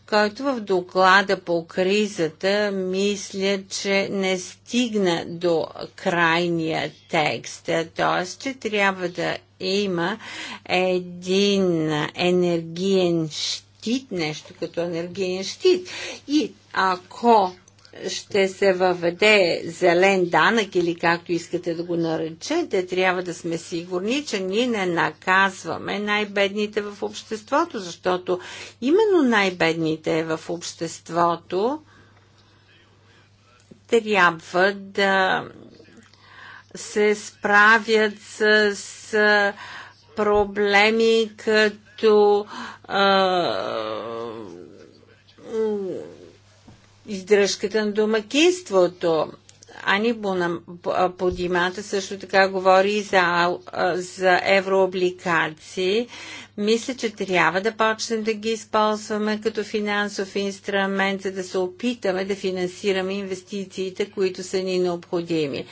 който в доклада по кризата мисля, че не стигна до крайния текст, т.е. че трябва да има един енергиен щит щит, нещо като енергиен щит. И ако ще се въведе зелен данък или както искате да го наречете, трябва да сме сигурни, че ние не наказваме най-бедните в обществото, защото именно най-бедните в обществото трябва да се справят с, с проблеми като които а, издръжката на домакинството. Ани Подимата също така говори за, за еврообликации. Мисля, че трябва да почнем да ги използваме като финансов инструмент, за да се опитаме да финансираме инвестициите, които са ни необходими.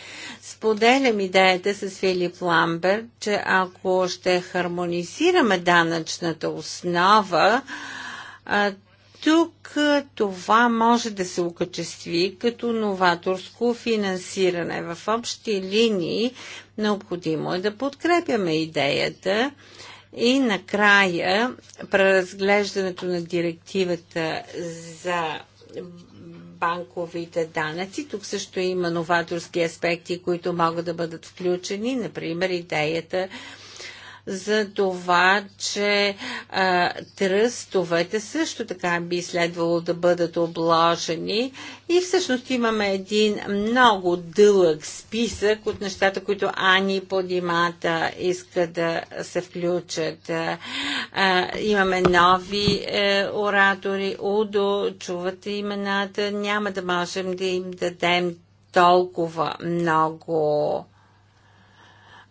Споделям идеята с Филип Ламберт, че ако ще хармонизираме данъчната основа, тук това може да се окачестви като новаторско финансиране. В общи линии необходимо е да подкрепяме идеята и накрая преразглеждането на директивата за банковите данъци. Тук също има новаторски аспекти, които могат да бъдат включени, например идеята за това, че а, тръстовете също така би следвало да бъдат обложени и всъщност имаме един много дълъг списък от нещата, които Ани Подимата иска да се включат. А, имаме нови е, оратори, Удо, чувате имената, няма да можем да им дадем толкова много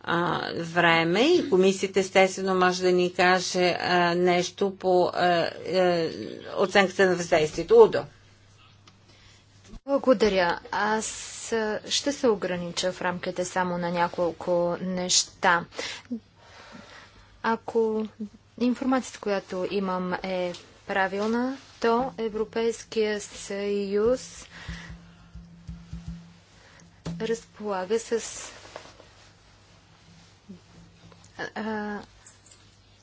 а, време и комисията естествено може да ни каже а, нещо по а, а, оценката на въздействието. Удо. Благодаря. Аз ще се огранича в рамките само на няколко неща. Ако информацията, която имам е правилна, то Европейския съюз разполага с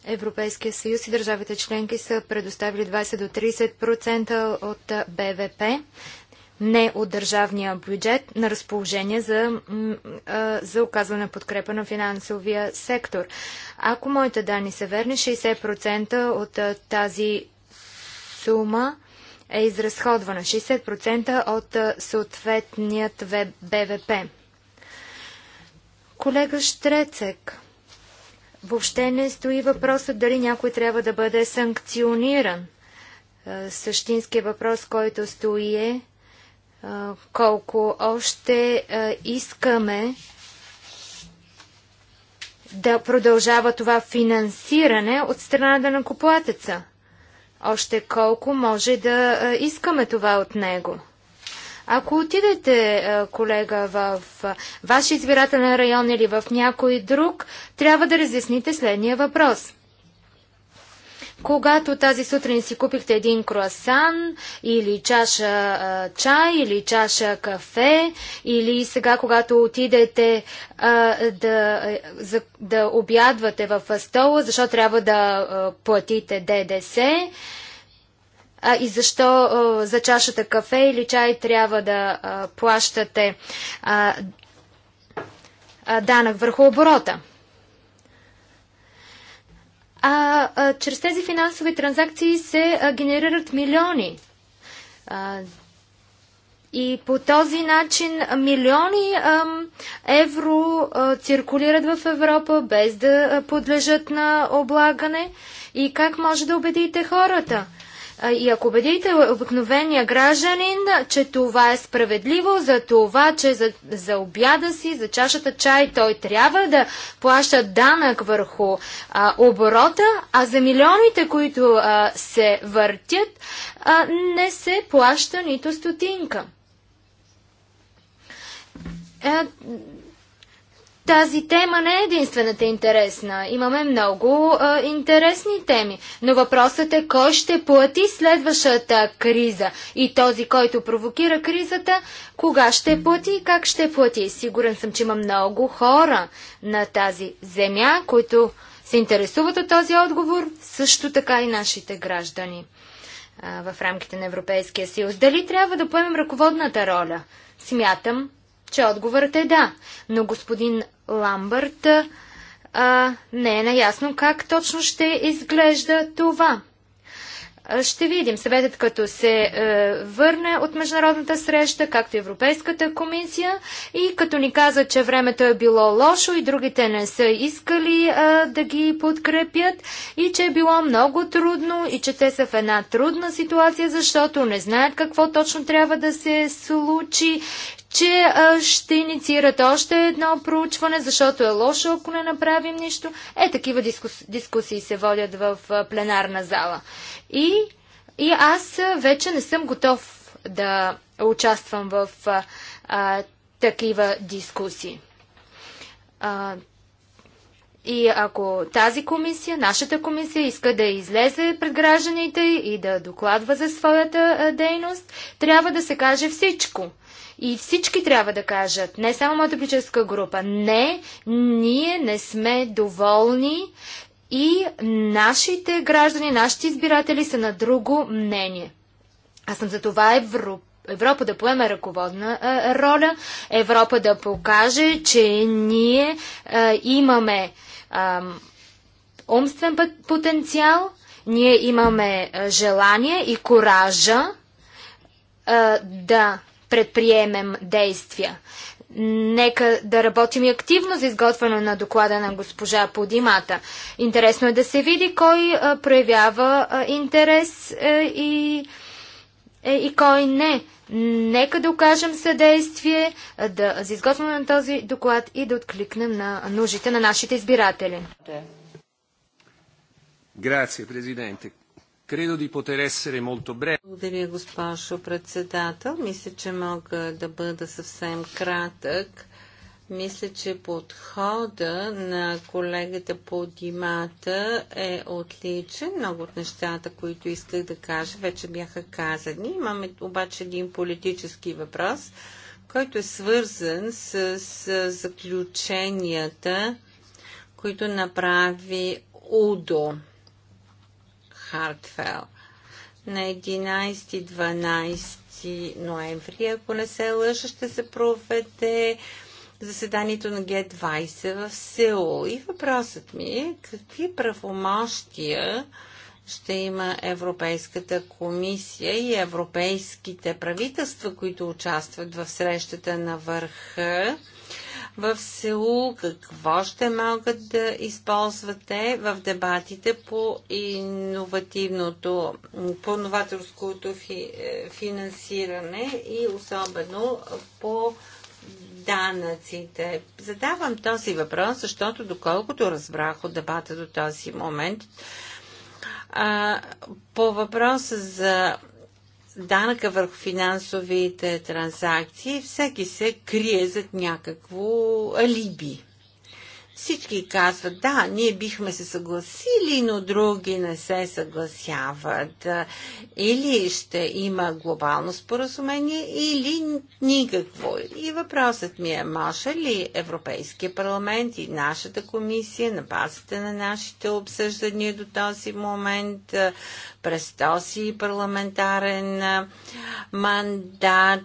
Европейския съюз и държавите членки са предоставили 20 до 30% от БВП, не от държавния бюджет, на разположение за, за оказване подкрепа на финансовия сектор. Ако моите данни са верни, 60% от тази сума е изразходвана, 60% от съответният БВП. Колега Штрецек, Въобще не стои въпросът дали някой трябва да бъде санкциониран. Е, Същинският въпрос, който стои е, е колко още е, искаме да продължава това финансиране от страна да накоплатеца. Още колко може да искаме това от него. Ако отидете, е, колега, в ваш избирателен район или в някой друг, трябва да разясните следния въпрос. Когато тази сутрин си купихте един круасан или чаша а, е, чай или чаша кафе или сега когато отидете а, е, да, за, да обядвате в стола, защо трябва да а, платите ДДС, а, и защо а, за чашата кафе или чай трябва да а, плащате а, а, данък върху оборота. А, а чрез тези финансови транзакции се а, генерират милиони. А, и по този начин милиони евро а, циркулират в Европа без да подлежат на облагане. И как може да убедите хората? И ако убедите обикновения гражданин, че това е справедливо, за това, че за, за обяда си, за чашата чай, той трябва да плаща данък върху а, оборота, а за милионите, които а, се въртят, а, не се плаща нито стотинка. Е, тази тема не е единствената интересна. Имаме много а, интересни теми. Но въпросът е кой ще плати следващата криза. И този, който провокира кризата, кога ще плати и как ще плати. Сигурен съм, че има много хора на тази земя, които се интересуват от този отговор, също така и нашите граждани а, в рамките на Европейския съюз. Дали трябва да поемем ръководната роля? Смятам, че отговорът е да. Но господин Ламбърт а, не е наясно как точно ще изглежда това. Ще видим съветът като се е, върне от международната среща, както Европейската комисия, и като ни каза, че времето е било лошо и другите не са искали е, да ги подкрепят, и че е било много трудно, и че те са в една трудна ситуация, защото не знаят какво точно трябва да се случи, че а, ще инициират още едно проучване, защото е лошо, ако не направим нищо. Е, такива дискус, дискусии се водят в а, пленарна зала. И, и аз а, вече не съм готов да участвам в а, а, такива дискусии. А, и ако тази комисия, нашата комисия, иска да излезе пред гражданите и да докладва за своята а, дейност, трябва да се каже всичко. И всички трябва да кажат, не само моята политическа група, не, ние не сме доволни и нашите граждани, нашите избиратели са на друго мнение. Аз съм за това Европа. Европа да поеме ръководна а, роля, Европа да покаже, че ние а, имаме а, умствен потенциал, ние имаме желание и коража да предприемем действия. Нека да работим и активно за изготвяне на доклада на госпожа Подимата. Интересно е да се види кой проявява интерес е, и, е, и кой не. Нека да окажем съдействие да, за изготвяне на този доклад и да откликнем на нуждите на нашите избиратели. Грация, президенте. Credo di poter essere molto breve. Благодаря, госпожо председател. Мисля, че мога да бъда съвсем кратък. Мисля, че подхода на колегата по димата е отличен. Много от нещата, които исках да кажа, вече бяха казани. Имаме обаче един политически въпрос, който е свързан с, с заключенията, които направи УДО. Хартфел на 11-12 ноември, ако не се лъжа, ще се проведе заседанието на Г-20 в Сеул. И въпросът ми е какви правомощия ще има Европейската комисия и европейските правителства, които участват в срещата на върха в Сеул, какво ще могат да използвате в дебатите по иновативното, по новаторското фи, е, финансиране и особено по данъците. Задавам този въпрос, защото доколкото разбрах от дебата до този момент, а, по въпроса за данъка върху финансовите транзакции, всеки се крие зад някакво алиби. Всички казват, да, ние бихме се съгласили, но други не се съгласяват. Или ще има глобално споразумение, или никакво. И въпросът ми е, може ли Европейския парламент и нашата комисия на базата на нашите обсъждания до този момент през този парламентарен мандат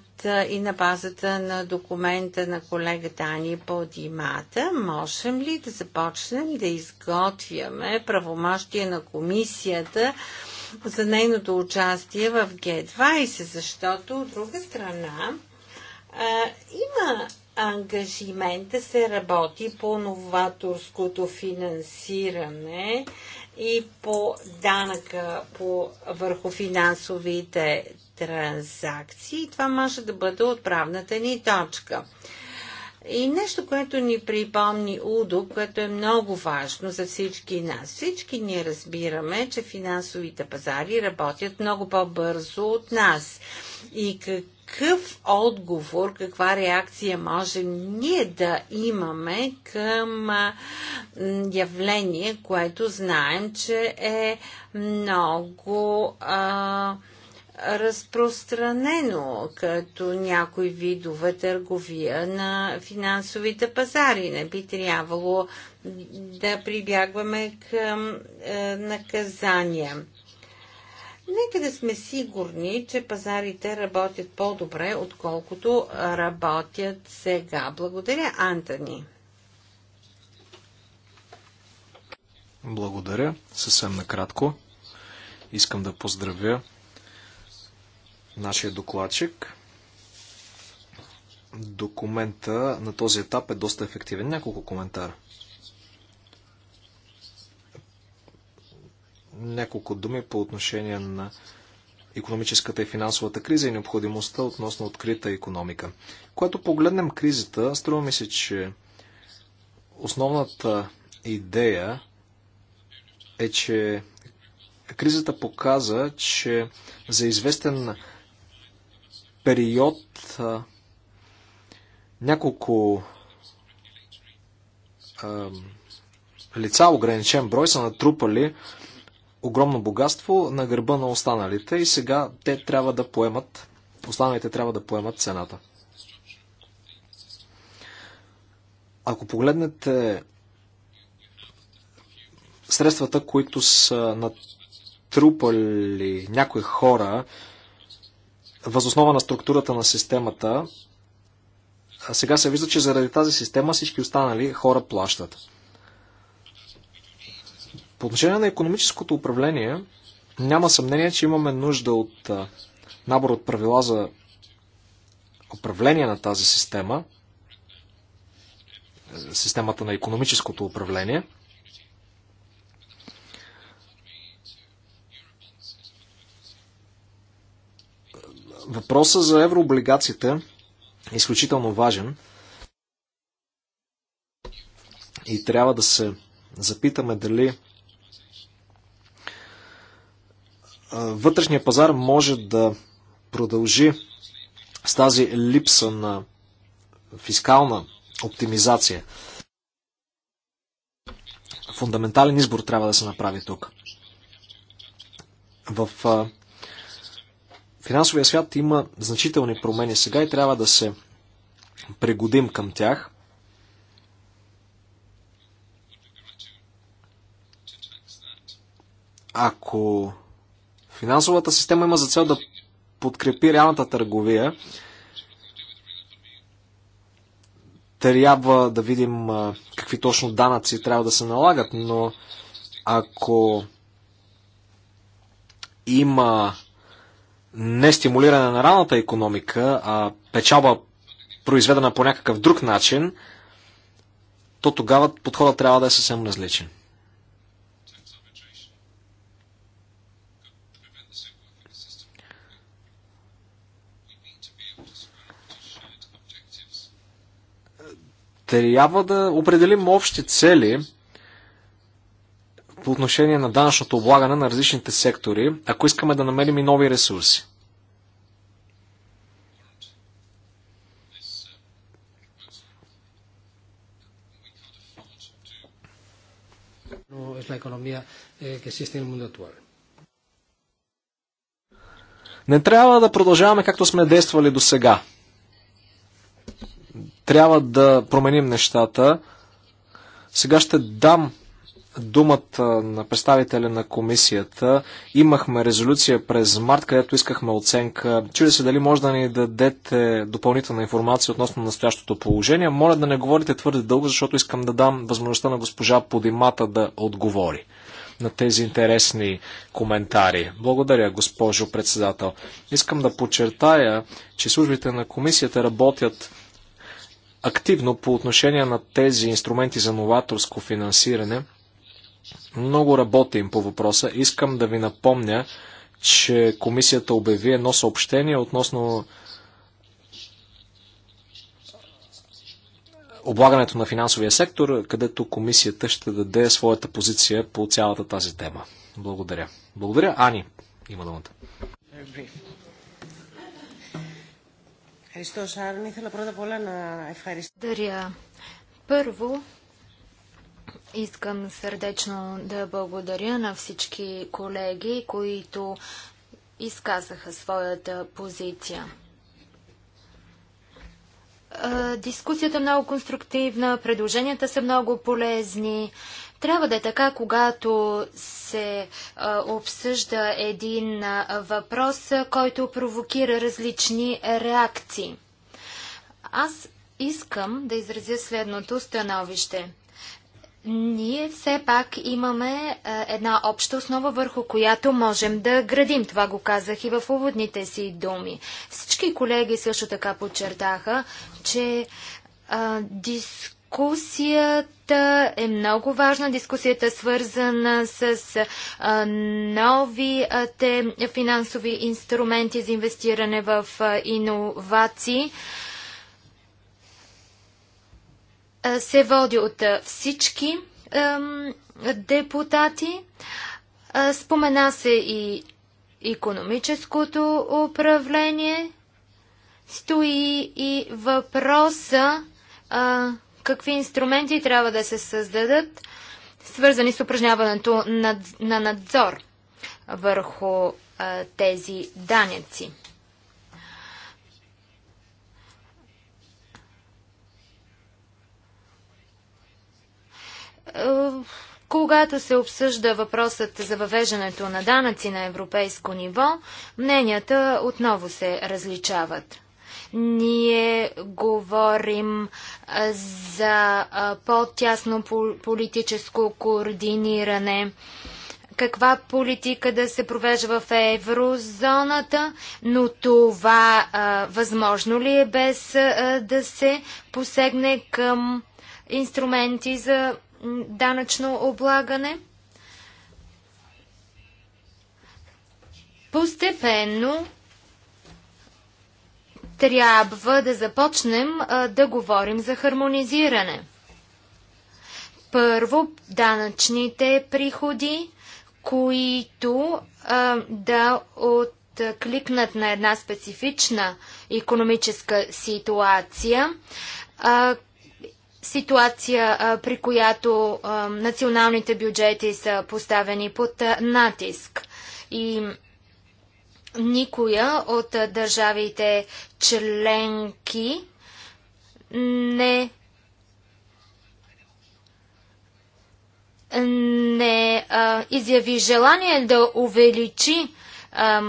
и на базата на документа на колегата Ани Подимата, можем ли да започнем да изготвяме правомощие на комисията за нейното участие в Г20, защото от друга страна а, има ангажимент да се работи по новаторското финансиране и по данъка по върху финансовите транзакции. Това може да бъде отправната ни точка. И нещо, което ни припомни Удо, което е много важно за всички нас. Всички ние разбираме, че финансовите пазари работят много по-бързо от нас. И как какъв отговор, каква реакция можем ние да имаме към явление, което знаем, че е много а, разпространено като някои видове търговия на финансовите пазари. Не би трябвало да прибягваме към а, е, наказания. Нека да сме сигурни, че пазарите работят по-добре, отколкото работят сега. Благодаря, Антони. Благодаря. Съвсем накратко. Искам да поздравя нашия докладчик. Документа на този етап е доста ефективен. Няколко коментара. Няколко думи по отношение на економическата и финансовата криза и необходимостта относно открита економика. Когато погледнем кризата, струва ми се, че основната идея е, че кризата показа, че за известен период няколко а, лица, ограничен брой, са натрупали огромно богатство на гърба на останалите и сега те трябва да поемат, останалите трябва да поемат цената. Ако погледнете средствата, които са натрупали някои хора възоснова на структурата на системата, сега се вижда, че заради тази система всички останали хора плащат. По отношение на економическото управление, няма съмнение, че имаме нужда от набор от правила за управление на тази система, системата на економическото управление. Въпросът за еврооблигациите е изключително важен и трябва да се запитаме дали вътрешния пазар може да продължи с тази липса на фискална оптимизация. Фундаментален избор трябва да се направи тук. В финансовия свят има значителни промени сега и трябва да се пригодим към тях. Ако Финансовата система има за цел да подкрепи реалната търговия. Трябва да видим какви точно данъци трябва да се налагат, но ако има не стимулиране на реалната економика, а печалба произведена по някакъв друг начин, то тогава подходът трябва да е съвсем различен. Трябва да определим общи цели по отношение на данъчното облагане на различните сектори, ако искаме да намерим и нови ресурси. Eh, Не трябва да продължаваме както сме действали до сега. Трябва да променим нещата. Сега ще дам думата на представителя на комисията. Имахме резолюция през март, където искахме оценка. Чуде се дали може да ни дадете допълнителна информация относно настоящото положение. Моля да не говорите твърде дълго, защото искам да дам възможността на госпожа Подимата да отговори на тези интересни коментари. Благодаря, госпожо председател. Искам да подчертая, че службите на комисията работят активно по отношение на тези инструменти за новаторско финансиране. Много работим по въпроса. Искам да ви напомня, че комисията обяви едно съобщение относно облагането на финансовия сектор, където комисията ще даде своята позиция по цялата тази тема. Благодаря. Благодаря. Ани, има думата. Е, Ευχαριστώ, Σάρων. Ήθελα πρώτα απ' όλα να Първо, искам сърдечно да благодаря на всички колеги, които изказаха своята позиция. Дискусията е много конструктивна, предложенията са много полезни. Трябва да е така, когато се а, обсъжда един а, въпрос, а, който провокира различни реакции. Аз искам да изразя следното становище. Ние все пак имаме а, една обща основа, върху която можем да градим. Това го казах и в уводните си думи. Всички колеги също така подчертаха, че а, дискусията Дискусията е много важна. Дискусията е свързана с а, новите финансови инструменти за инвестиране в а, иновации. А, се води от а, всички а, депутати. А, спомена се и економическото управление. Стои и въпроса а, какви инструменти трябва да се създадат, свързани с упражняването на надзор върху а, тези данъци. Когато се обсъжда въпросът за въвеждането на данъци на европейско ниво, мненията отново се различават. Ние говорим за по-тясно политическо координиране каква политика да се провежда в еврозоната, но това възможно ли е без да се посегне към инструменти за данъчно облагане? Постепенно трябва да започнем да говорим за хармонизиране. Първо, данъчните приходи, които а, да откликнат на една специфична економическа ситуация, а, ситуация, а, при която а, националните бюджети са поставени под а, натиск. И никоя от държавите членки не не а, изяви желание да увеличи а,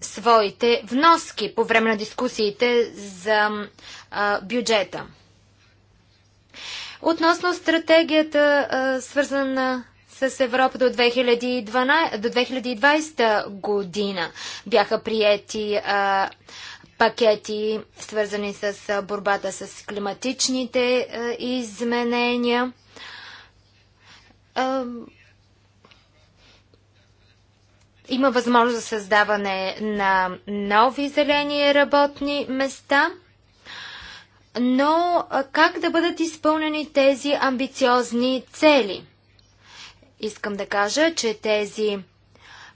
своите вноски по време на дискусиите за а, бюджета. Относно стратегията, а, свързана с Европа до 2020, до 2020 година. Бяха приети а, пакети, свързани с а, борбата с климатичните а, изменения. А, има възможност за създаване на нови зелени работни места. Но как да бъдат изпълнени тези амбициозни цели? искам да кажа, че тези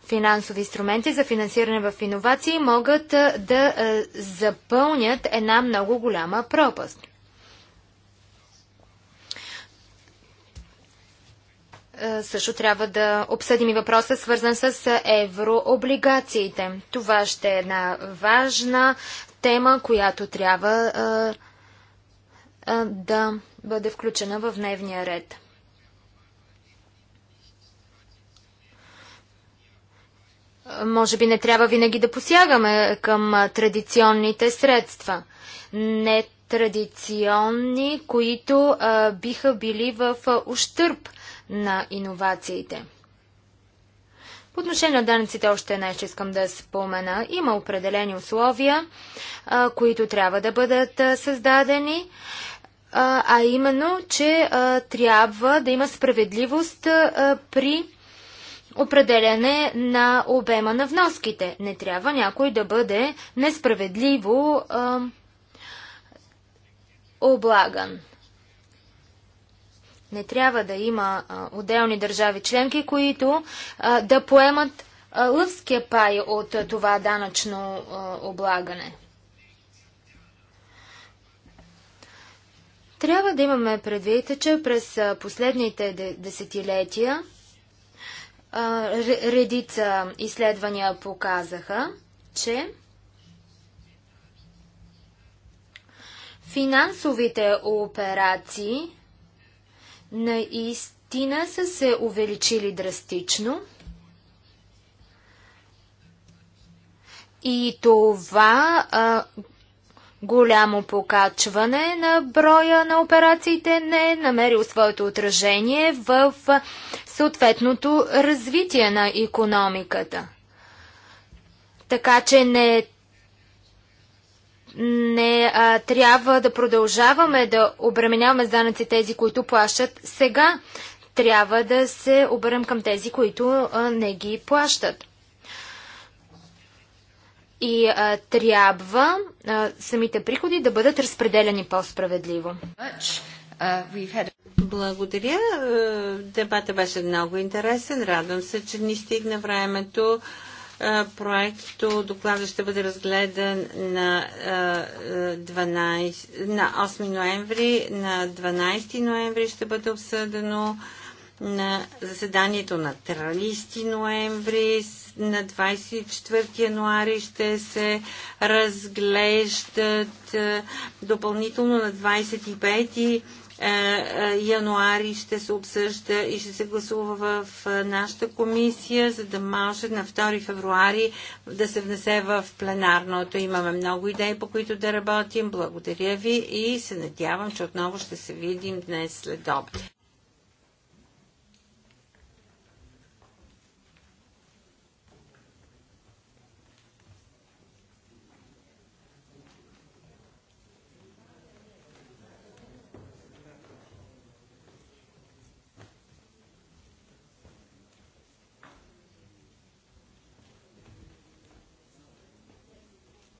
финансови инструменти за финансиране в иновации могат да запълнят една много голяма пропаст. Също трябва да обсъдим и въпроса, свързан с еврооблигациите. Това ще е една важна тема, която трябва да бъде включена в дневния ред. може би не трябва винаги да посягаме към традиционните средства. Не традиционни, които а, биха били в ущърп на иновациите. По отношение на данъците още нещо искам да спомена. Има определени условия, а, които трябва да бъдат а, създадени, а, а именно, че а, трябва да има справедливост а, при определяне на обема на вноските. Не трябва някой да бъде несправедливо а, облаган. Не трябва да има а, отделни държави членки, които а, да поемат а, лъвския пай от а, това данъчно а, облагане. Трябва да имаме предвид, че през последните десетилетия редица изследвания показаха, че финансовите операции наистина са се увеличили драстично. И това а, голямо покачване на броя на операциите не е намерил своето отражение в съответното развитие на економиката. Така че не, не а, трябва да продължаваме да обременяваме с данъци тези, които плащат сега. Трябва да се обърнем към тези, които а, не ги плащат. И а, трябва а, самите приходи да бъдат разпределени по-справедливо. Uh, благодаря. Е, дебата беше много интересен. Радвам се, че ни стигна времето. Е, проекто доклада ще бъде разгледан на, 12, е, на 8 ноември. На 12 ноември ще бъде обсъдено на заседанието на 30 ноември на 24 януари ще се разглеждат допълнително на 25 е, е, януари ще се обсъжда и ще се гласува в е, нашата комисия, за да може на 2 февруари да се внесе в пленарното. Имаме много идеи, по които да работим. Благодаря ви и се надявам, че отново ще се видим днес след обед.